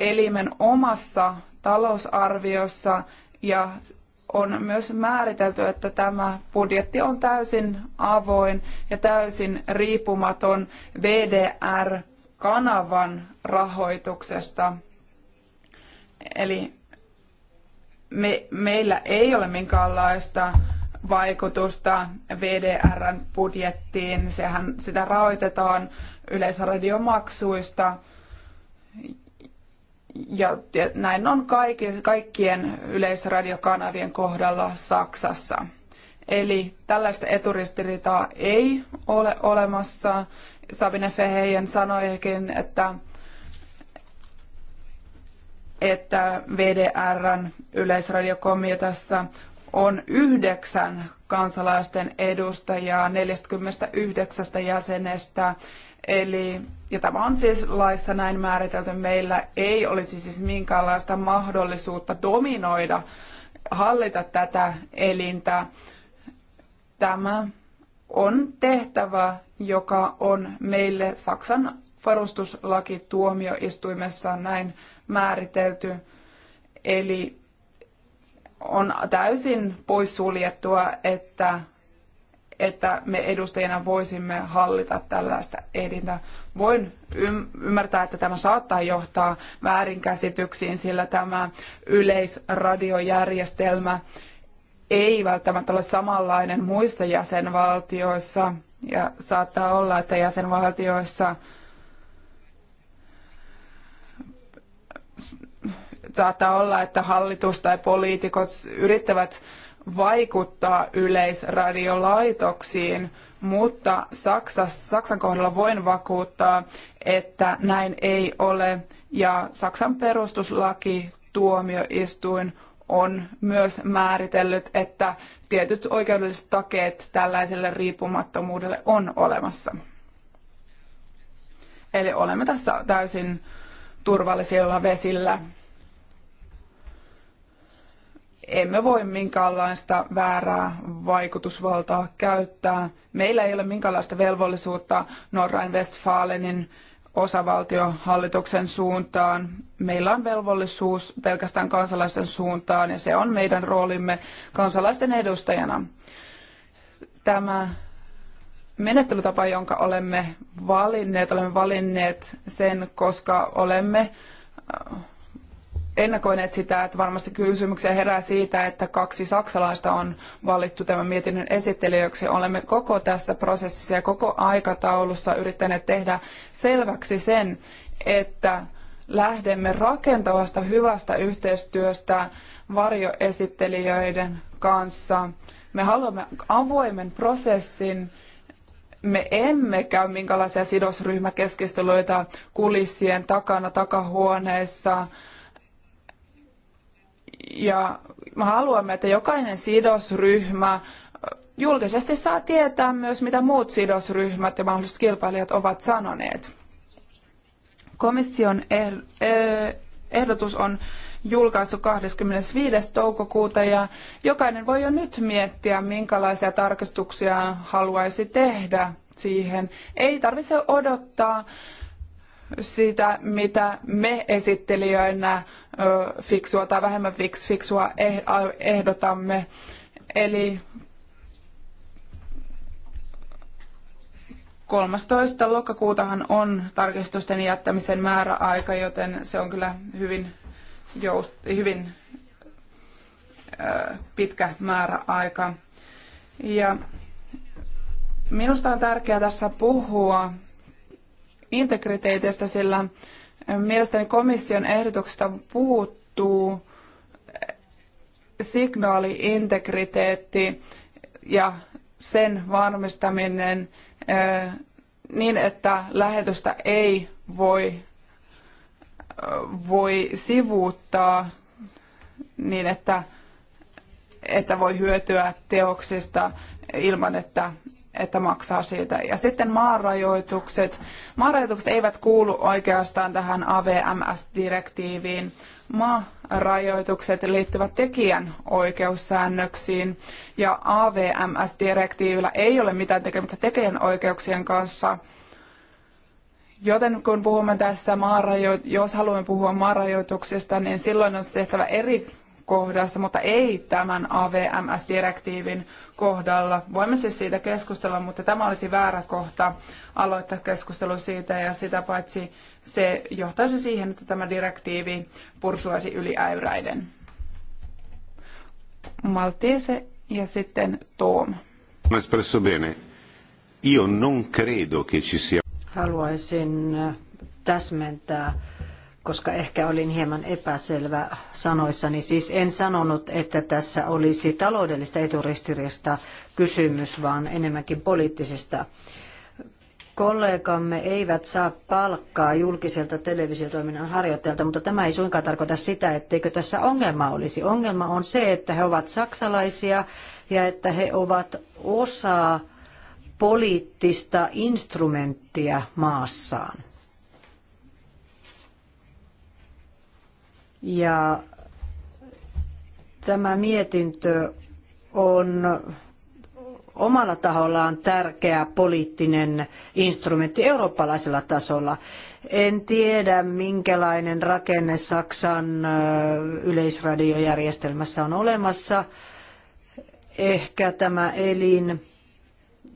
elimen omassa talousarviossa ja on myös määritelty, että tämä budjetti on täysin avoin ja täysin riippumaton VDR kanavan rahoituksesta. Eli me, meillä ei ole minkäänlaista vaikutusta VDRn budjettiin. Sehän, sitä rahoitetaan yleisradiomaksuista. Ja näin on kaikkien yleisradiokanavien kohdalla Saksassa. Eli tällaista eturistiriitaa ei ole olemassa. Sabine Feheyen sanoikin, että, että VDRn yleisradiokomiteassa on yhdeksän kansalaisten edustajaa 49 jäsenestä. Eli, ja tämä on siis laissa näin määritelty, meillä ei olisi siis minkäänlaista mahdollisuutta dominoida, hallita tätä elintä. Tämä on tehtävä, joka on meille Saksan varustuslaki tuomioistuimessa näin määritelty. Eli on täysin poissuljettua, että, että me edustajina voisimme hallita tällaista edintä. Voin ymmärtää, että tämä saattaa johtaa väärinkäsityksiin, sillä tämä yleisradiojärjestelmä ei välttämättä ole samanlainen muissa jäsenvaltioissa ja saattaa olla, että jäsenvaltioissa saattaa olla, että hallitus tai poliitikot yrittävät vaikuttaa yleisradiolaitoksiin, mutta Saksassa, Saksan kohdalla voin vakuuttaa, että näin ei ole. Ja Saksan perustuslaki tuomioistuin on myös määritellyt, että tietyt oikeudelliset takeet tällaiselle riippumattomuudelle on olemassa. Eli olemme tässä täysin turvallisilla vesillä. Emme voi minkäänlaista väärää vaikutusvaltaa käyttää. Meillä ei ole minkäänlaista velvollisuutta Norrain-Westfalenin osavaltiohallituksen suuntaan. Meillä on velvollisuus pelkästään kansalaisten suuntaan ja se on meidän roolimme kansalaisten edustajana. Tämä menettelytapa, jonka olemme valinneet, olemme valinneet sen, koska olemme äh, ennakoineet sitä, että varmasti kysymyksiä herää siitä, että kaksi saksalaista on valittu tämän mietinnön esittelijöiksi. Olemme koko tässä prosessissa ja koko aikataulussa yrittäneet tehdä selväksi sen, että lähdemme rakentavasta hyvästä yhteistyöstä varjoesittelijöiden kanssa. Me haluamme avoimen prosessin. Me emme käy minkälaisia sidosryhmäkeskusteluita kulissien takana, takahuoneessa, ja haluamme, että jokainen sidosryhmä julkisesti saa tietää myös, mitä muut sidosryhmät ja mahdolliset kilpailijat ovat sanoneet. Komission eh, eh, ehdotus on julkaistu 25. toukokuuta ja jokainen voi jo nyt miettiä, minkälaisia tarkistuksia haluaisi tehdä siihen. Ei tarvitse odottaa sitä, mitä me esittelijöinä fiksua tai vähemmän fiksua eh-, ehdotamme. Eli 13. lokakuutahan on tarkistusten jättämisen määräaika, joten se on kyllä hyvin, joust- hyvin pitkä määräaika. Ja minusta on tärkeää tässä puhua integriteetistä, sillä mielestäni komission ehdotuksesta puuttuu signaaliintegriteetti ja sen varmistaminen niin, että lähetystä ei voi, voi sivuuttaa niin, että, että voi hyötyä teoksista ilman, että että maksaa siitä. Ja sitten maarajoitukset. Maarajoitukset eivät kuulu oikeastaan tähän AVMS-direktiiviin. Maarajoitukset liittyvät tekijän oikeussäännöksiin ja AVMS-direktiivillä ei ole mitään tekemistä tekijän oikeuksien kanssa. Joten kun puhumme tässä maarajo- jos haluamme puhua maarajoituksista, niin silloin on tehtävä eri kohdassa, mutta ei tämän AVMS-direktiivin kohdalla. Voimme siis siitä keskustella, mutta tämä olisi väärä kohta aloittaa keskustelu siitä ja sitä paitsi se johtaisi siihen, että tämä direktiivi pursuaisi yli äyräiden. Maltese ja sitten Tom. Haluaisin äh, täsmentää koska ehkä olin hieman epäselvä sanoissani. Siis en sanonut, että tässä olisi taloudellista eturistiriista kysymys, vaan enemmänkin poliittisesta kollegamme eivät saa palkkaa julkiselta televisiotoiminnan harjoittajalta, mutta tämä ei suinkaan tarkoita sitä, etteikö tässä ongelma olisi. Ongelma on se, että he ovat saksalaisia ja että he ovat osa poliittista instrumenttia maassaan. Ja tämä mietintö on omalla tahollaan tärkeä poliittinen instrumentti eurooppalaisella tasolla. En tiedä, minkälainen rakenne Saksan yleisradiojärjestelmässä on olemassa. Ehkä tämä elin,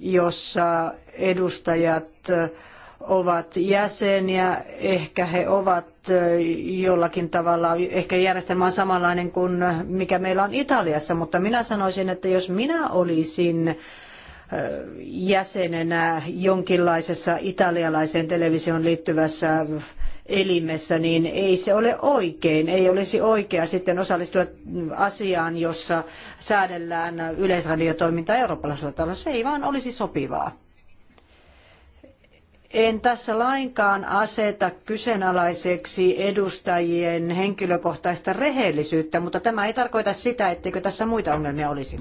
jossa edustajat ovat jäseniä, ehkä he ovat jollakin tavalla, ehkä järjestelmä on samanlainen kuin mikä meillä on Italiassa, mutta minä sanoisin, että jos minä olisin jäsenenä jonkinlaisessa italialaiseen televisioon liittyvässä elimessä, niin ei se ole oikein. Ei olisi oikea sitten osallistua asiaan, jossa säädellään yleisradiotoimintaa eurooppalaisella tasolla. Se ei vaan olisi sopivaa. En tässä lainkaan aseta kyseenalaiseksi edustajien henkilökohtaista rehellisyyttä, mutta tämä ei tarkoita sitä, etteikö tässä muita ongelmia olisi.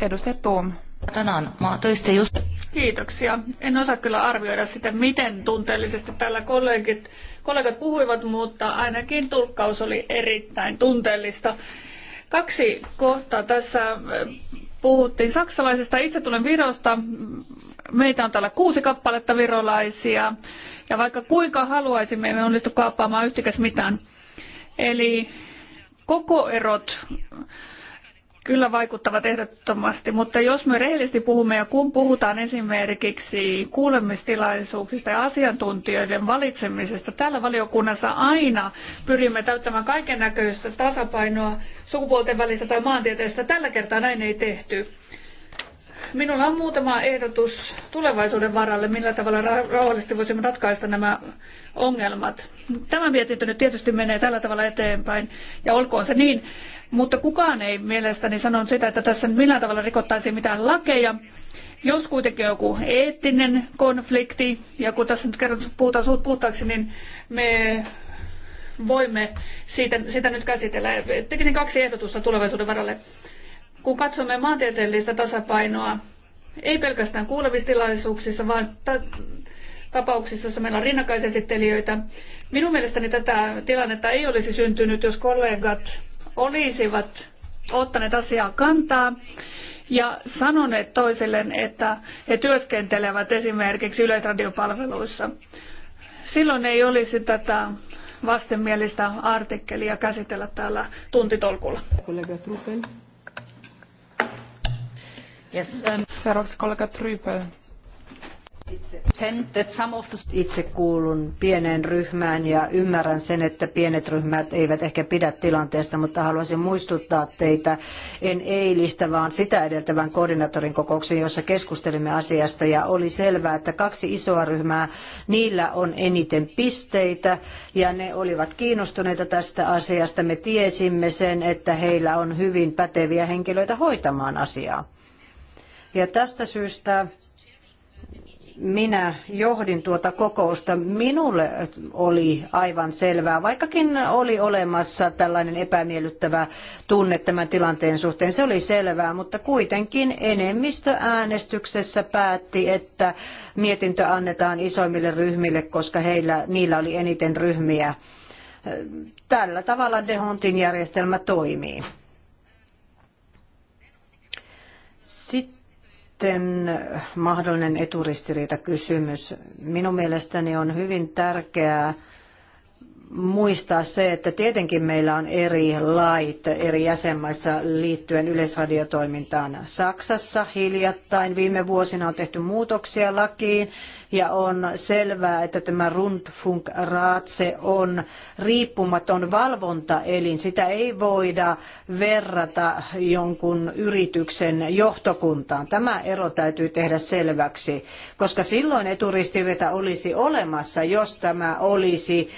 Edustaja Tuom. Tänään mä just... Kiitoksia. En osaa kyllä arvioida sitä, miten tunteellisesti täällä kollegit, kollegat puhuivat, mutta ainakin tulkkaus oli erittäin tunteellista. Kaksi kohtaa tässä puhuttiin saksalaisista. Itse tulen Virosta. Meitä on täällä kuusi kappaletta virolaisia. Ja vaikka kuinka haluaisimme, emme onnistu kaappaamaan yhtikäs mitään. Eli kokoerot erot kyllä vaikuttavat ehdottomasti, mutta jos me rehellisesti puhumme ja kun puhutaan esimerkiksi kuulemistilaisuuksista ja asiantuntijoiden valitsemisesta, täällä valiokunnassa aina pyrimme täyttämään kaiken näköistä tasapainoa sukupuolten välistä tai maantieteestä. Tällä kertaa näin ei tehty. Minulla on muutama ehdotus tulevaisuuden varalle, millä tavalla rauhallisesti voisimme ratkaista nämä ongelmat. Tämä mietintö nyt tietysti menee tällä tavalla eteenpäin, ja olkoon se niin. Mutta kukaan ei mielestäni sanonut sitä, että tässä millään tavalla rikottaisiin mitään lakeja. Jos kuitenkin on joku eettinen konflikti, ja kun tässä nyt kerran puhutaan suut puhtaaksi, niin me voimme siitä, sitä nyt käsitellä. Tekisin kaksi ehdotusta tulevaisuuden varalle. Kun katsomme maantieteellistä tasapainoa, ei pelkästään kuulemistilaisuuksissa, vaan tapauksissa, joissa meillä on rinnakkaisesittelijöitä. Minun mielestäni tätä tilannetta ei olisi syntynyt, jos kollegat olisivat ottaneet asiaan kantaa ja sanoneet toisilleen, että he työskentelevät esimerkiksi yleisradiopalveluissa. Silloin ei olisi tätä vastenmielistä artikkelia käsitellä täällä tuntitolkulla. Kollega Trupel. Yes, um... kollega Trypel. Itse, itse kuulun pieneen ryhmään ja ymmärrän sen, että pienet ryhmät eivät ehkä pidä tilanteesta, mutta haluaisin muistuttaa teitä en eilistä, vaan sitä edeltävän koordinaattorin kokouksen, jossa keskustelimme asiasta ja oli selvää, että kaksi isoa ryhmää, niillä on eniten pisteitä ja ne olivat kiinnostuneita tästä asiasta. Me tiesimme sen, että heillä on hyvin päteviä henkilöitä hoitamaan asiaa. Ja tästä syystä minä johdin tuota kokousta, minulle oli aivan selvää, vaikkakin oli olemassa tällainen epämiellyttävä tunne tämän tilanteen suhteen, se oli selvää, mutta kuitenkin enemmistö äänestyksessä päätti, että mietintö annetaan isoimmille ryhmille, koska heillä, niillä oli eniten ryhmiä. Tällä tavalla Dehontin järjestelmä toimii. Sitten sitten mahdollinen eturistiriitakysymys. Minun mielestäni on hyvin tärkeää muistaa se, että tietenkin meillä on eri lait eri jäsenmaissa liittyen yleisradiotoimintaan. Saksassa hiljattain viime vuosina on tehty muutoksia lakiin ja on selvää, että tämä Rundfunkratse on riippumaton valvontaelin. Sitä ei voida verrata jonkun yrityksen johtokuntaan. Tämä ero täytyy tehdä selväksi, koska silloin eturistiriita olisi olemassa, jos tämä olisi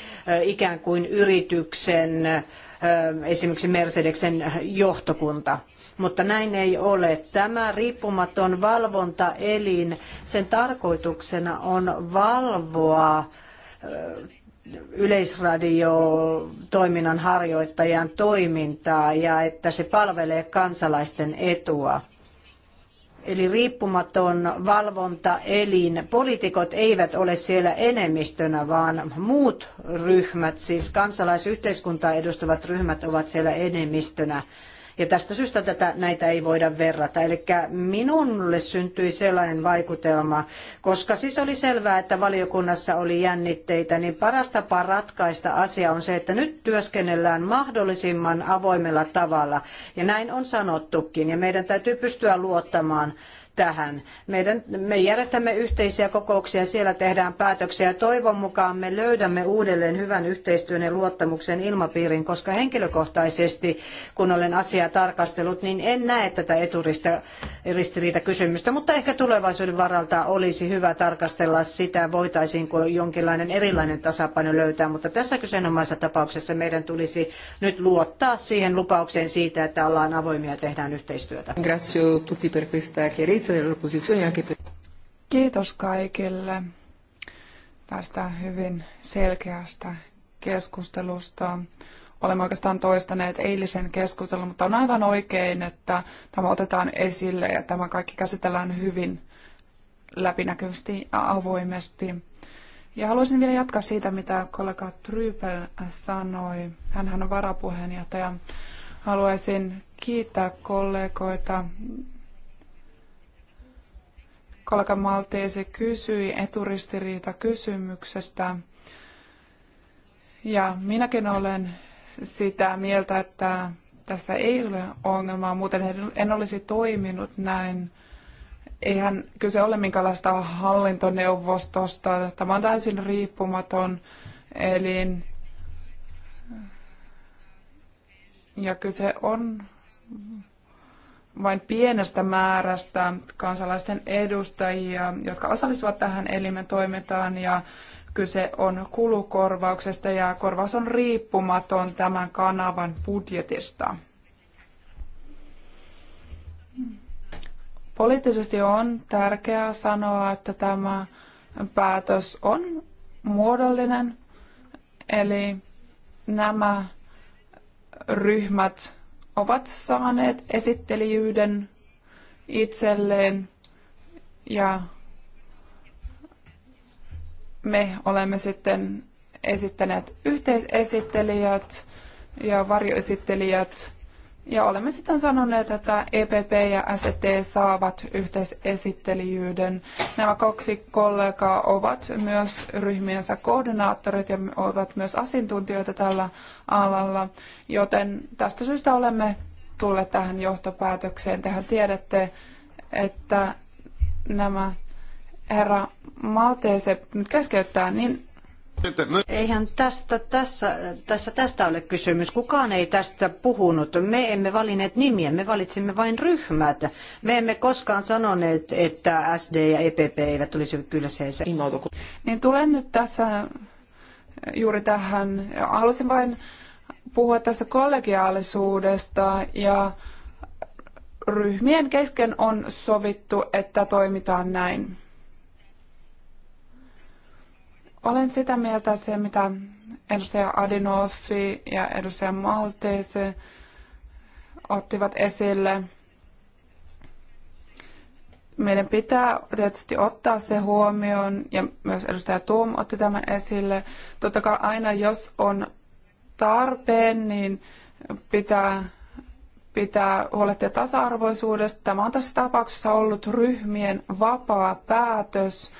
ikään kuin yrityksen esimerkiksi Mercedeksen johtokunta mutta näin ei ole. Tämä riippumaton valvontaelin, sen tarkoituksena on valvoa yleisradiotoiminnan harjoittajan toimintaa ja että se palvelee kansalaisten etua. Eli riippumaton valvontaelin. Poliitikot eivät ole siellä enemmistönä, vaan muut ryhmät, siis kansalaisyhteiskuntaa edustavat ryhmät ovat siellä enemmistönä. Ja tästä syystä tätä, näitä ei voida verrata. Eli minulle syntyi sellainen vaikutelma, koska siis oli selvää, että valiokunnassa oli jännitteitä, niin paras tapa ratkaista asia on se, että nyt työskennellään mahdollisimman avoimella tavalla. Ja näin on sanottukin, ja meidän täytyy pystyä luottamaan tähän. Meidän, me järjestämme yhteisiä kokouksia, siellä tehdään päätöksiä. Toivon mukaan me löydämme uudelleen hyvän yhteistyön ja luottamuksen ilmapiirin, koska henkilökohtaisesti, kun olen asiaa tarkastellut, niin en näe tätä eturistiriitakysymystä, mutta ehkä tulevaisuuden varalta olisi hyvä tarkastella sitä, voitaisiinko jonkinlainen erilainen tasapaino löytää, mutta tässä kyseenomaisessa tapauksessa meidän tulisi nyt luottaa siihen lupaukseen siitä, että ollaan avoimia ja tehdään yhteistyötä. Grazie tutti per questa chiarezza. Kiitos kaikille tästä hyvin selkeästä keskustelusta. Olemme oikeastaan toistaneet eilisen keskustelun, mutta on aivan oikein, että tämä otetaan esille ja tämä kaikki käsitellään hyvin läpinäkyvästi ja avoimesti. Ja haluaisin vielä jatkaa siitä, mitä kollega Trypel sanoi. Hänhän on varapuheenjohtaja. Haluaisin kiittää kollegoita kollega Maltese kysyi eturistiriita kysymyksestä. Ja minäkin olen sitä mieltä, että tässä ei ole ongelmaa, muuten en olisi toiminut näin. Eihän kyse ole minkälaista hallintoneuvostosta. Tämä on täysin riippumaton elin. Ja kyse on vain pienestä määrästä kansalaisten edustajia, jotka osallistuvat tähän elimen toimintaan ja kyse on kulukorvauksesta ja korvaus on riippumaton tämän kanavan budjetista. Poliittisesti on tärkeää sanoa, että tämä päätös on muodollinen, eli nämä ryhmät ovat saaneet esittelijyyden itselleen ja me olemme sitten esittäneet yhteisesittelijät ja varjoesittelijät ja olemme sitten sanoneet, että EPP ja SET saavat yhteisesittelijyyden. Nämä kaksi kollegaa ovat myös ryhmiensä koordinaattorit ja ovat myös asiantuntijoita tällä alalla, joten tästä syystä olemme tulleet tähän johtopäätökseen. Tehän tiedätte, että nämä herra Maltese nyt keskeyttää, niin Eihän tästä, tässä, tässä, tästä ole kysymys. Kukaan ei tästä puhunut. Me emme valinneet nimiä, me valitsimme vain ryhmät. Me emme koskaan sanoneet, että SD ja EPP eivät olisi kyläseeseen. Niin tulen nyt tässä juuri tähän. Halusin vain puhua tässä kollegiaalisuudesta ja ryhmien kesken on sovittu, että toimitaan näin. Olen sitä mieltä, että se mitä edustaja Adinoffi ja edustaja Maltese ottivat esille, meidän pitää tietysti ottaa se huomioon, ja myös edustaja Tuom otti tämän esille. Totta kai aina, jos on tarpeen, niin pitää, pitää huolehtia tasa-arvoisuudesta. Tämä on tässä tapauksessa ollut ryhmien vapaa päätös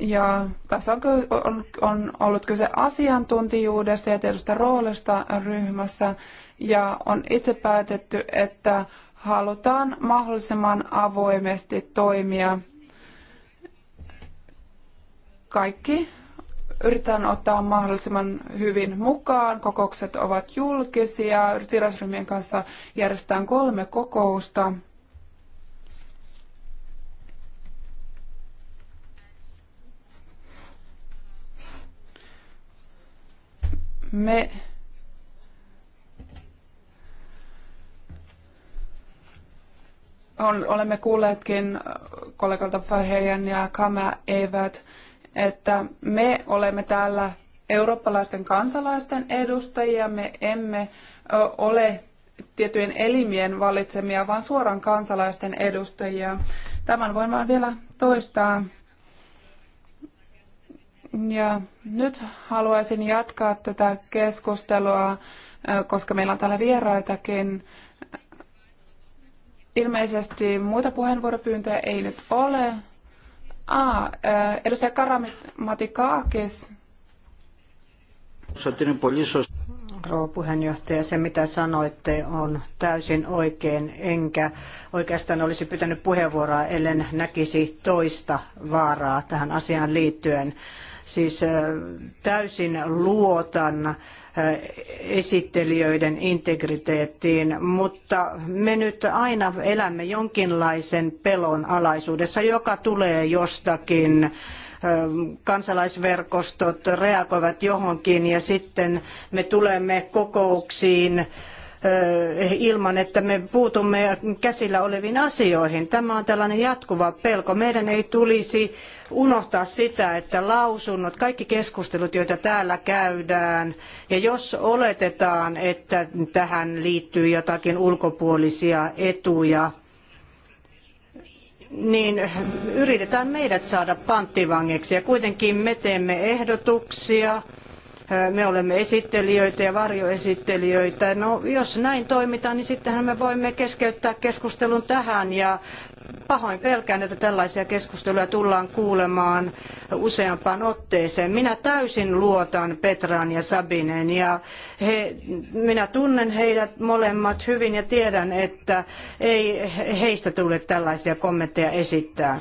ja tässä on, on, on ollut kyse asiantuntijuudesta ja tietystä roolista ryhmässä. Ja on itse päätetty, että halutaan mahdollisimman avoimesti toimia. Kaikki yritetään ottaa mahdollisimman hyvin mukaan. Kokoukset ovat julkisia. Sidosryhmien kanssa järjestetään kolme kokousta. Me on, olemme kuulleetkin kollegalta Farheyan ja Kama Evert, että me olemme täällä eurooppalaisten kansalaisten edustajia, me emme ole tiettyjen elimien valitsemia, vaan suoraan kansalaisten edustajia. Tämän voin vaan vielä toistaa ja nyt haluaisin jatkaa tätä keskustelua, koska meillä on täällä vieraitakin. Ilmeisesti muita puheenvuoropyyntöjä ei nyt ole. Ah, edustaja Karamati-Kaakis. Rouva puheenjohtaja, se mitä sanoitte on täysin oikein, enkä oikeastaan olisi pitänyt puheenvuoroa, ellen näkisi toista vaaraa tähän asiaan liittyen. Siis äh, täysin luotan äh, esittelijöiden integriteettiin, mutta me nyt aina elämme jonkinlaisen pelon alaisuudessa, joka tulee jostakin äh, kansalaisverkostot reagoivat johonkin ja sitten me tulemme kokouksiin ilman, että me puutumme käsillä oleviin asioihin. Tämä on tällainen jatkuva pelko. Meidän ei tulisi unohtaa sitä, että lausunnot, kaikki keskustelut, joita täällä käydään, ja jos oletetaan, että tähän liittyy jotakin ulkopuolisia etuja, niin yritetään meidät saada panttivangiksi ja kuitenkin me teemme ehdotuksia, me olemme esittelijöitä ja varjoesittelijöitä. No, jos näin toimitaan, niin sittenhän me voimme keskeyttää keskustelun tähän ja pahoin pelkään, että tällaisia keskusteluja tullaan kuulemaan useampaan otteeseen. Minä täysin luotan Petraan ja Sabinen ja he, minä tunnen heidät molemmat hyvin ja tiedän, että ei heistä tule tällaisia kommentteja esittää.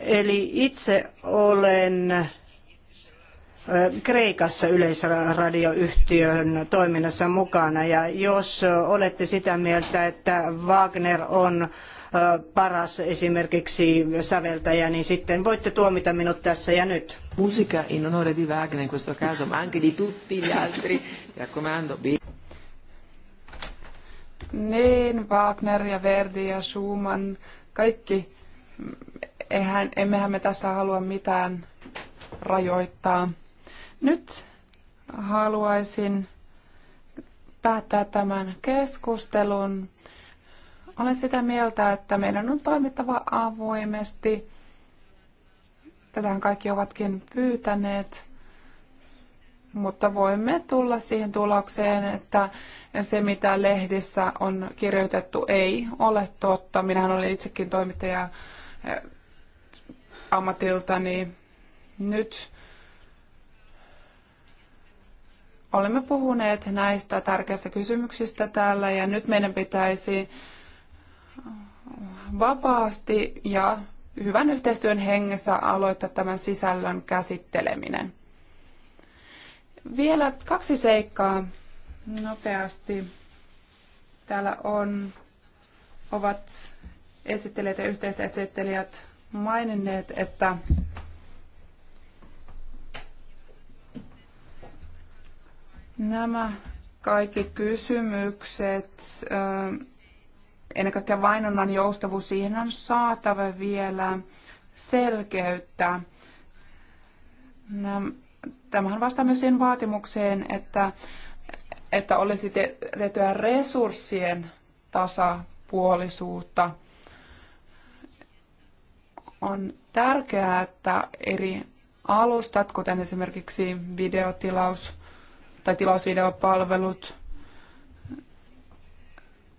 Eli itse olen Kreikassa yleisradioyhtiön toiminnassa mukana. Ja jos olette sitä mieltä, että Wagner on paras esimerkiksi säveltäjä, niin sitten voitte tuomita minut tässä ja nyt. Musica in onore di Wagner in questo caso, ma anche di tutti gli altri. Raccomando. Niin, Wagner ja Verdi ja Schumann, kaikki. Mm, eihän, emmehän me tässä halua mitään rajoittaa. Nyt haluaisin päättää tämän keskustelun. Olen sitä mieltä, että meidän on toimittava avoimesti. Tätähän kaikki ovatkin pyytäneet, mutta voimme tulla siihen tulokseen, että se mitä lehdissä on kirjoitettu ei ole totta. Minähän olen itsekin toimittaja eh, ammatiltani. Nyt olemme puhuneet näistä tärkeistä kysymyksistä täällä ja nyt meidän pitäisi vapaasti ja hyvän yhteistyön hengessä aloittaa tämän sisällön käsitteleminen. Vielä kaksi seikkaa nopeasti. Täällä on, ovat esittelijät ja yhteisesittelijät maininneet, että Nämä kaikki kysymykset, ennen kaikkea vainonnan joustavuus, siihen on saatava vielä selkeyttä. Tämähän vastaa myös siihen vaatimukseen, että, että olisi tehtyä resurssien tasapuolisuutta. On tärkeää, että eri alustat, kuten esimerkiksi videotilaus, tai tilausvideopalvelut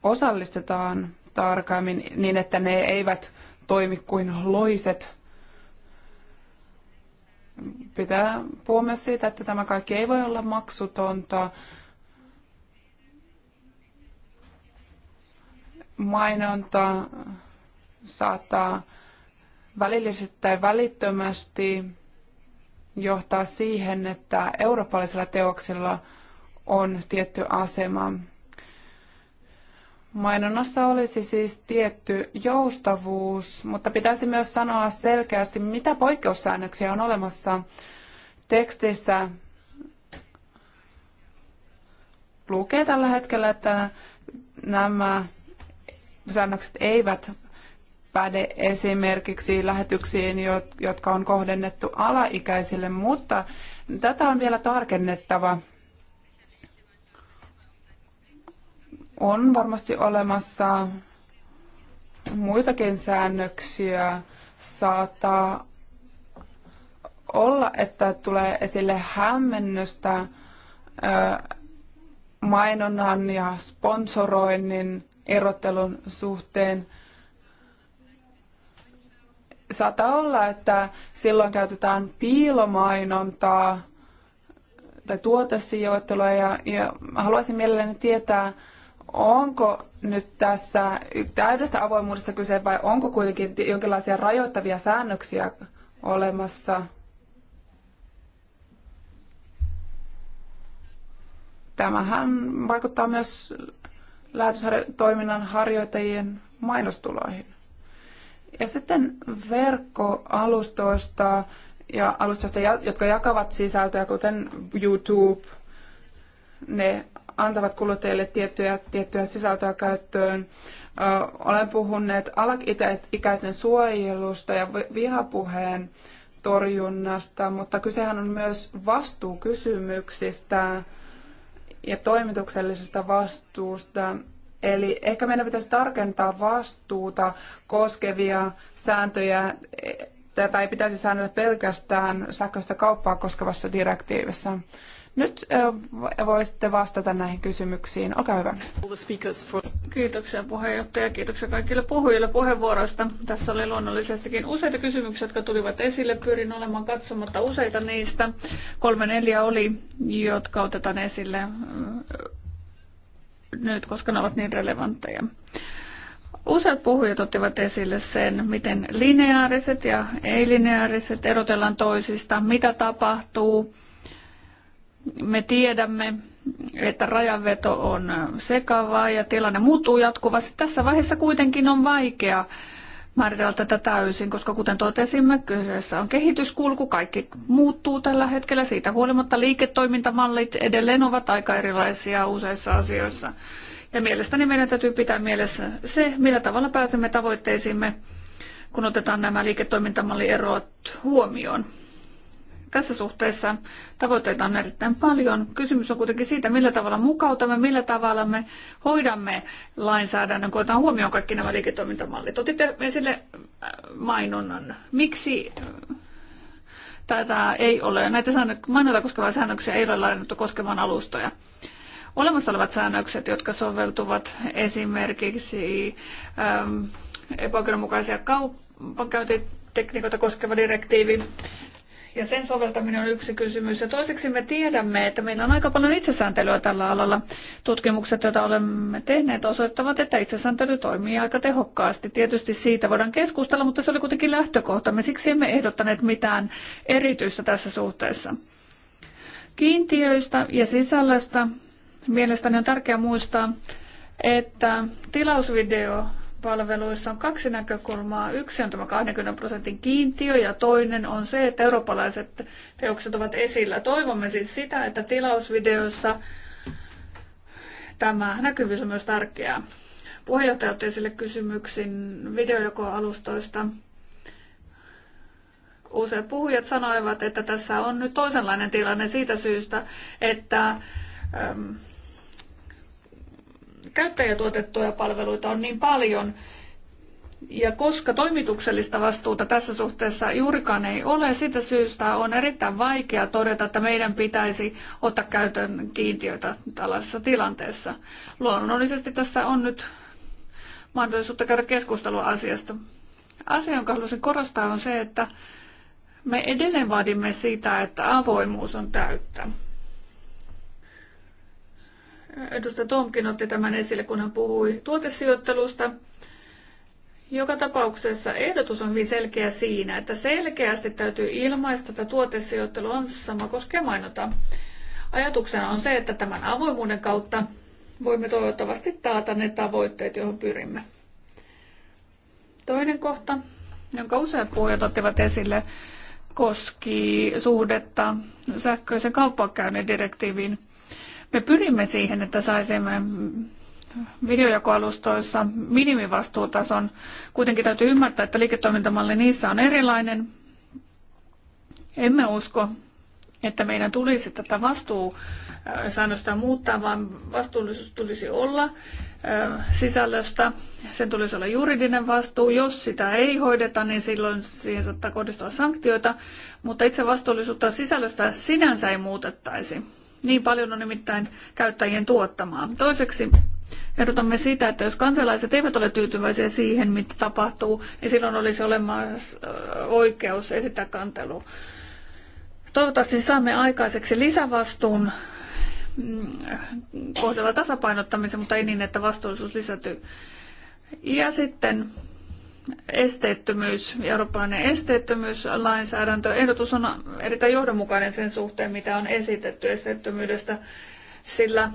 osallistetaan tarkemmin niin, että ne eivät toimi kuin loiset. Pitää puhua myös siitä, että tämä kaikki ei voi olla maksutonta. Mainonta saattaa välillisesti tai välittömästi johtaa siihen, että eurooppalaisilla teoksilla on tietty asema. Mainonnassa olisi siis tietty joustavuus, mutta pitäisi myös sanoa selkeästi, mitä poikkeussäännöksiä on olemassa tekstissä. Lukee tällä hetkellä, että nämä säännökset eivät päde esimerkiksi lähetyksiin, jotka on kohdennettu alaikäisille, mutta tätä on vielä tarkennettava. On varmasti olemassa muitakin säännöksiä. Saattaa olla, että tulee esille hämmennystä mainonnan ja sponsoroinnin erottelun suhteen – saattaa olla, että silloin käytetään piilomainontaa tai tuotesijoittelua ja, ja haluaisin mielelläni tietää, onko nyt tässä täydestä avoimuudesta kyse vai onko kuitenkin jonkinlaisia rajoittavia säännöksiä olemassa? Tämähän vaikuttaa myös lähetystoiminnan harjoittajien mainostuloihin. Ja sitten verkkoalustoista ja alustoista, jotka jakavat sisältöä, kuten YouTube, ne antavat kuluttajille tiettyä, tiettyä sisältöä käyttöön. Ö, olen puhunut alakikäisten suojelusta ja vihapuheen torjunnasta, mutta kysehän on myös vastuukysymyksistä ja toimituksellisesta vastuusta. Eli ehkä meidän pitäisi tarkentaa vastuuta koskevia sääntöjä. Tätä ei pitäisi säännellä pelkästään sähköistä kauppaa koskevassa direktiivissä. Nyt voisitte vastata näihin kysymyksiin. Olkaa hyvä. Kiitoksia puheenjohtaja. Kiitoksia kaikille puhujille puheenvuoroista. Tässä oli luonnollisestikin useita kysymyksiä, jotka tulivat esille. Pyrin olemaan katsomatta useita niistä. Kolme neljä oli, jotka otetaan esille nyt, koska ne ovat niin relevantteja. Useat puhujat ottivat esille sen, miten lineaariset ja ei-lineaariset erotellaan toisista, mitä tapahtuu. Me tiedämme, että rajanveto on sekavaa ja tilanne muuttuu jatkuvasti. Tässä vaiheessa kuitenkin on vaikea määritellä tätä täysin, koska kuten totesimme, kyseessä on kehityskulku, kaikki muuttuu tällä hetkellä. Siitä huolimatta liiketoimintamallit edelleen ovat aika erilaisia useissa asioissa. Ja mielestäni meidän täytyy pitää mielessä se, millä tavalla pääsemme tavoitteisiimme, kun otetaan nämä liiketoimintamallierot huomioon. Tässä suhteessa tavoitteita on erittäin paljon. Kysymys on kuitenkin siitä, millä tavalla mukautamme, millä tavalla me hoidamme lainsäädännön, kun otetaan huomioon kaikki nämä liiketoimintamallit. Otitte esille äh, mainonnan. Miksi äh, tätä ei ole, näitä mainonta koskevia säännöksiä ei ole laajennettu koskemaan alustoja? Olemassa olevat säännökset, jotka soveltuvat esimerkiksi ähm, epäoikeudenmukaisia kaupankäyntitekniikoita koskeva direktiivi ja sen soveltaminen on yksi kysymys. Ja toiseksi me tiedämme, että meillä on aika paljon itsesääntelyä tällä alalla. Tutkimukset, joita olemme tehneet, osoittavat, että itsesääntely toimii aika tehokkaasti. Tietysti siitä voidaan keskustella, mutta se oli kuitenkin lähtökohta. Me siksi emme ehdottaneet mitään erityistä tässä suhteessa. Kiintiöistä ja sisällöstä mielestäni on tärkeää muistaa, että tilausvideo palveluissa on kaksi näkökulmaa. Yksi on tämä 20 prosentin kiintiö ja toinen on se, että eurooppalaiset teokset ovat esillä. Toivomme siis sitä, että tilausvideossa tämä näkyvyys on myös tärkeää. Puheenjohtaja otti esille kysymyksen videojakoalustoista. Useat puhujat sanoivat, että tässä on nyt toisenlainen tilanne siitä syystä, että ähm, käyttäjätuotettuja palveluita on niin paljon, ja koska toimituksellista vastuuta tässä suhteessa juurikaan ei ole, sitä syystä on erittäin vaikea todeta, että meidän pitäisi ottaa käytön kiintiöitä tällaisessa tilanteessa. Luonnollisesti tässä on nyt mahdollisuutta käydä keskustelua asiasta. Asia, jonka haluaisin korostaa, on se, että me edelleen vaadimme sitä, että avoimuus on täyttä. Edustaja Tomkin otti tämän esille, kun hän puhui tuotesijoittelusta. Joka tapauksessa ehdotus on hyvin selkeä siinä, että selkeästi täytyy ilmaista, että tuotesijoittelu on sama koskee mainota. Ajatuksena on se, että tämän avoimuuden kautta voimme toivottavasti taata ne tavoitteet, joihin pyrimme. Toinen kohta, jonka useat puhujat ottivat esille, koski suhdetta sähköisen kauppakäynnin direktiiviin. Me pyrimme siihen, että saisimme videojakoalustoissa minimivastuutason. Kuitenkin täytyy ymmärtää, että liiketoimintamalli niissä on erilainen. Emme usko, että meidän tulisi tätä vastuusäännöstä muuttaa, vaan vastuullisuus tulisi olla sisällöstä. Sen tulisi olla juridinen vastuu. Jos sitä ei hoideta, niin silloin siihen saattaa kohdistua sanktioita, mutta itse vastuullisuutta sisällöstä sinänsä ei muutettaisi niin paljon on nimittäin käyttäjien tuottamaa. Toiseksi ehdotamme sitä, että jos kansalaiset eivät ole tyytyväisiä siihen, mitä tapahtuu, niin silloin olisi olemassa oikeus esittää kantelu. Toivottavasti saamme aikaiseksi lisävastuun mm, kohdalla tasapainottamisen, mutta ei niin, että vastuullisuus lisätyy. Ja sitten esteettömyys, eurooppalainen esteettömyyslainsäädäntö. Ehdotus on erittäin johdonmukainen sen suhteen, mitä on esitetty esteettömyydestä, sillä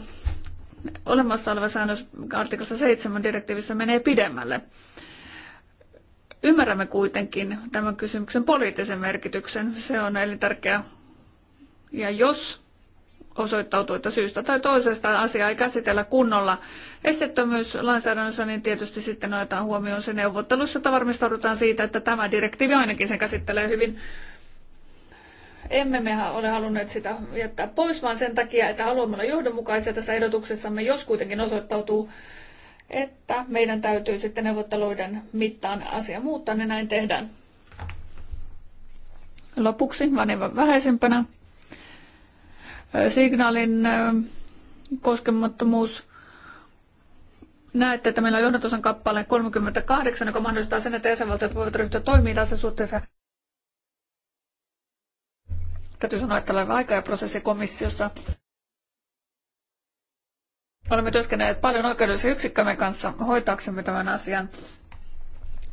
olemassa oleva säännös artiklassa 7 direktiivissä menee pidemmälle. Ymmärrämme kuitenkin tämän kysymyksen poliittisen merkityksen. Se on elintärkeä. Ja jos osoittautuu, että syystä tai toisesta asiaa ei käsitellä kunnolla esteettömyyslainsäädännössä, niin tietysti sitten otetaan huomioon se neuvottelussa, että varmistaudutaan siitä, että tämä direktiivi ainakin sen käsittelee hyvin. Emme me ole halunneet sitä jättää pois, vaan sen takia, että haluamme olla johdonmukaisia tässä ehdotuksessamme, jos kuitenkin osoittautuu, että meidän täytyy sitten neuvotteluiden mittaan asia muuttaa, niin näin tehdään. Lopuksi, vaan vähäisempänä, signaalin koskemattomuus. Näette, että meillä on johdatusan kappale 38, joka mahdollistaa sen, että jäsenvaltiot voivat ryhtyä toimiin tässä suhteessa. Täytyy sanoa, että olemme aika ja prosessi komissiossa. Olemme työskennelleet paljon oikeudellisen yksikkömme kanssa hoitaaksemme tämän asian.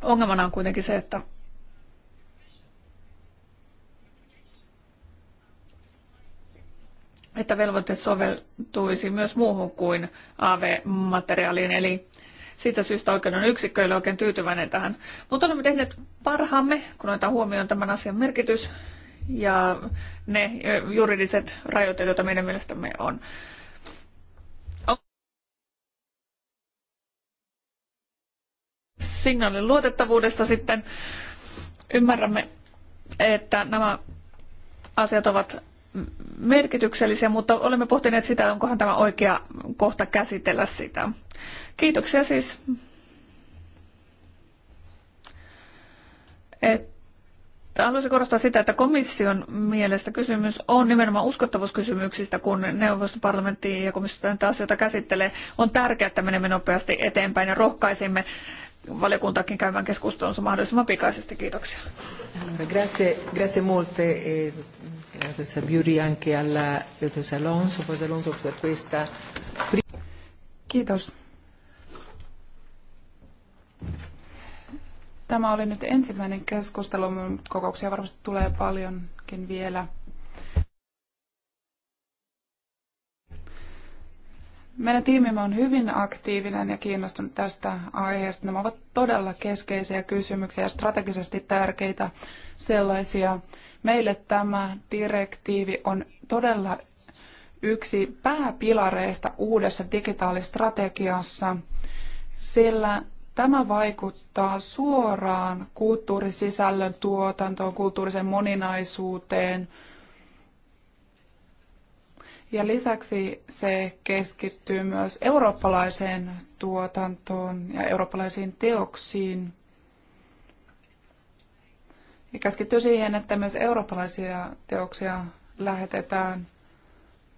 Ongelmana on kuitenkin se, että että velvoite soveltuisi myös muuhun kuin AV-materiaaliin, eli siitä syystä oikeuden yksikkö ei oikein tyytyväinen tähän. Mutta olemme tehneet parhaamme, kun otetaan huomioon tämän asian merkitys ja ne juridiset rajoitteet, joita meidän mielestämme on. Signaalin luotettavuudesta sitten ymmärrämme, että nämä asiat ovat merkityksellisiä, mutta olemme pohtineet sitä, onkohan tämä oikea kohta käsitellä sitä. Kiitoksia siis, että haluaisin korostaa sitä, että komission mielestä kysymys on nimenomaan uskottavuuskysymyksistä, kun neuvosto, parlamentti ja komissio näitä asioita käsittelee. On tärkeää, että menemme nopeasti eteenpäin ja rohkaisimme valiokuntaakin käymään keskustelunsa mahdollisimman pikaisesti. Kiitoksia. Grazie, grazie molte. Eh, anche Alonso, Alonso per questa... Kiitos. Tämä oli nyt ensimmäinen keskustelu. Kokouksia varmasti tulee paljonkin vielä. Meidän tiimimme on hyvin aktiivinen ja kiinnostunut tästä aiheesta. Nämä ovat todella keskeisiä kysymyksiä ja strategisesti tärkeitä sellaisia. Meille tämä direktiivi on todella yksi pääpilareista uudessa digitaalistrategiassa, sillä tämä vaikuttaa suoraan kulttuurisisällön tuotantoon, kulttuurisen moninaisuuteen, ja lisäksi se keskittyy myös eurooppalaiseen tuotantoon ja eurooppalaisiin teoksiin ja käskittyy siihen, että myös eurooppalaisia teoksia lähetetään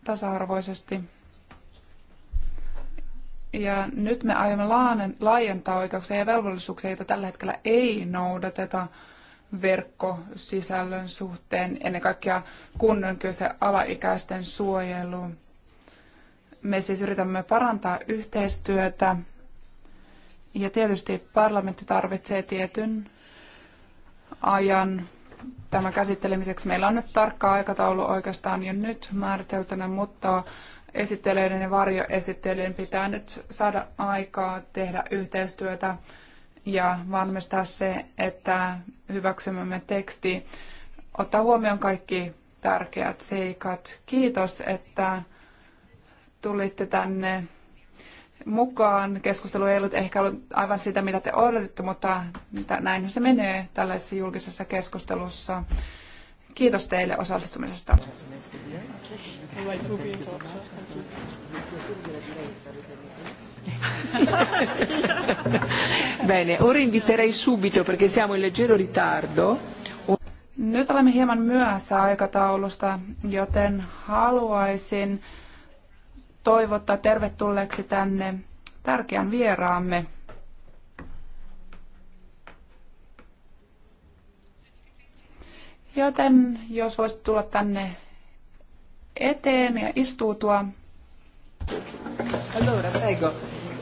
tasa-arvoisesti. Ja nyt me aiomme laajentaa oikeuksia ja velvollisuuksia, joita tällä hetkellä ei noudateta verkkosisällön suhteen, ennen kaikkea kunnon kyse alaikäisten suojeluun. Me siis yritämme parantaa yhteistyötä ja tietysti parlamentti tarvitsee tietyn ajan tämän käsittelemiseksi. Meillä on nyt tarkka aikataulu oikeastaan jo nyt määriteltynä, mutta esittelijöiden ja varjoesittelijöiden pitää nyt saada aikaa tehdä yhteistyötä ja varmistaa se, että hyväksymämme teksti ottaa huomioon kaikki tärkeät seikat. Kiitos, että tulitte tänne mukaan. Keskustelu ei ollut ehkä ollut aivan sitä, mitä te odotitte, mutta näin se menee tällaisessa julkisessa keskustelussa. Kiitos teille osallistumisesta. Bene, ora inviterei subito perché siamo in leggero ritardo. Nyt olemme hieman myöhässä aikataulusta, joten haluaisin toivottaa tervetulleeksi tänne tärkeän vieraamme. Joten jos voisit tulla tänne eteen ja istuutua. Allora, prego.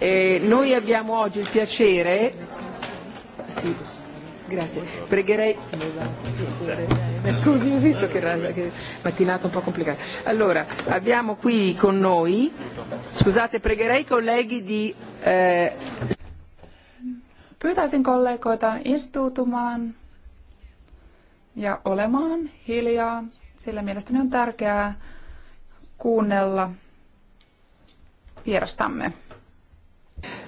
Eh, noi abbiamo oggi il piacere... Sì, sì. Grazie. Pregherei. Scusi, ho visto che, che mattinata un po' complicata. Allora, abbiamo qui con noi. Scusate, pregherei i colleghi di. Eh, Pyytäisin kollegoita istuutumaan ja olemaan hiljaa, sillä mielestäni on tärkeää kuunnella vierastamme.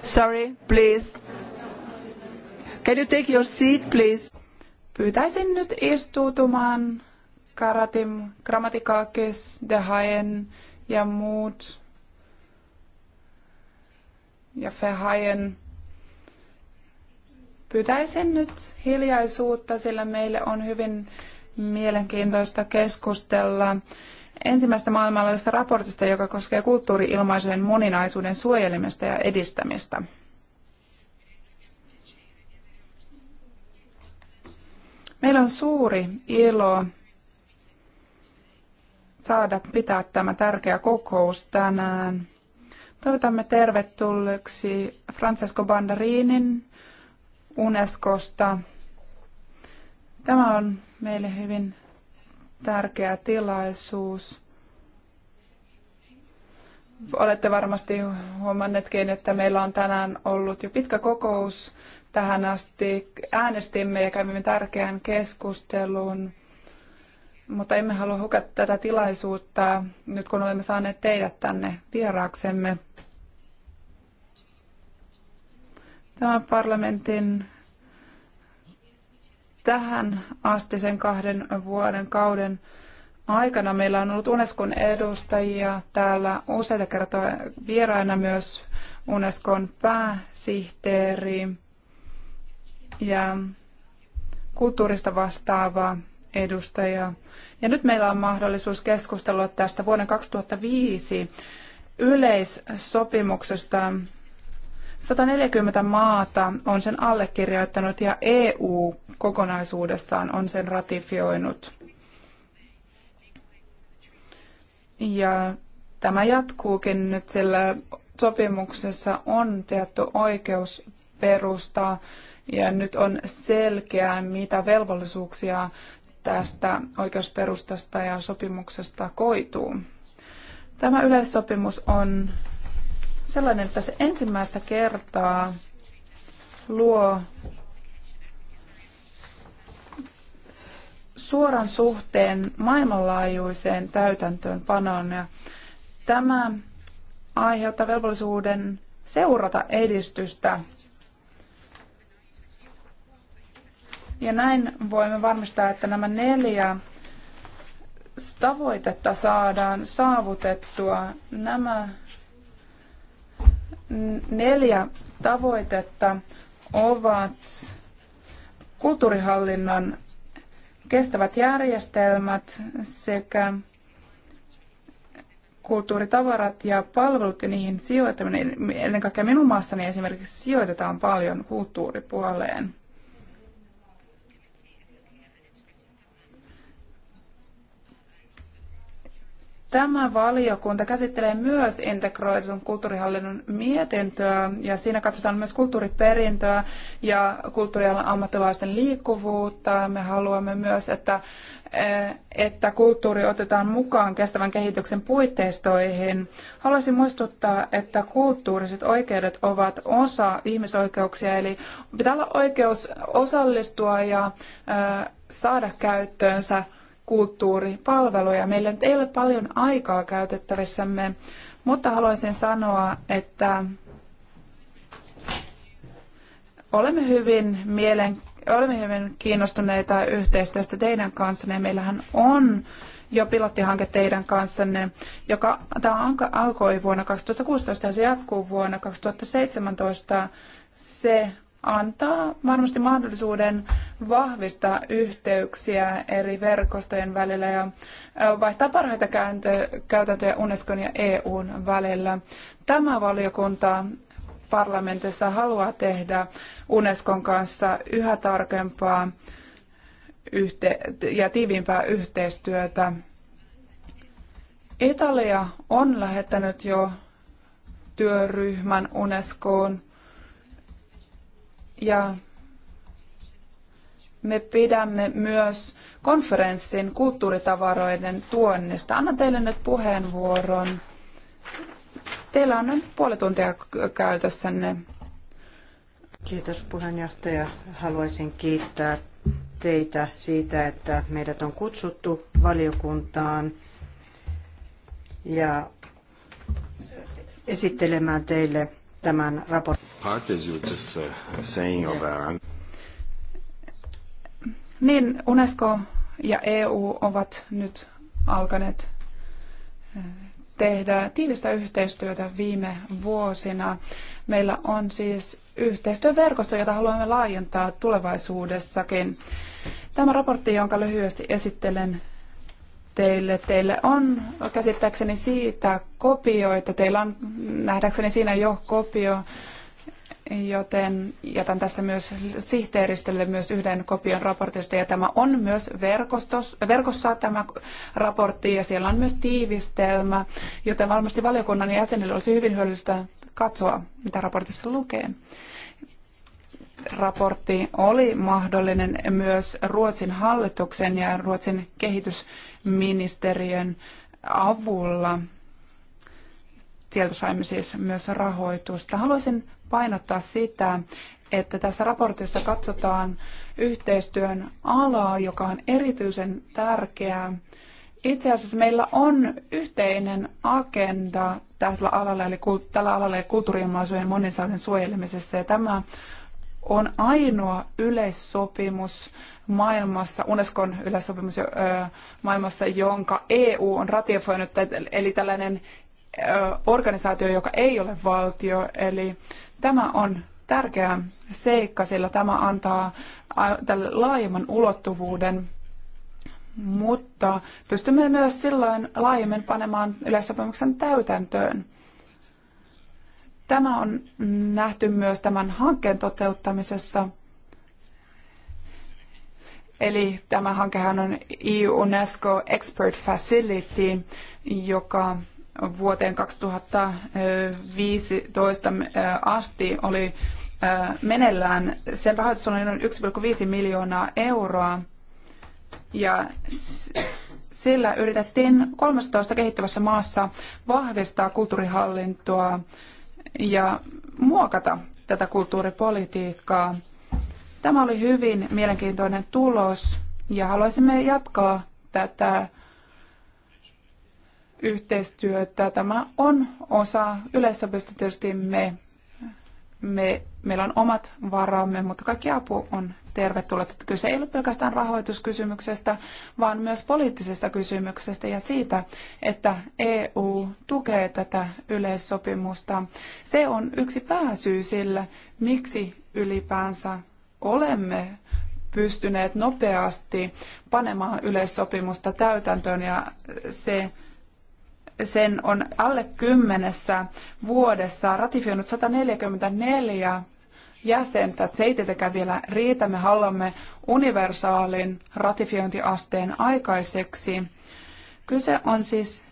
Sorry, please. Can you take your seat, please? Pyytäisin nyt istuutumaan Karatim, Grammatikakis, Haen ja muut ja Fehaen. Pyytäisin nyt hiljaisuutta, sillä meille on hyvin mielenkiintoista keskustella ensimmäistä maailmanlaajuisesta raportista, joka koskee kulttuuriilmaisujen moninaisuuden suojelemista ja edistämistä. Meillä on suuri ilo saada pitää tämä tärkeä kokous tänään. Toivotamme tervetulleeksi Francesco Bandarinin Unescosta. Tämä on meille hyvin tärkeä tilaisuus. Olette varmasti huomanneetkin, että meillä on tänään ollut jo pitkä kokous tähän asti äänestimme ja kävimme tärkeän keskustelun, mutta emme halua hukata tätä tilaisuutta nyt kun olemme saaneet teidät tänne vieraaksemme. Tämä parlamentin tähän asti sen kahden vuoden kauden aikana meillä on ollut Unescon edustajia täällä useita kertoja vieraina myös Unescon pääsihteeri ja kulttuurista vastaava edustaja. Ja nyt meillä on mahdollisuus keskustella tästä vuoden 2005 yleissopimuksesta. 140 maata on sen allekirjoittanut ja EU kokonaisuudessaan on sen ratifioinut. Ja tämä jatkuukin nyt, sillä sopimuksessa on tietty oikeus perustaa ja nyt on selkeää, mitä velvollisuuksia tästä oikeusperustasta ja sopimuksesta koituu. Tämä yleissopimus on sellainen, että se ensimmäistä kertaa luo suoran suhteen maailmanlaajuiseen täytäntöönpanoon. Ja tämä aiheuttaa velvollisuuden seurata edistystä Ja näin voimme varmistaa, että nämä neljä tavoitetta saadaan saavutettua. Nämä neljä tavoitetta ovat kulttuurihallinnon kestävät järjestelmät sekä kulttuuritavarat ja palvelut ja niihin sijoittaminen. Ennen kaikkea minun maassani esimerkiksi sijoitetaan paljon kulttuuripuoleen. Tämä valiokunta käsittelee myös integroidun kulttuurihallinnon mietintöä ja siinä katsotaan myös kulttuuriperintöä ja kulttuurialan ammattilaisten liikkuvuutta. Me haluamme myös, että, eh, että kulttuuri otetaan mukaan kestävän kehityksen puitteistoihin. Haluaisin muistuttaa, että kulttuuriset oikeudet ovat osa ihmisoikeuksia, eli pitää olla oikeus osallistua ja eh, saada käyttöönsä kulttuuripalveluja. Meillä nyt ei ole paljon aikaa käytettävissämme, mutta haluaisin sanoa, että olemme hyvin mielen, olemme hyvin kiinnostuneita yhteistyöstä teidän kanssanne. Meillähän on jo pilottihanke teidän kanssanne, joka tämä alkoi vuonna 2016 ja se jatkuu vuonna 2017. Se antaa varmasti mahdollisuuden vahvistaa yhteyksiä eri verkostojen välillä ja vaihtaa parhaita käytäntöjä Unescon ja EUn välillä. Tämä valiokunta parlamentissa haluaa tehdä Unescon kanssa yhä tarkempaa ja tiiviimpää yhteistyötä. Italia on lähettänyt jo työryhmän Unescoon ja me pidämme myös konferenssin kulttuuritavaroiden tuonnista. Anna teille nyt puheenvuoron. Teillä on nyt puoli tuntia käytössänne. Kiitos puheenjohtaja. Haluaisin kiittää teitä siitä, että meidät on kutsuttu valiokuntaan ja esittelemään teille tämän raportin. Uh, uh, niin, UNESCO ja EU ovat nyt alkaneet uh, tehdä tiivistä yhteistyötä viime vuosina. Meillä on siis yhteistyöverkosto, jota haluamme laajentaa tulevaisuudessakin. Tämä raportti, jonka lyhyesti esittelen teille. Teille on käsittääkseni siitä kopioita. Teillä on nähdäkseni siinä jo kopio, joten jätän tässä myös sihteeristölle myös yhden kopion raportista. Ja tämä on myös verkostos, verkossa tämä raportti ja siellä on myös tiivistelmä, joten varmasti valiokunnan jäsenille olisi hyvin hyödyllistä katsoa, mitä raportissa lukee raportti oli mahdollinen myös Ruotsin hallituksen ja Ruotsin kehitys- ministeriön avulla. Sieltä saimme siis myös rahoitusta. Haluaisin painottaa sitä, että tässä raportissa katsotaan yhteistyön alaa, joka on erityisen tärkeää. Itse asiassa meillä on yhteinen agenda tällä alalla, eli tällä alalla ja kulttuuriilmaisujen monisauden suojelemisessa, ja tämä on ainoa yleissopimus maailmassa, Unescon yleissopimus maailmassa, jonka EU on ratifioinut, eli tällainen organisaatio, joka ei ole valtio. Eli tämä on tärkeä seikka, sillä tämä antaa tälle laajemman ulottuvuuden, mutta pystymme myös silloin laajemmin panemaan yleissopimuksen täytäntöön. Tämä on nähty myös tämän hankkeen toteuttamisessa – Eli tämä hankehan on EU UNESCO Expert Facility, joka vuoteen 2015 äh, asti oli äh, meneillään. Sen rahoitus oli noin 1,5 miljoonaa euroa ja sillä yritettiin 13 kehittyvässä maassa vahvistaa kulttuurihallintoa ja muokata tätä kulttuuripolitiikkaa. Tämä oli hyvin mielenkiintoinen tulos ja haluaisimme jatkaa tätä yhteistyötä. Tämä on osa yleissopimusta tietysti me, me, meillä on omat varamme, mutta kaikki apu on tervetullut. Kyse ei ole pelkästään rahoituskysymyksestä, vaan myös poliittisesta kysymyksestä ja siitä, että EU tukee tätä yleissopimusta. Se on yksi pääsyy sille, miksi ylipäänsä olemme pystyneet nopeasti panemaan yleissopimusta täytäntöön ja se, sen on alle kymmenessä vuodessa ratifioinut 144 jäsentä. Se ei tietenkään vielä riitä. Me haluamme universaalin ratifiointiasteen aikaiseksi. Kyse on siis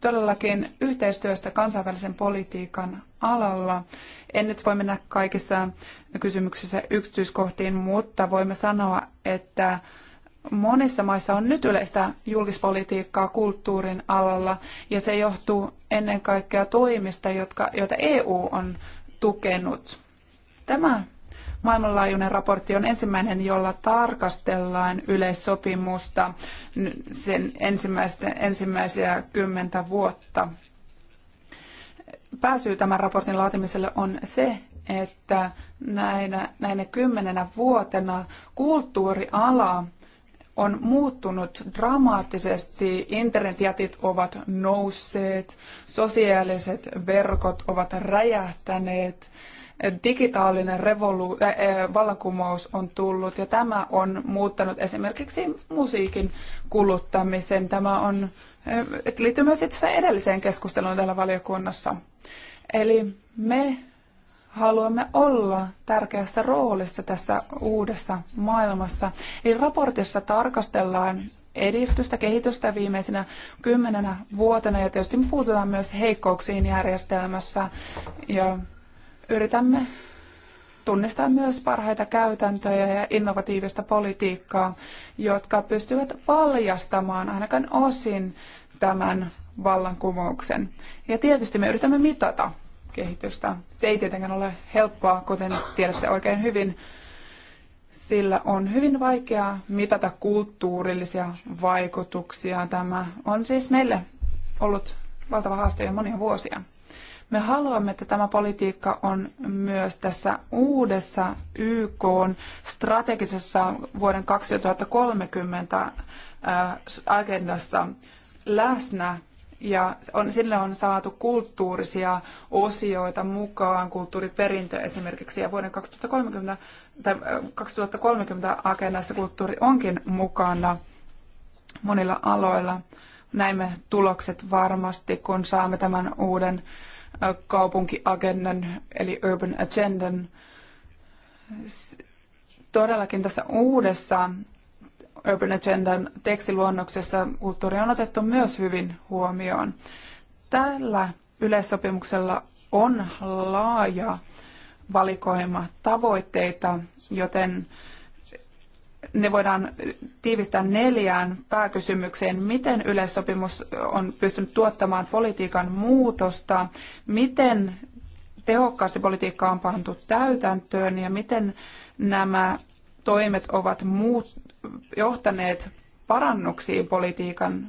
todellakin yhteistyöstä kansainvälisen politiikan alalla. En nyt voi mennä kaikissa kysymyksissä yksityiskohtiin, mutta voimme sanoa, että monissa maissa on nyt yleistä julkispolitiikkaa kulttuurin alalla, ja se johtuu ennen kaikkea toimista, jotka, joita EU on tukenut. Tämä maailmanlaajuinen raportti on ensimmäinen, jolla tarkastellaan yleissopimusta sen ensimmäistä, ensimmäisiä kymmentä vuotta pääsyy tämän raportin laatimiselle on se, että näinä, näinä kymmenenä vuotena kulttuuriala on muuttunut dramaattisesti. Internetjätit ovat nousseet, sosiaaliset verkot ovat räjähtäneet, digitaalinen revolu- äh, äh vallankumous on tullut ja tämä on muuttanut esimerkiksi musiikin kuluttamisen. Tämä on, äh, liittyy myös itse edelliseen keskusteluun täällä valiokunnassa. Eli me haluamme olla tärkeässä roolissa tässä uudessa maailmassa. Eli raportissa tarkastellaan edistystä, kehitystä viimeisenä kymmenenä vuotena ja tietysti puututaan myös heikkouksiin järjestelmässä ja yritämme tunnistaa myös parhaita käytäntöjä ja innovatiivista politiikkaa, jotka pystyvät valjastamaan ainakaan osin tämän vallankumouksen. Ja tietysti me yritämme mitata kehitystä. Se ei tietenkään ole helppoa, kuten tiedätte oikein hyvin, sillä on hyvin vaikeaa mitata kulttuurillisia vaikutuksia. Tämä on siis meille ollut valtava haaste jo monia vuosia. Me haluamme, että tämä politiikka on myös tässä uudessa YK strategisessa vuoden 2030 agendassa läsnä ja on, sille on saatu kulttuurisia osioita mukaan, kulttuuriperintö esimerkiksi, ja vuoden 2030, tai 2030 agendassa kulttuuri onkin mukana monilla aloilla. Näimme tulokset varmasti, kun saamme tämän uuden kaupunkiagendan, eli Urban Agendan. Todellakin tässä uudessa Urban Agendan tekstiluonnoksessa kulttuuri on otettu myös hyvin huomioon. Tällä yleissopimuksella on laaja valikoima tavoitteita, joten ne voidaan tiivistää neljään pääkysymykseen. Miten yleissopimus on pystynyt tuottamaan politiikan muutosta? Miten tehokkaasti politiikka on pantu täytäntöön ja miten nämä toimet ovat muut, johtaneet parannuksiin politiikan,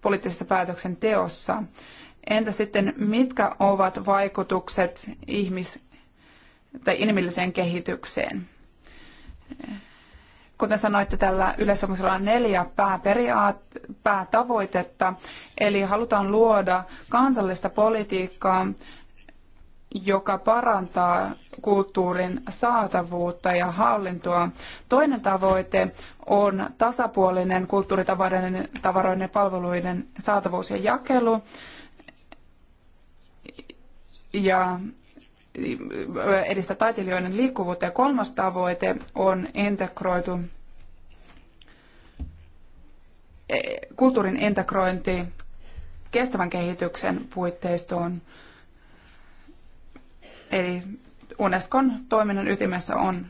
poliittisessa päätöksenteossa. Entä sitten, mitkä ovat vaikutukset ihmis- tai inhimilliseen kehitykseen? Kuten sanoitte, tällä yleissopimuksella on neljä pääperiaat- päätavoitetta, eli halutaan luoda kansallista politiikkaa, joka parantaa kulttuurin saatavuutta ja hallintoa. Toinen tavoite on tasapuolinen kulttuuritavaroiden tavaroiden ja palveluiden saatavuus ja jakelu. Ja edistää taiteilijoiden liikkuvuutta. Ja kolmas tavoite on integroitu eh, kulttuurin integrointi kestävän kehityksen puitteistoon. Eli Unescon toiminnan ytimessä on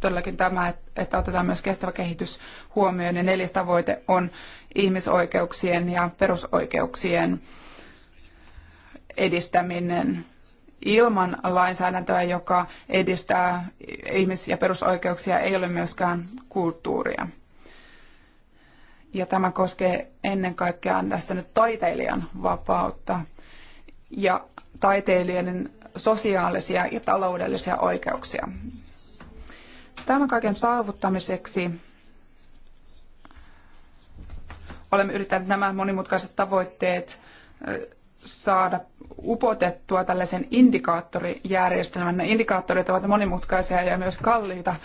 todellakin tämä, että otetaan myös kestävä kehitys huomioon. Ja neljäs tavoite on ihmisoikeuksien ja perusoikeuksien edistäminen ilman lainsäädäntöä, joka edistää ihmis- ja perusoikeuksia, ei ole myöskään kulttuuria. Ja tämä koskee ennen kaikkea tässä nyt taiteilijan vapautta. Ja taiteilijoiden sosiaalisia ja taloudellisia oikeuksia. Tämän kaiken saavuttamiseksi olemme yrittäneet nämä monimutkaiset tavoitteet saada upotettua tällaisen indikaattorijärjestelmän. Nämä indikaattorit ovat monimutkaisia ja myös kalliita.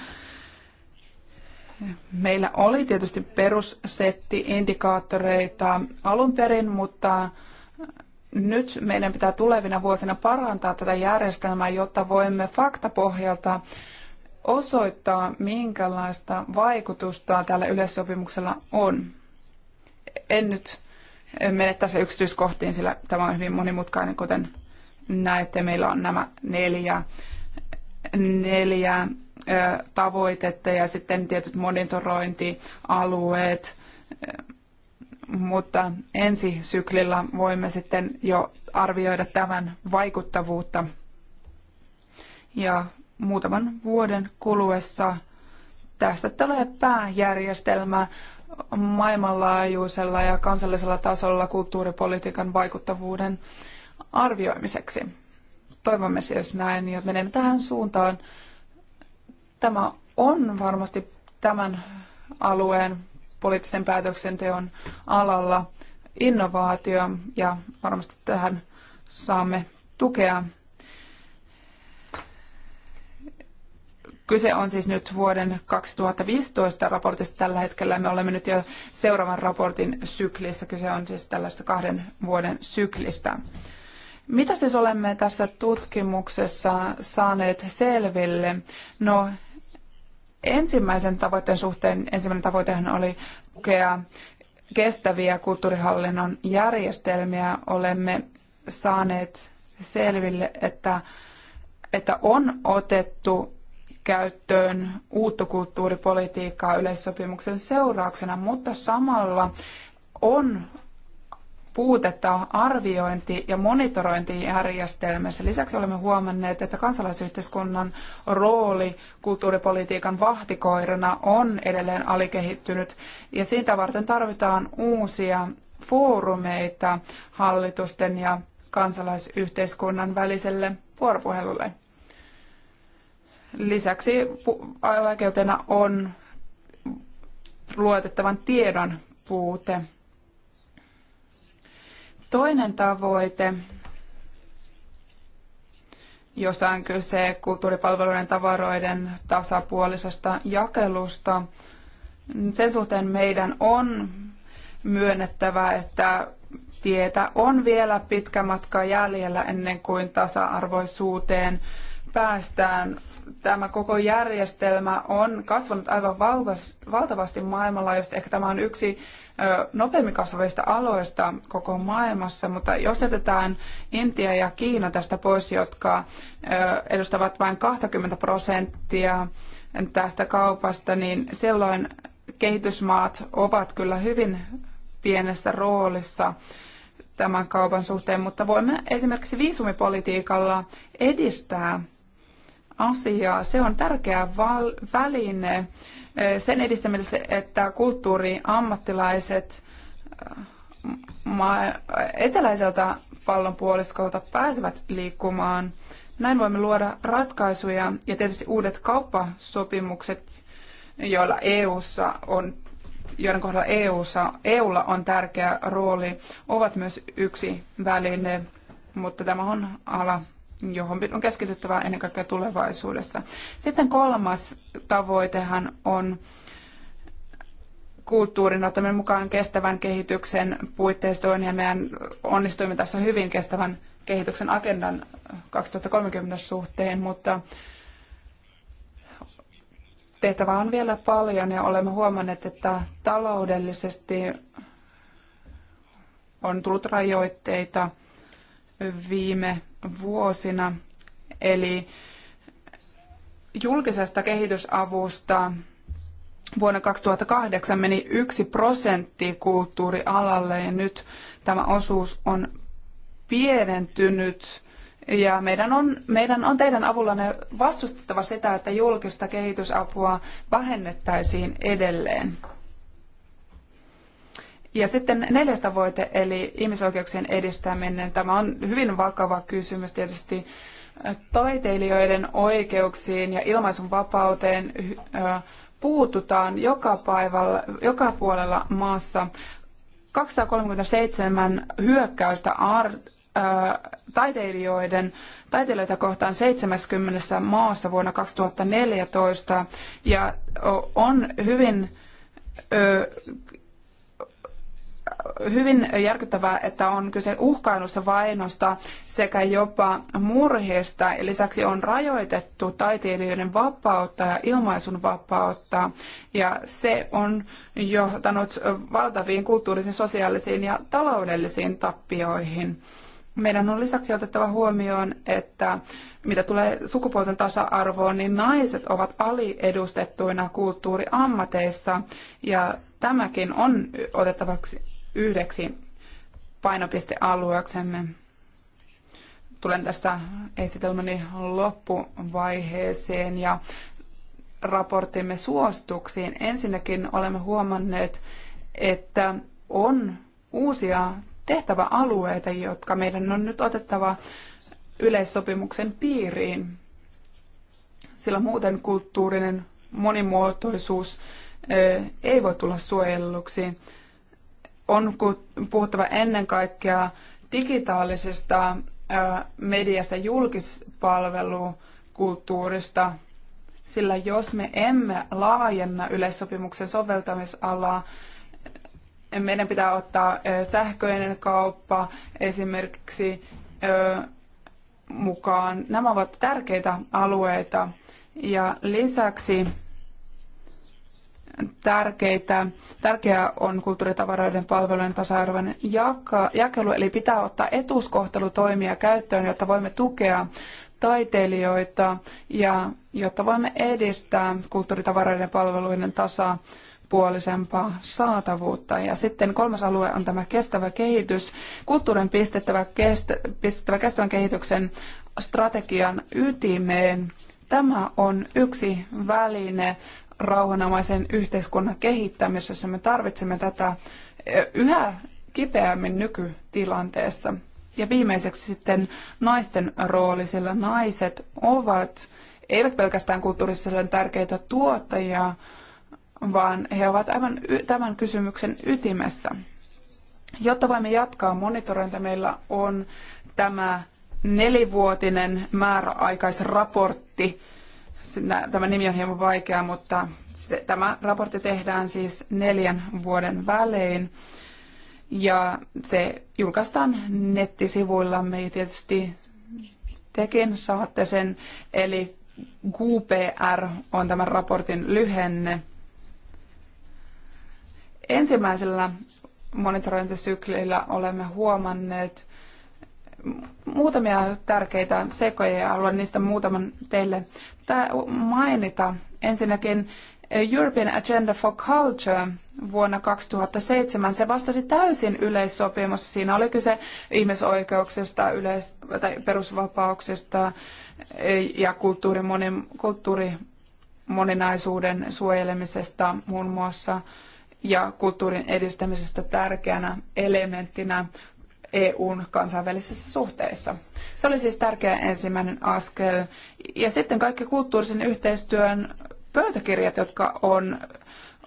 Meillä oli tietysti perussetti indikaattoreita alun perin, mutta nyt meidän pitää tulevina vuosina parantaa tätä järjestelmää, jotta voimme faktapohjalta osoittaa, minkälaista vaikutusta tällä yleissopimuksella on. En nyt mene tässä yksityiskohtiin, sillä tämä on hyvin monimutkainen, kuten näette, meillä on nämä neljä, neljä tavoitetta ja sitten tietyt monitorointialueet, mutta ensi syklillä voimme sitten jo arvioida tämän vaikuttavuutta. Ja muutaman vuoden kuluessa tästä tulee pääjärjestelmä maailmanlaajuisella ja kansallisella tasolla kulttuuripolitiikan vaikuttavuuden arvioimiseksi. Toivomme siis näin ja menemme tähän suuntaan. Tämä on varmasti tämän alueen poliittisen päätöksenteon alalla innovaatio ja varmasti tähän saamme tukea. Kyse on siis nyt vuoden 2015 raportista tällä hetkellä. Me olemme nyt jo seuraavan raportin syklissä. Kyse on siis tällaista kahden vuoden syklistä. Mitä siis olemme tässä tutkimuksessa saaneet selville? No, ensimmäisen tavoitteen suhteen, ensimmäinen tavoitehan oli tukea kestäviä kulttuurihallinnon järjestelmiä. Olemme saaneet selville, että, että on otettu käyttöön uutta kulttuuripolitiikkaa yleissopimuksen seurauksena, mutta samalla on puutetta arviointi- ja monitorointijärjestelmässä. Lisäksi olemme huomanneet, että kansalaisyhteiskunnan rooli kulttuuripolitiikan vahtikoirana on edelleen alikehittynyt ja siitä varten tarvitaan uusia foorumeita hallitusten ja kansalaisyhteiskunnan väliselle vuoropuhelulle. Lisäksi vaikeutena on luotettavan tiedon puute. Toinen tavoite, jossa on kyse kulttuuripalveluiden tavaroiden tasapuolisesta jakelusta, sen suhteen meidän on myönnettävä, että tietä on vielä pitkä matka jäljellä ennen kuin tasa-arvoisuuteen päästään. Tämä koko järjestelmä on kasvanut aivan valtavasti maailmanlaajuisesti. Ehkä tämä on yksi nopeammin kasvavista aloista koko maailmassa, mutta jos jätetään Intia ja Kiina tästä pois, jotka edustavat vain 20 prosenttia tästä kaupasta, niin silloin kehitysmaat ovat kyllä hyvin pienessä roolissa tämän kaupan suhteen, mutta voimme esimerkiksi viisumipolitiikalla edistää asiaa. Se on tärkeä väline eh, sen edistämisessä, että kulttuuriammattilaiset eh, eteläiseltä pallonpuoliskolta pääsevät liikkumaan. Näin voimme luoda ratkaisuja ja tietysti uudet kauppasopimukset, joilla EUssa on joiden kohdalla EUssa, EUlla on tärkeä rooli, ovat myös yksi väline, mutta tämä on ala, johon on keskityttävä ennen kaikkea tulevaisuudessa. Sitten kolmas tavoitehan on kulttuurin ottaminen mukaan kestävän kehityksen puitteistoon ja meidän onnistuimme tässä hyvin kestävän kehityksen agendan 2030 suhteen, mutta tehtävä on vielä paljon ja olemme huomanneet, että taloudellisesti on tullut rajoitteita viime vuosina. Eli julkisesta kehitysavusta vuonna 2008 meni yksi prosentti kulttuurialalle ja nyt tämä osuus on pienentynyt. Ja meidän on, meidän on teidän avullanne vastustettava sitä, että julkista kehitysapua vähennettäisiin edelleen. Ja sitten neljäs tavoite, eli ihmisoikeuksien edistäminen. Tämä on hyvin vakava kysymys tietysti äh, taiteilijoiden oikeuksiin ja ilmaisun vapauteen äh, puututaan joka, päivällä, joka puolella maassa. 237 hyökkäystä ar- äh, taiteilijoiden, taiteilijoita kohtaan 70 maassa vuonna 2014 ja on hyvin hyvin järkyttävää, että on kyse uhkailusta, vainosta sekä jopa murheesta. Lisäksi on rajoitettu taiteilijoiden vapautta ja ilmaisun vapautta. Ja se on johtanut valtaviin kulttuurisiin, sosiaalisiin ja taloudellisiin tappioihin. Meidän on lisäksi otettava huomioon, että mitä tulee sukupuolten tasa-arvoon, niin naiset ovat aliedustettuina kulttuuriammateissa ja tämäkin on otettavaksi yhdeksi painopistealueeksemme. Tulen tässä esitelmäni loppuvaiheeseen ja raporttimme suostuksiin. Ensinnäkin olemme huomanneet, että on uusia tehtäväalueita, jotka meidän on nyt otettava yleissopimuksen piiriin, sillä muuten kulttuurinen monimuotoisuus ei voi tulla suojelluksi on puhuttava ennen kaikkea digitaalisesta mediasta, julkispalvelukulttuurista, sillä jos me emme laajenna yleissopimuksen soveltamisalaa, meidän pitää ottaa sähköinen kauppa esimerkiksi mukaan. Nämä ovat tärkeitä alueita ja lisäksi tärkeitä. Tärkeää on kulttuuritavaroiden palvelujen tasa arvoinen jakelu, eli pitää ottaa etuuskohtelutoimia käyttöön, jotta voimme tukea taiteilijoita ja jotta voimme edistää kulttuuritavaroiden palveluiden puolisempaa saatavuutta. Ja sitten kolmas alue on tämä kestävä kehitys. Kulttuurin pistettävä, kestä, pistettävä kestävän kehityksen strategian ytimeen. Tämä on yksi väline rauhanomaisen yhteiskunnan kehittämisessä. Me tarvitsemme tätä eh, yhä kipeämmin nykytilanteessa. Ja viimeiseksi sitten naisten rooli, sillä naiset ovat eivät pelkästään kulttuurisesti tärkeitä tuottajia, vaan he ovat aivan tämän kysymyksen ytimessä. Jotta voimme jatkaa monitorointia, meillä on tämä nelivuotinen määräaikaisraportti, Tämä nimi on hieman vaikea, mutta tämä raportti tehdään siis neljän vuoden välein. Ja se julkaistaan nettisivuillamme ja tietysti tekin saatte sen. Eli QPR on tämän raportin lyhenne. Ensimmäisellä monitorointisyklillä olemme huomanneet, Muutamia tärkeitä sekoja ja haluan niistä muutaman teille mainita. Ensinnäkin eh, European Agenda for Culture vuonna 2007. Se vastasi täysin yleissopimusta. Siinä oli kyse ihmisoikeuksista, yleis- tai perusvapauksista eh, ja kulttuurin, monin, kulttuurin moninaisuuden suojelemisesta muun muassa ja kulttuurin edistämisestä tärkeänä elementtinä EUn kansainvälisissä suhteissa. Se oli siis tärkeä ensimmäinen askel. Ja sitten kaikki kulttuurisen yhteistyön pöytäkirjat, jotka on,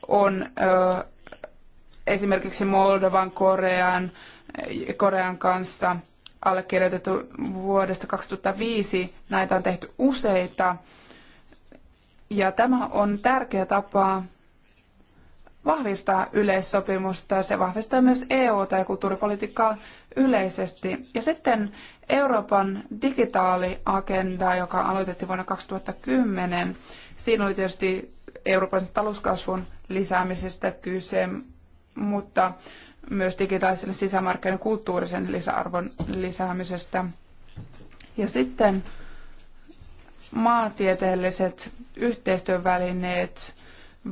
on ö, esimerkiksi Moldovan, Korean, Korean kanssa allekirjoitettu vuodesta 2005. Näitä on tehty useita. Ja tämä on tärkeä tapa vahvistaa yleissopimusta. Se vahvistaa myös EU- ja kulttuuripolitiikkaa yleisesti. Ja sitten Euroopan digitaaliagenda, joka aloitettiin vuonna 2010. Siinä oli tietysti Euroopan talouskasvun lisäämisestä kyse, mutta myös digitaalisen sisämarkkinoiden kulttuurisen lisäarvon lisäämisestä. Ja sitten maantieteelliset yhteistyövälineet,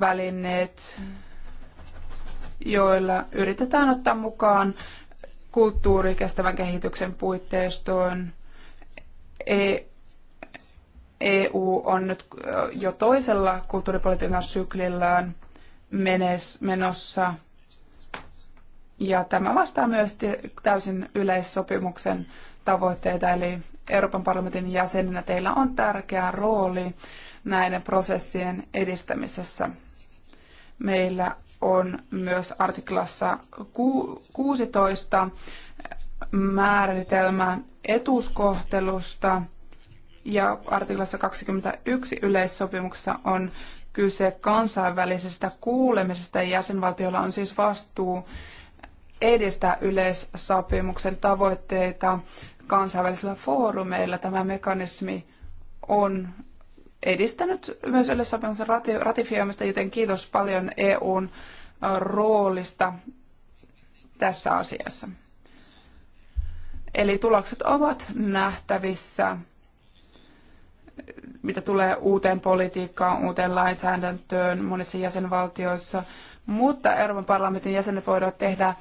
välineet, joilla yritetään ottaa mukaan kulttuuri kestävän kehityksen puitteistoon. EU e on nyt jo toisella kulttuuripolitiikan syklillään menossa. Ja tämä vastaa myös täysin yleissopimuksen tavoitteita, eli Euroopan parlamentin jäsenenä teillä on tärkeä rooli näiden prosessien edistämisessä. Meillä on myös artiklassa 16 määritelmä etuuskohtelusta ja artiklassa 21 yleissopimuksessa on kyse kansainvälisestä kuulemisesta ja jäsenvaltiolla on siis vastuu edistää yleissopimuksen tavoitteita kansainvälisillä foorumeilla. Tämä mekanismi on edistänyt myös yleissopimuksen ratifioimista, joten kiitos paljon EUn roolista tässä asiassa. Eli tulokset ovat nähtävissä, mitä tulee uuteen politiikkaan, uuteen lainsäädäntöön monissa jäsenvaltioissa, mutta Euroopan parlamentin jäsenet voivat tehdä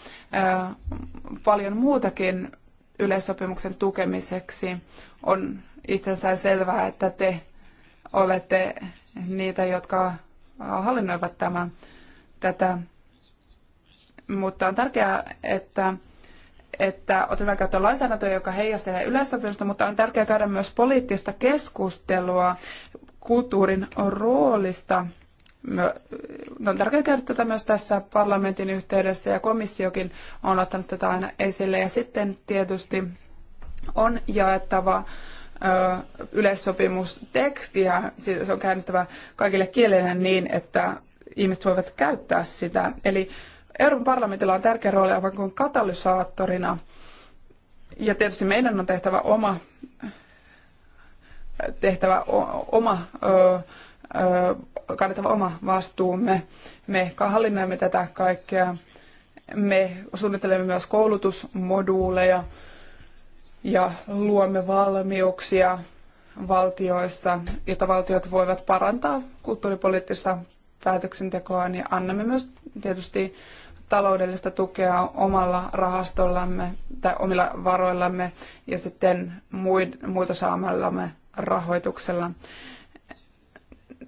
paljon muutakin yleissopimuksen tukemiseksi. On itsestään selvää, että te olette niitä, jotka hallinnoivat tämän, tätä. Mutta on tärkeää, että, että otetaan käyttöön lainsäädäntöä, joka heijastelee yleissopimusta, mutta on tärkeää käydä myös poliittista keskustelua kulttuurin roolista. On tärkeää käydä tätä myös tässä parlamentin yhteydessä ja komissiokin on ottanut tätä aina esille. Ja sitten tietysti on jaettava äh, yleissopimustekstiä, siis se on käännettävä kaikille kielille niin, että ihmiset voivat käyttää sitä. Eli Euroopan parlamentilla on tärkeä rooli aivan kuin katalysaattorina. Ja tietysti meidän on tehtävä oma, tehtävä oma ö, ö, kannettava oma vastuumme. Me hallinnoimme tätä kaikkea. Me suunnittelemme myös koulutusmoduuleja ja luomme valmiuksia valtioissa, jotta valtiot voivat parantaa kulttuuripoliittista päätöksentekoa, niin annamme myös tietysti taloudellista tukea omalla rahastollamme tai omilla varoillamme ja sitten muilta saamallamme rahoituksella.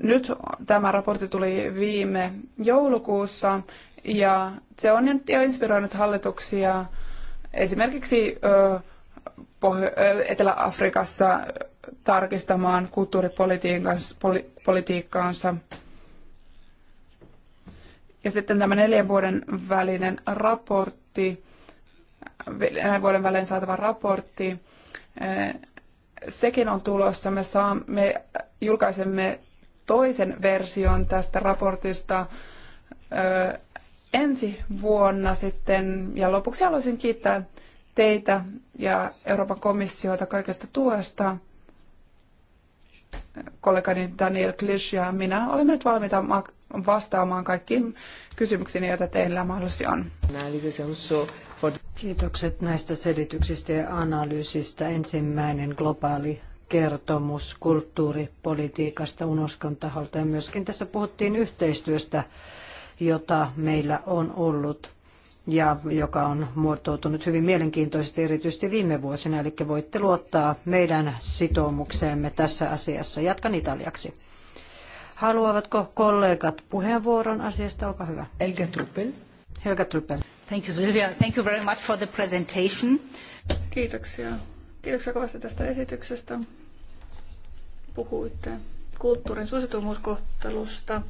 Nyt tämä raportti tuli viime joulukuussa ja se on jo inspiroinut hallituksia esimerkiksi ö, Etelä-Afrikassa tarkistamaan kulttuuripolitiikkaansa. Ja sitten tämä neljän vuoden välinen raportti, neljän vuoden välein saatava raportti, sekin on tulossa. Me, saa, me julkaisemme toisen version tästä raportista ensi vuonna sitten. Ja lopuksi haluaisin kiittää teitä ja Euroopan komissiota kaikesta tuesta. Kollegani Daniel Klisch ja minä olemme nyt valmiita vastaamaan kaikkiin kysymyksiin, joita teillä mahdollisesti on. Kiitokset näistä selityksistä ja analyysistä. Ensimmäinen globaali kertomus kulttuuripolitiikasta Unoskon taholta ja myöskin tässä puhuttiin yhteistyöstä, jota meillä on ollut ja joka on muotoutunut hyvin mielenkiintoisesti erityisesti viime vuosina, eli voitte luottaa meidän sitoumukseemme tässä asiassa. Jatkan italiaksi. Haluavatko kollegat puheenvuoron asiasta? Olkaa hyvä. Helga Truppel. Helga Truppel. Thank you Silvia. Thank you very much for the presentation. Kiitoksia. Kiitoksia kovasti tästä esityksestä. Puhuitte kulttuurin suosituimuuskohtelusta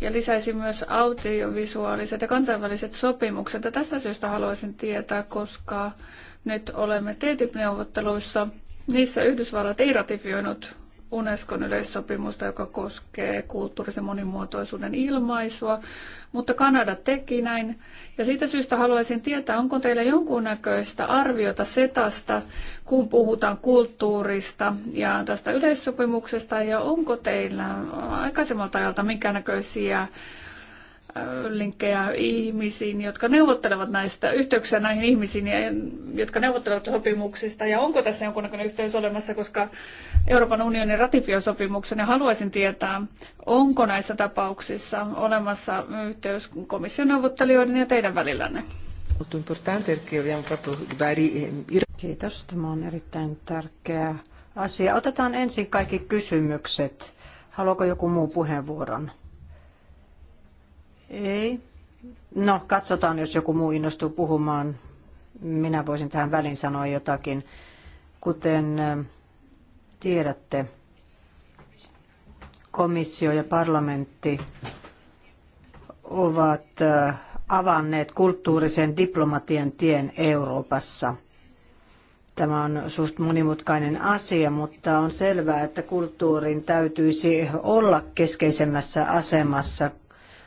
ja lisäisi myös audiovisuaaliset ja kansainväliset sopimukset. Ja tästä syystä haluaisin tietää, koska nyt olemme TTIP-neuvotteluissa. Niissä Yhdysvallat ei ratifioinut Unescon yleissopimusta, joka koskee kulttuurisen monimuotoisuuden ilmaisua, mutta Kanada teki näin. Ja siitä syystä haluaisin tietää, onko teillä jonkunnäköistä arviota setasta, kun puhutaan kulttuurista ja tästä yleissopimuksesta, ja onko teillä aikaisemmalta ajalta minkäännäköisiä äh, linkkejä ihmisiin, jotka neuvottelevat näistä yhteyksiä näihin ihmisiin, jotka neuvottelevat sopimuksista, ja onko tässä jonkunnäköinen yhteys olemassa, koska Euroopan unionin ratifiosopimuksen, ja haluaisin tietää, onko näissä tapauksissa olemassa yhteys komission neuvottelijoiden ja teidän välillänne? Eh, Kiitos, tämä on erittäin tärkeä asia. Otetaan ensin kaikki kysymykset. Haluaako joku muu puheenvuoron? Ei. No, katsotaan, jos joku muu innostuu puhumaan. Minä voisin tähän väliin sanoa jotakin. Kuten eh, tiedätte, komissio ja parlamentti ovat eh, avanneet kulttuurisen diplomatian tien Euroopassa. Tämä on suht monimutkainen asia, mutta on selvää, että kulttuurin täytyisi olla keskeisemmässä asemassa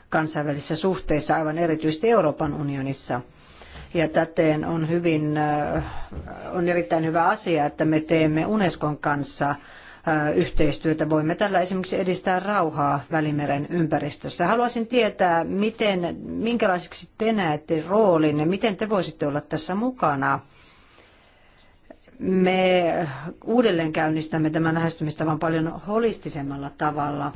kansainvälisissä suhteissa, aivan erityisesti Euroopan unionissa. Ja täten on, hyvin, äh, on erittäin hyvä asia, että me teemme Unescon kanssa yhteistyötä. Voimme tällä esimerkiksi edistää rauhaa Välimeren ympäristössä. Haluaisin tietää, miten, minkälaiseksi te näette roolin ja miten te voisitte olla tässä mukana. Me uudelleen käynnistämme tämän lähestymistavan paljon holistisemmalla tavalla.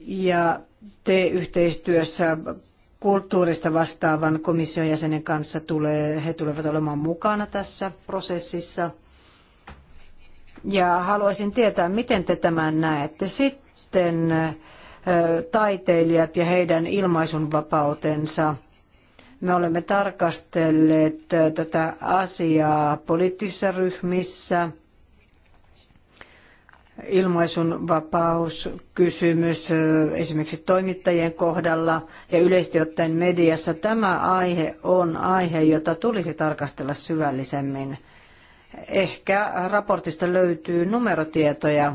Ja te yhteistyössä kulttuurista vastaavan komission jäsenen kanssa tulee, he tulevat olemaan mukana tässä prosessissa – ja haluaisin tietää, miten te tämän näette. Sitten taiteilijat ja heidän ilmaisunvapautensa. Me olemme tarkastelleet tätä asiaa poliittisissa ryhmissä. Ilmaisunvapauskysymys esimerkiksi toimittajien kohdalla ja yleisesti ottaen mediassa. Tämä aihe on aihe, jota tulisi tarkastella syvällisemmin – Ehkä raportista löytyy numerotietoja,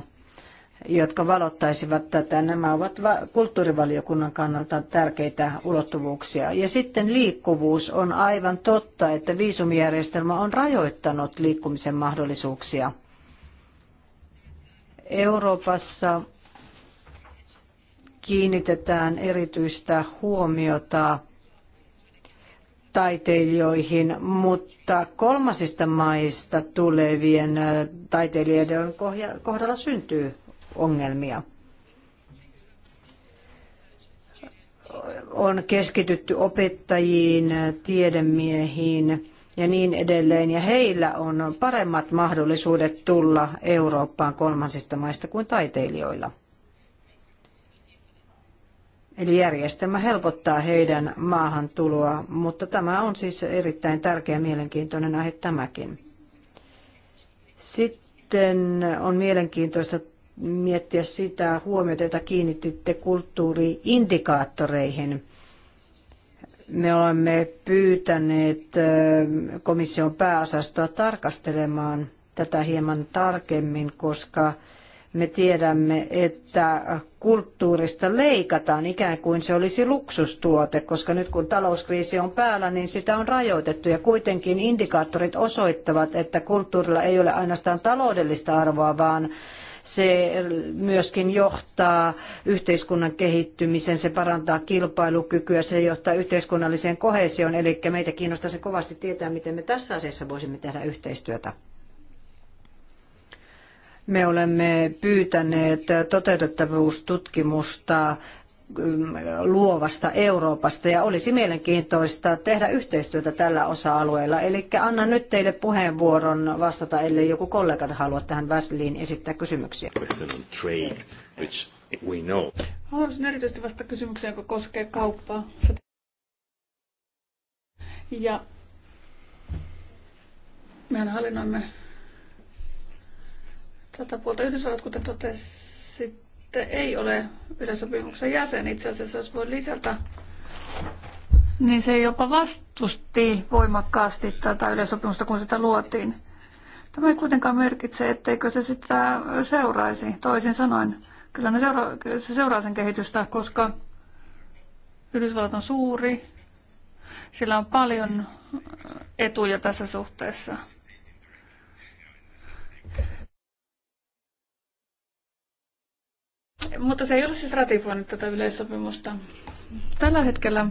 jotka valottaisivat tätä. Nämä ovat kulttuurivaliokunnan kannalta tärkeitä ulottuvuuksia. Ja sitten liikkuvuus. On aivan totta, että viisumijärjestelmä on rajoittanut liikkumisen mahdollisuuksia. Euroopassa kiinnitetään erityistä huomiota taiteilijoihin, mutta kolmasista maista tulevien äh, taiteilijoiden kohdalla syntyy ongelmia. On keskitytty opettajiin, tiedemiehiin ja niin edelleen, ja heillä on paremmat mahdollisuudet tulla Eurooppaan kolmansista maista kuin taiteilijoilla. Eli järjestelmä helpottaa heidän maahantuloa, mutta tämä on siis erittäin tärkeä mielenkiintoinen aihe tämäkin. Sitten on mielenkiintoista miettiä sitä huomiota, jota kiinnititte kulttuuriindikaattoreihin. Me olemme pyytäneet komission pääosastoa tarkastelemaan tätä hieman tarkemmin, koska me tiedämme, että kulttuurista leikataan ikään kuin se olisi luksustuote, koska nyt kun talouskriisi on päällä, niin sitä on rajoitettu. Ja kuitenkin indikaattorit osoittavat, että kulttuurilla ei ole ainoastaan taloudellista arvoa, vaan se myöskin johtaa yhteiskunnan kehittymiseen, se parantaa kilpailukykyä, se johtaa yhteiskunnalliseen kohesioon, eli meitä kiinnostaisi kovasti tietää, miten me tässä asiassa voisimme tehdä yhteistyötä. Me olemme pyytäneet toteutettavuustutkimusta mm, luovasta Euroopasta ja olisi mielenkiintoista tehdä yhteistyötä tällä osa-alueella. Eli annan nyt teille puheenvuoron vastata, ellei joku kollega halua tähän väsliin esittää kysymyksiä. Haluaisin erityisesti vastata kysymykseen, joka koskee kauppaa. Ja mehän hallinnoimme tätä puolta. Yhdysvallat, kuten totesitte, ei ole yleisopimuksen jäsen. Itse asiassa, jos voi lisätä, niin se jopa vastusti voimakkaasti tätä yleisopimusta, kun sitä luotiin. Tämä ei kuitenkaan merkitse, etteikö se sitä seuraisi. Toisin sanoen, kyllä ne seura- se seuraa sen kehitystä, koska Yhdysvallat on suuri, sillä on paljon etuja tässä suhteessa. Mutta se ei ole siis ratifioinut tätä yleissopimusta. Tällä hetkellä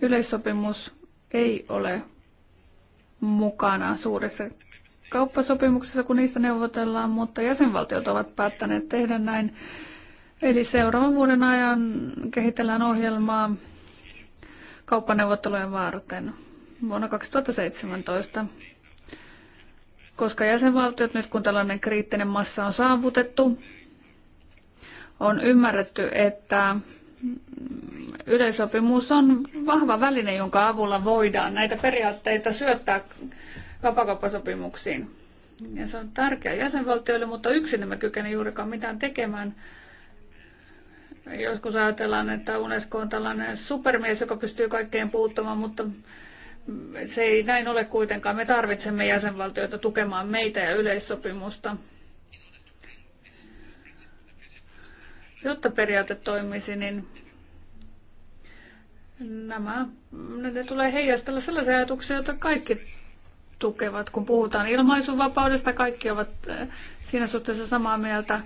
yleissopimus ei ole mukana suuressa kauppasopimuksessa, kun niistä neuvotellaan, mutta jäsenvaltiot ovat päättäneet tehdä näin. Eli seuraavan vuoden ajan kehitellään ohjelmaa kauppaneuvottelujen varten vuonna 2017. Koska jäsenvaltiot, nyt kun tällainen kriittinen massa on saavutettu, on ymmärretty, että yleisopimus on vahva väline, jonka avulla voidaan näitä periaatteita syöttää vapakauppasopimuksiin. Ja se on tärkeä jäsenvaltioille, mutta yksin emme kykene juurikaan mitään tekemään. Joskus ajatellaan, että UNESCO on tällainen supermies, joka pystyy kaikkeen puuttumaan, mutta se ei näin ole kuitenkaan. Me tarvitsemme jäsenvaltioita tukemaan meitä ja yleissopimusta. Jotta periaate toimisi, niin nämä ne tulee heijastella sellaisia ajatuksia, joita kaikki tukevat. Kun puhutaan ilmaisuvapaudesta, kaikki ovat äh, siinä suhteessa samaa mieltä.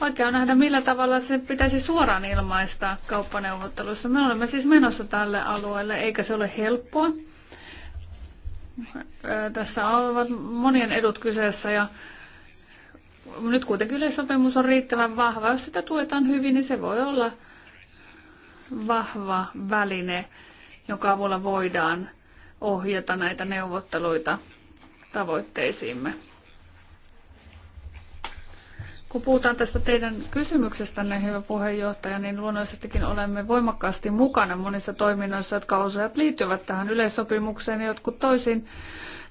Vaikea on nähdä, millä tavalla se pitäisi suoraan ilmaista kauppaneuvotteluissa. Me olemme siis menossa tälle alueelle, eikä se ole helppoa. Äh, tässä ovat monien edut kyseessä ja nyt kuitenkin yleissopimus on riittävän vahva. Jos sitä tuetaan hyvin, niin se voi olla vahva väline, jonka avulla voidaan ohjata näitä neuvotteluita tavoitteisiimme. Kun puhutaan tästä teidän kysymyksestänne, hyvä puheenjohtaja, niin luonnollisestikin olemme voimakkaasti mukana monissa toiminnoissa, jotka useat liittyvät tähän yleissopimukseen ja jotkut toisiin.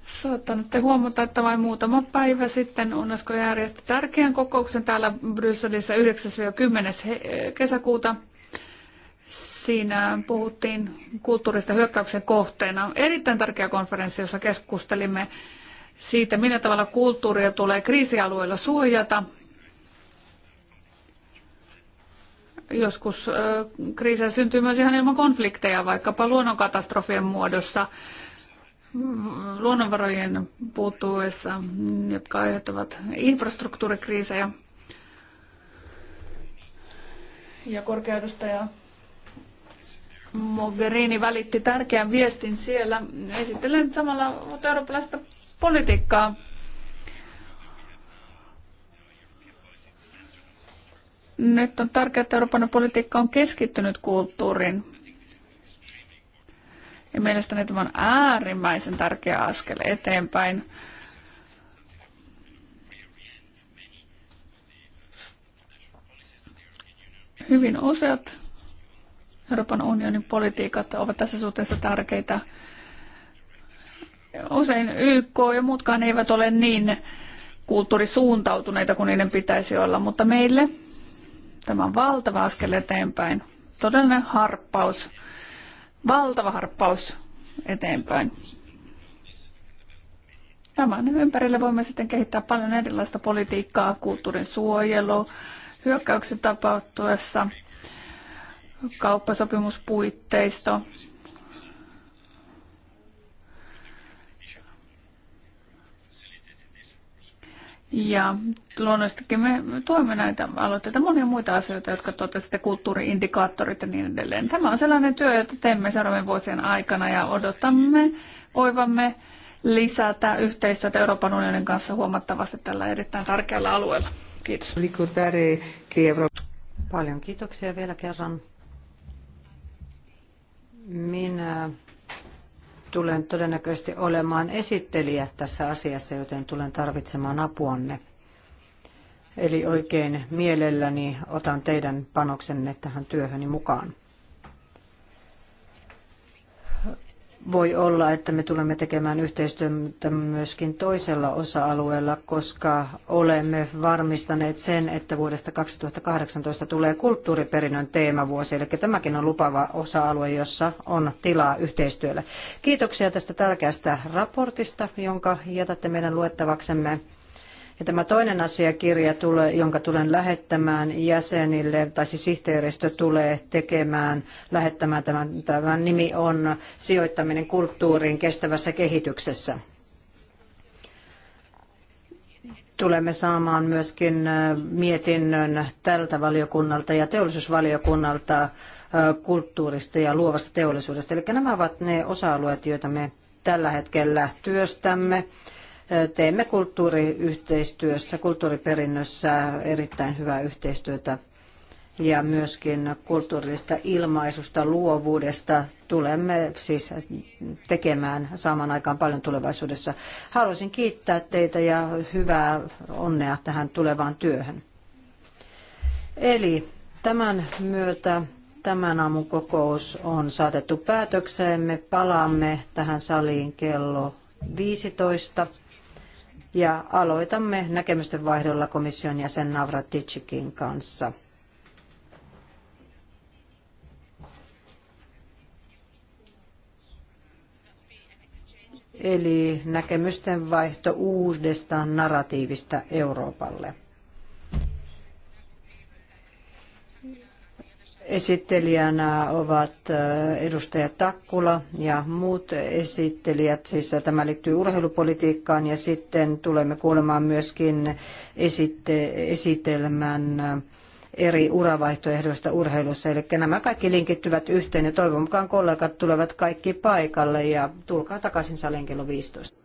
Saattanutte huomata, että vain muutama päivä sitten UNESCO järjesti tärkeän kokouksen täällä Brysselissä 9-10. kesäkuuta. Siinä puhuttiin kulttuurista hyökkäyksen kohteena. Erittäin tärkeä konferenssi, jossa keskustelimme siitä, millä tavalla kulttuuria tulee kriisialueilla suojata. Joskus kriisejä syntyy myös ihan ilman konflikteja, vaikkapa luonnonkatastrofien muodossa luonnonvarojen puuttuessa, jotka aiheuttavat infrastruktuurikriisejä. Ja korkeudustaja Mogherini välitti tärkeän viestin siellä, esitellen samalla uutta eurooppalaista politiikkaa. Nyt on tärkeää, että Euroopan politiikka on keskittynyt kulttuuriin. Ja mielestäni tämä on äärimmäisen tärkeä askel eteenpäin. Hyvin useat Euroopan unionin politiikat ovat tässä suhteessa tärkeitä. Usein YK ja muutkaan eivät ole niin kulttuurisuuntautuneita kuin niiden pitäisi olla, mutta meille tämä on valtava askel eteenpäin. Todellinen harppaus valtava harppaus eteenpäin. Tämän ympärille voimme sitten kehittää paljon erilaista politiikkaa, kulttuurin suojelu, hyökkäyksen tapahtuessa, kauppasopimuspuitteisto, Ja luonnollisestikin me tuemme näitä aloitteita, monia muita asioita, jotka totesitte, kulttuuriindikaattorit ja niin edelleen. Tämä on sellainen työ, jota teemme seuraavien vuosien aikana ja odotamme oivamme lisätä yhteistyötä Euroopan unionin kanssa huomattavasti tällä erittäin tärkeällä alueella. Kiitos. Paljon kiitoksia vielä kerran. Minä tulen todennäköisesti olemaan esittelijä tässä asiassa, joten tulen tarvitsemaan apuanne. Eli oikein mielelläni otan teidän panoksenne tähän työhöni mukaan. voi olla, että me tulemme tekemään yhteistyötä myöskin toisella osa-alueella, koska olemme varmistaneet sen, että vuodesta 2018 tulee kulttuuriperinnön teemavuosi. Eli tämäkin on lupava osa-alue, jossa on tilaa yhteistyölle. Kiitoksia tästä tärkeästä raportista, jonka jätätte meidän luettavaksemme. Ja tämä toinen asiakirja, tulee, jonka tulen lähettämään jäsenille, tai siis sihteeristö tulee tekemään, lähettämään tämän, tämän nimi on sijoittaminen kulttuuriin kestävässä kehityksessä tulemme saamaan myöskin äh, mietinnön tältä valiokunnalta ja teollisuusvaliokunnalta äh, kulttuurista ja luovasta teollisuudesta. Eli nämä ovat ne osa-alueet, joita me tällä hetkellä työstämme teemme kulttuuriyhteistyössä, kulttuuriperinnössä erittäin hyvää yhteistyötä ja myöskin kulttuurista ilmaisusta, luovuudesta tulemme siis tekemään saamaan aikaan paljon tulevaisuudessa. Haluaisin kiittää teitä ja hyvää onnea tähän tulevaan työhön. Eli tämän myötä tämän aamun kokous on saatettu päätökseen. Me palaamme tähän saliin kello 15 ja aloitamme näkemysten vaihdolla komission jäsen Navratichikin kanssa. Eli näkemysten vaihto uudesta narratiivista Euroopalle. Esittelijänä ovat edustaja Takkula ja muut esittelijät, siis tämä liittyy urheilupolitiikkaan ja sitten tulemme kuulemaan myöskin esitte- esitelmän eri uravaihtoehdoista urheilussa. Eli nämä kaikki linkittyvät yhteen ja toivon mukaan kollegat tulevat kaikki paikalle ja tulkaa takaisin saliin kello 15.